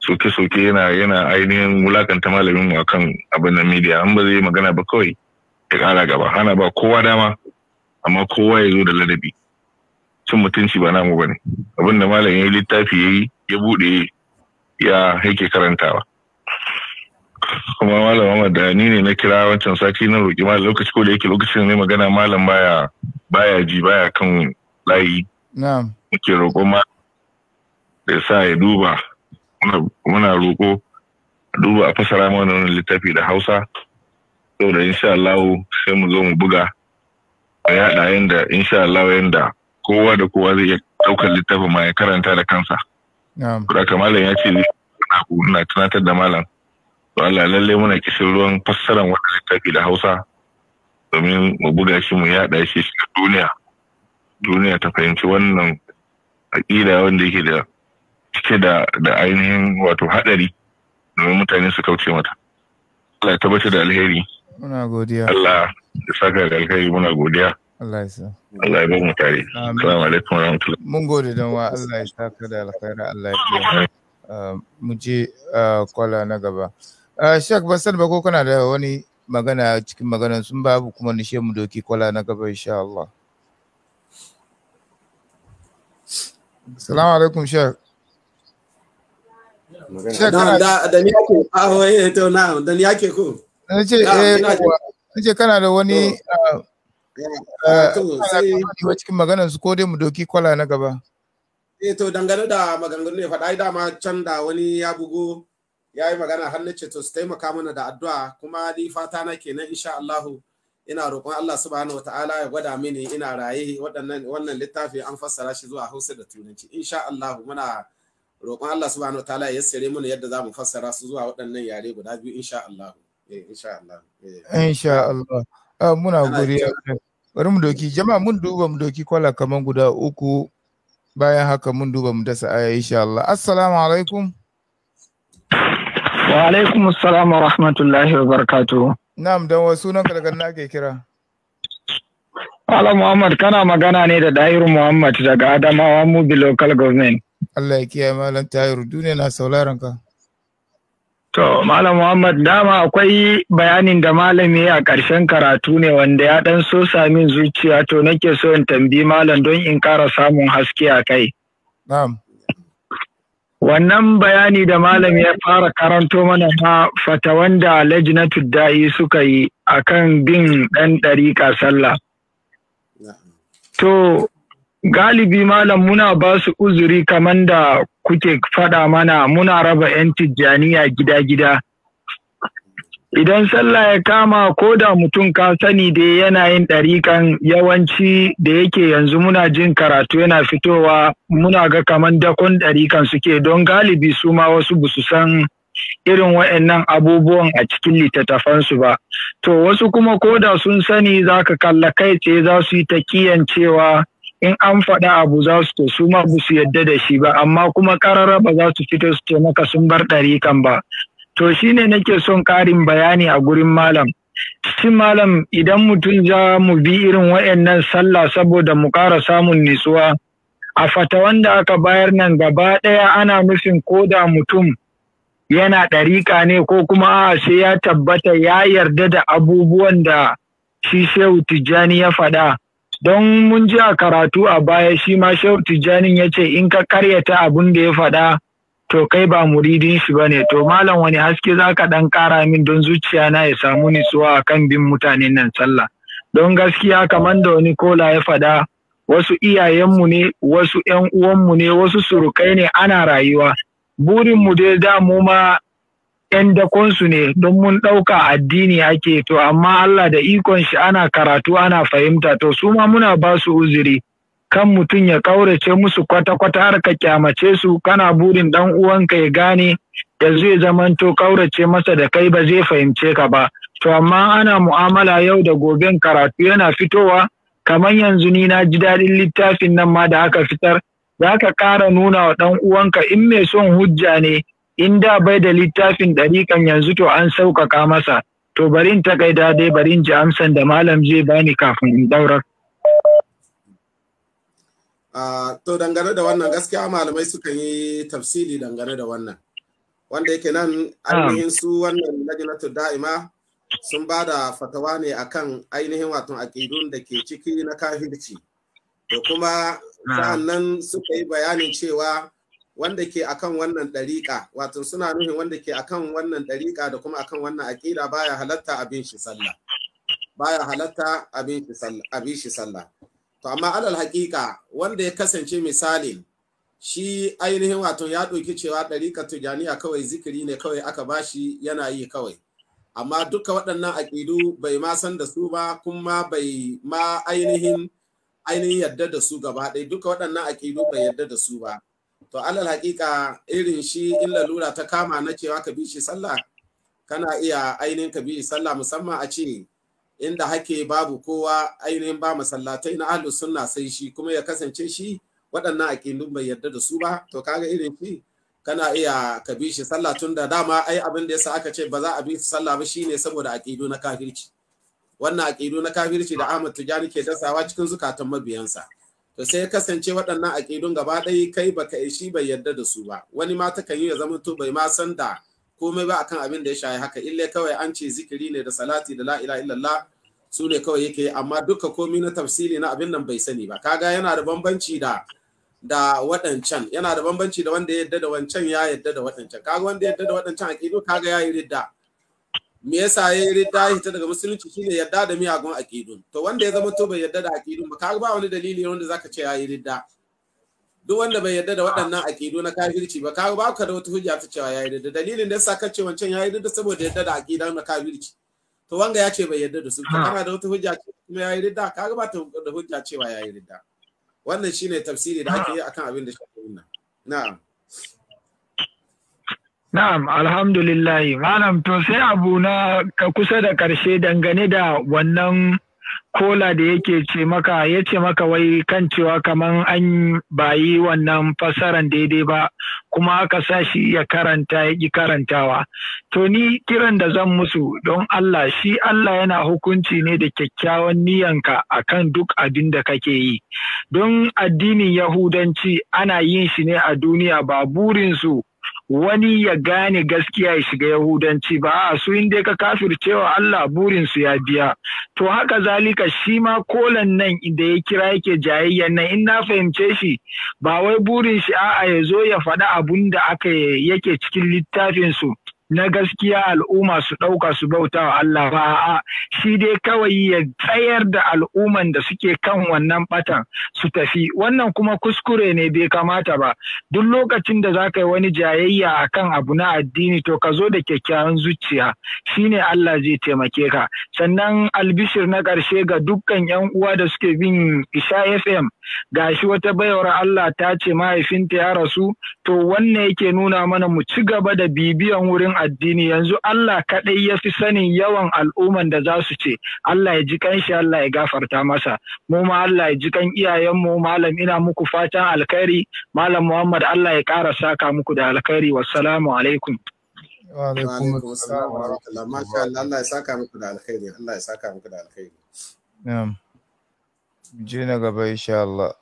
I: soke-soke yana yana ainihin wulakanta malamin mu akan abin da media an ba zai magana ba kawai ya kara gaba hana ba kowa dama amma kowa ya zo da ladabi cin mutunci ba namu ba ne abin da malamin ya littafi ya yi ya buɗe ya yake karantawa kuma malam Muhammad da ni ne na kira wancan sati na roƙi malam lokaci ko da yake lokacin ne magana malam baya baya ji baya kan layi na'am muke roƙo ma da sa ya duba muna roƙo duba a fasara mana wannan littafi da Hausa saboda insha Allah sai mu zo mu buga a yada yanda insha Allah yanda kowa da kowa zai iya daukar littafin ma ya karanta da kansa. Na'am. Kuma malam ya ce na tunatar da malam Allah lalle muna kishin ruwan fassaran zai littafi da Hausa domin mu buga shi mu yada shi cikin duniya duniya ta fahimci wannan aƙida wanda yake da cike da da ainihin wato hadari domin mutane su kauce mata Allah ya tabbatar da alheri
C: muna godiya
I: Allah ya saka da alheri muna godiya Allah ya sa Allah ya ba mu tare assalamu alaikum warahmatullahi mun
C: gode dan wa Allah ya saka da alheri Allah ya biya ah, mu je ah, kwala na gaba Ah, Shek basan ba ko kana da wani magana cikin magana sun babu kuma nishe mu doki kwala na gaba insha Allah. Salamu alaikum Shek.
B: Shek kana da ni yake ah to na da ni ake ko. Nace eh nace
C: kana da wani ah,
B: ah, wa cikin
C: maganan su ko dai mu doki kwala na gaba.
B: Eh to dangane da maganganu ne faɗa dama can da wani ya bugo ya yi magana har nace to su taimaka mana da addu'a kuma ni fata na kenan insha Allah ina roƙon Allah subhanahu wataala ya gwada mini ina raye waɗannan wannan littafi an fassara shi zuwa Hausa da Turanci insha Allah muna roƙon Allah subhanahu wataala ya yassare mana yadda za mu fassara su zuwa waɗannan yare guda biyu insha Allah eh insha Allah eh insha
C: Allah ah, muna godiya bari mu doki jama'a mun duba mu doki kwala kaman guda uku bayan haka mun duba mu dasa aya insha Allah assalamu alaikum
F: Wa alaikum salam wa rahmatullahi wa barakatu.
C: Na'am dan wasu nan ka daga na ke kira.
F: Ala Muhammad kana magana ne da Dahiru Muhammad daga Adamawa Mubi Local Government.
C: Allah ya kiyaye malam Tahiru duniya na sauraron ka.
F: To malam Muhammad dama akwai bayanin da malami a ƙarshen karatu ne wanda ya dan so samin zuciya to nake so in tambi malam don in ƙara samun haske a kai. Na'am. wannan bayani da malam ya fara karanto mana na fatawan wanda lajinatul da'i suka yi a kan bin ɗan ɗariƙa sallah to galibi malam muna ba su uzuri kamar da kuke faɗa mana muna raba 'yan tijjaniya gida-gida Idan sallah ya kama ko da mutum ka sani da yanayin yin ɗarikan yawanci da yake yanzu muna jin karatu yana fitowa muna ga kaman dakon ɗarikan suke don galibi su ma wasu busu san irin wa'annan abubuwan a cikin littattafansu ba. To wasu kuma ko da sun sani za ka kalla kai tsaye za su yi ta cewa in an faɗa abu za su to su ma busu yadda da shi ba amma kuma ƙararraba ba za su fito su ce maka sun bar ɗarikan ba To shi ne nake son ƙarin bayani a gurin malam. Shi malam idan mutum za mu bi irin wa'annan sallah saboda mu ƙara samun nitsuwa. A fata wanda aka bayar nan gaba ɗaya ana nufin ko da mutum yana ɗariƙa ne ko kuma a sai ya tabbata ya yarda da abubuwan da shi Shehu Tijjani ya faɗa. Don mun ji a karatu a baya shi ma Shehu Tijjani ya ce in ka karyata abin da ya faɗa to kai ba muridin shi bane to malam wani haske za ka dan kara min don zuciya na ya samu a kan bin mutanen nan sallah don gaskiya kamar da wani kola ya fada wasu iyayenmu ne wasu ƴan uwanmu ne wasu surukai ne ana rayuwa Burin mu dai da mu ma ‘yan dakonsu ne don mun ɗauka addini ake to amma Allah da ikon shi ana karatu ana fahimta to su ma muna ba su uzuri kan mutum ya ƙaurace musu kwata-kwata har ka kyamace su kana burin ɗan uwanka ya gane da zai zamanto ƙaurace masa da kai ba zai fahimce ka ba. To amma ana mu'amala yau da goben karatu yana fitowa kamar yanzu ni na ji dadin littafin nan ma da aka fitar za ka ƙara nuna wa ɗan uwanka in mai son hujja ne in da bai da littafin ɗarikan yanzu to an sauƙaƙa masa. To bari in kai dai bari in ji amsan da malam zai bani kafin in ɗaurar.
B: to dangane da wannan gaskiya malamai suka yi tafsiri dangane da wannan wanda yake nan ainihin su wannan lajinatu da'ima sun ba da fatawa ne akan ainihin wato aƙidun da ke ciki na kafirci Da kuma
G: sa'annan
B: suka yi bayanin cewa wanda ke akan wannan ɗariƙa wato suna nuhin wanda ke akan wannan ɗariƙa da kuma akan wannan aƙida baya halatta abin shi sallah baya halatta abin shi sallah to amma alal haƙiƙa wanda ya kasance misalin, shi ainihin wato ya ɗauki cewa ɗarika tijaniya kawai zikiri ne kawai aka bashi yana yi kawai amma duka waɗannan aƙidu bai ma san da su ba kuma bai ma ainihin ainihin yadda da su gaba ɗaya duka waɗannan aƙidu bai yadda da su ba to alal haƙiƙa irin shi in lalura ta kama na cewa ka bi shi sallah kana iya ainihin ka bi sallah musamman a ce inda hake babu kowa ainihin ba masallatai na ahlus sunna sai shi kuma ya kasance shi waɗannan aƙidun bai yarda da su ba to kaga irin shi kana iya ka bi shi sallah tun da dama ai abin da yasa aka ce ba za a bi sallah ba shine saboda aƙidu na kafirci wannan aƙidu na kafirci da Ahmad Tijani ke dasawa cikin zukatan mabiyansa to sai ya kasance waɗannan aƙidun gaba ɗaya kai baka shi bai yarda da su ba wani ma ta yi ya zama to bai ma san da komai ba akan abin da ya shaye haka Illai kawai an ce zikiri ne da salati da la ilaha illallah su ne kawai yake amma duka komi na tafsili na abin nan bai sani ba kaga yana da bambanci da da waɗancan yana da bambanci da wanda ya yadda da wancan ya yadda da waɗancan kaga wanda ya yadda da waɗancan aƙidu kaga ya yi ridda me yasa ya yi ridda ya hita daga musulunci shine yadda da miyagun aƙidun to wanda ya zama to bai yadda da aƙidun ba kaga ba wani dalili wanda zaka ce ya yi ridda duk wanda bai yadda da waɗannan aƙidu na kafirci ba kaga ba ka da wata hujja ta cewa ya yi ridda dalilin da yasa ka ce wancan ya yi ridda saboda yadda da aƙidan na kafirci to wanga ya ce bai yarda da su ah. kana da wata hujja kuma yi ridda ga ba ta da hujja cewa ya yi ridda wannan shine tafsiri da ake yi ah. akan abin da shafi wannan na'am
F: Na'am, alhamdulillah. Malam to sai abu na kusa da ƙarshe dangane da wannan kola da yake ce maka ya ce maka wai kan cewa kaman an bayi wannan fasaran daidai ba kuma aka sa shi ya karanta ya ƙi karantawa to ni kiran da zan musu don Allah shi Allah yana hukunci ne da kyakkyawan niyanka kan duk abin da kake yi don addinin yahudanci ana yin shi ne a duniya ba burinsu wani ya gane gaskiya ya shiga yahudanci ba a su inda ka kafircewa Allah burinsu ya biya to haka zalika shi ma kolan nan da ya kira yake jayayyar nan in na fahimce shi ba wai burin shi a'a ya zo ya faɗa abun da aka yake cikin littafinsu. na gaskiya al'umma su ɗauka su bauta wa Allah ba a shi dai kawai ya tsayar da al'umman da suke kan wannan batan su tafi wannan kuma kuskure ne bai kamata ba duk lokacin da za ka yi wani jayayya a kan abu na addini to ka zo da kyakkyawan zuciya shine Allah zai taimake ka sannan albishir na ƙarshe ga dukkan yan uwa da suke bin Isha FM Ga shi wata bayawar Allah ta ce mahaifinta ya rasu to wannan yake nuna mana mu ci gaba da bibiyan wurin addini yanzu Allah kaɗai ya fi sanin yawan al'umman da za su ce Allah ya ji kanshi Allah ya gafarta masa mu ma Allah ya ji kan iyayenmu malam ina muku fatan alkhairi malam Muhammad Allah ya ƙara saka muku da alkhairi wassalamu alaikum
H: wa alaikum
B: assalam wa rahmatullah masha Allah Allah ya saka muku da alkhairi Allah ya saka muku da alkhairi
C: na'am جينا قبل ان شاء الله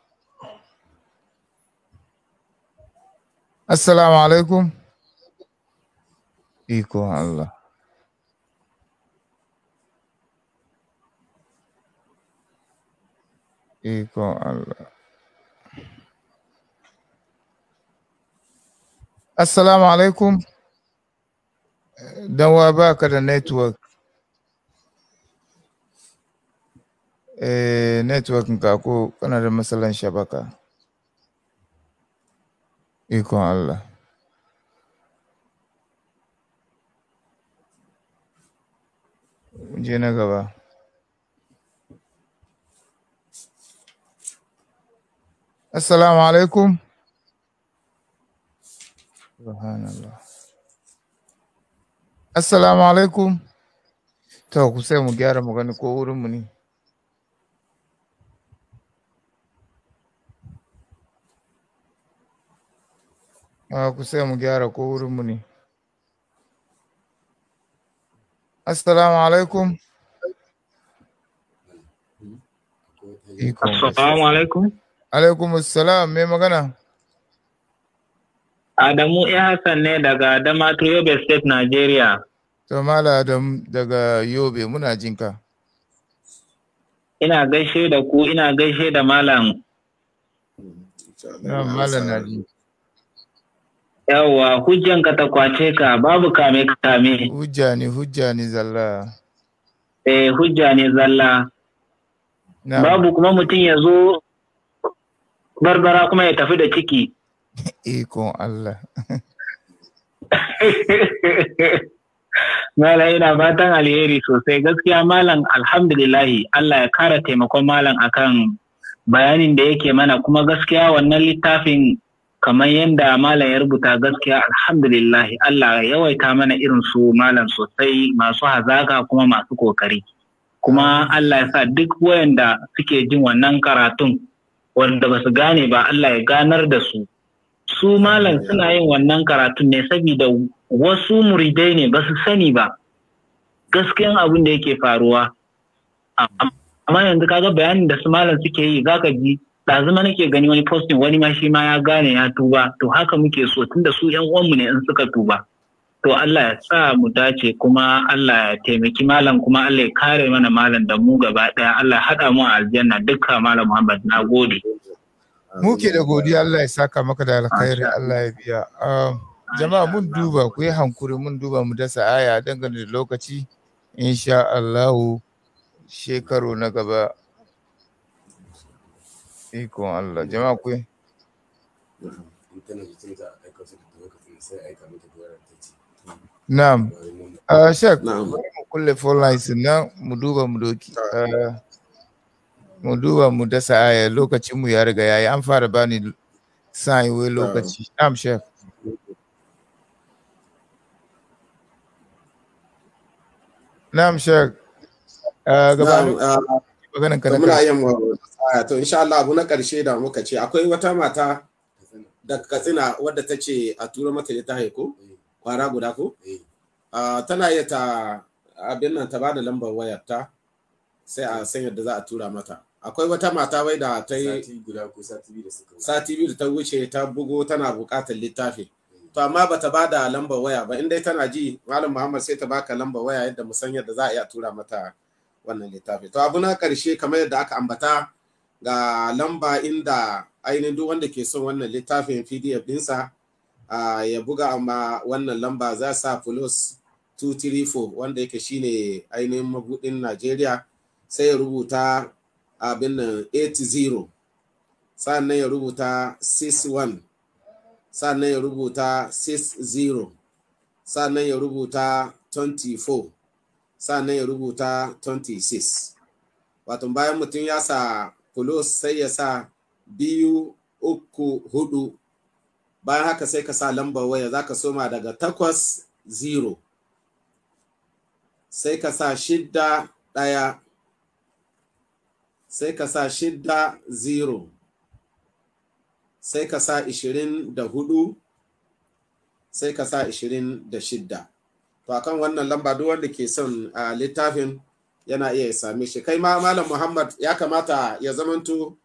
C: السلام عليكم فيكم الله فيكم الله السلام عليكم دوابا كده نتورك eh network ka ko kana da matsalan shabaka ikon Allah je na gaba assalamu alaikum subhanallah assalamu alaikum to ku sai mu gyara magana ko wurinmu ne a ku sai mu gyara ko wurinmu ne assalamu alaikum
H: assalamu alaikum
C: alaikum assalam mai magana
H: Adamu ya Hassan ne daga Damaturu Yobe State, Nigeria.
C: To Mala Adamu daga Yobe muna
H: jinka. Ina gaishe da ku, ina gaishe da Malam. Malam na jinka. Yawwa hujjan ka ta kwace ka babu kame kame.
C: Hujja ne hujja ne zalla.
H: Eh hujja ne zalla. Babu kuma mutum ya zo barbara kuma ya tafi da ciki.
C: Ikon Allah.
H: Mala ina fatan alheri sosai gaskiya malam alhamdulillahi Allah ya kara taimakon malam akan bayanin da yake mana kuma gaskiya wannan littafin kamar yadda malam ya rubuta gaskiya alhamdulillah Allah ya yawaita mana irin su malam sosai masu hazaka kuma masu kokari kuma Allah ya sa duk wayanda suke jin wannan karatun wanda ba su gane ba Allah ya ganar da su su malam suna yin wannan karatun ne saboda wasu muridai ne ba su sani ba gaskiyan abin da yake faruwa amma yanzu kaga bayanin da su malam suke yi zaka ji ta zama nake gani wani postin wani ma shi ma ya gane ya tuba to haka muke so tunda su yan uwanmu ne in suka tuba to Allah ya sa mu dace kuma Allah ya taimaki malam kuma Allah ya kare mana malam da mu gaba daya Allah ya haɗa mu a aljanna dukkan malam Muhammad na gode
C: muke da godiya Allah ya saka maka da alkhairi Allah ya biya um, jama'a mun duba ku yi hankuri mun duba mu dasa aya dangane da lokaci insha Allah shekaru na gaba Iko Allah, jama'a ku. Na'am. Uh, ah, Shek, mu kulle phone lines nan mu duba mu doki. Ah, mu duba mu dasa aya lokacin mu ya riga yayi an fara bani sa'in wai lokaci. Na'am, Shek. Na'am, Shek.
B: Uh, ah, gabanin. maganan ka muna yin tsaya to insha Allah abu na karshe da muka ce akwai wata mata da Katsina wadda ta ce a tura mata ta ko eh. kwara guda ko eh. tana yi ta abin nan ta ba da lambar wayar ta sai a san yadda za a tura mata akwai wata mata wai da ta yi sati biyu da ta wuce ta bugo tana bukatar littafi eh. to amma bata ba da lambar waya ba in dai tana ji malam muhammad sai ta baka lambar waya yadda musan yadda za a iya tura mata wannan littafi to abu na karshe kamar yadda aka ambata ga lamba inda ainihin duk wanda ke son wannan littafin pdf dinsa ya buga amma wannan lamba za sa plus 234 wanda yake shine ainihin mabudin najeriya sai ya rubuta abin nan 80 sannan ya rubuta 61 sannan ya rubuta 60 sannan ya rubuta 24 sannan ya rubuta 26 wato bayan mutum ya sa plus sai ya sa biyu uku hudu bayan haka sai ka sa lambar waya za ka soma daga takwas zero sai ka sa 6 ɗaya sai ka sa 6 zero sai ka sa ishirin da hudu sai ka sa ishirin da shida to akan wannan lamba duk wanda ke son a littafin yana iya ya same shi kai ma malam muhammad ya kamata ya zamanto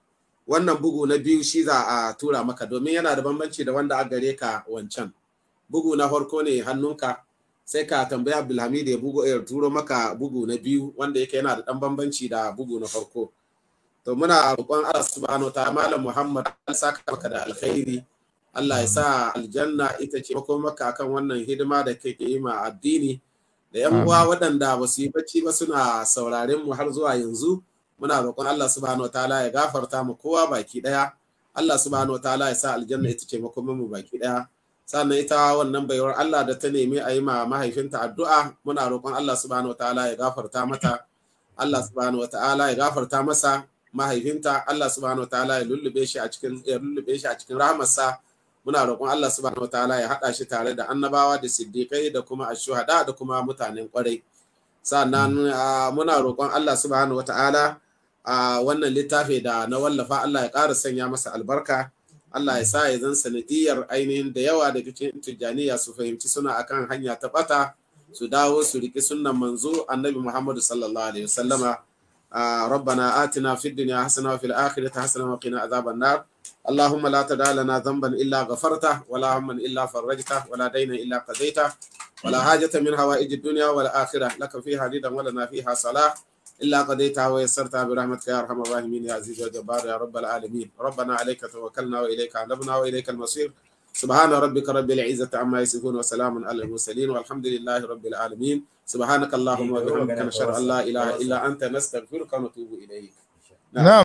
B: wannan bugu na biyu shi za a tura maka domin yana da bambanci da wanda a gare ka wancan bugu na farko ne hannunka sai ka tambaya abdulhamid ya bugu ya turo maka bugu na biyu wanda yake yana da dan bambanci da bugu na farko to muna roƙon Allah subhanahu ta'ala malam muhammad an saka maka da alkhairi Allah ya sa aljanna ita ce makomaka kan wannan hidima da kake yi ma addini da yan uwa waɗanda ba su yi bacci ba suna sauraren mu har zuwa yanzu muna roƙon Allah subhanahu ta'ala ya gafarta mu kowa baki ɗaya Allah subhanahu ta'ala ya sa aljanna ita ce makomin mu baki ɗaya sannan ita wannan baiwar Allah da ta nemi a yi ma mahaifinta addu'a muna roƙon Allah subhanahu ta'ala ya gafarta mata Allah subhanahu ta'ala ya gafarta masa mahaifinta Allah subhanahu ta'ala ya lullube shi a cikin ya lullube shi a cikin rahmarsa muna roƙon Allah subhanahu wataala ya haɗa shi tare da annabawa da siddiƙai da kuma ashuhada da kuma mutanen ƙwarai sannan muna roƙon Allah subhanahu wataala a wannan littafi da na wallafa Allah ya ƙara sanya masa albarka Allah ya sa ya zan sanadiyar ainihin da yawa da cikin tijjaniya su fahimci suna akan hanya ta ɓata su dawo su riƙi sunnan manzo annabi Muhammadu sallallahu alaihi wasallama ربنا آتنا في الدنيا حسنة وفي الآخرة حسنة وقنا عذاب النار اللهم لا تدع لنا ذنبا إلا غفرته ولا هما إلا فرجته ولا دينا إلا قضيته ولا حاجة من هوائج الدنيا والآخرة لك فيها رضا ولنا فيها صلاح إلا قضيتها ويسرتها برحمتك يا أرحم الراحمين يا عزيز وجبار يا رب العالمين ربنا عليك توكلنا وإليك عنبنا وإليك المصير سبحان ربك رب العزة عما يصفون وسلام على المرسلين والحمد لله رب العالمين سبحانك اللهم وبحمدك نشهد أن لا إله إلا أنت نستغفرك ونتوب إليك
C: نعم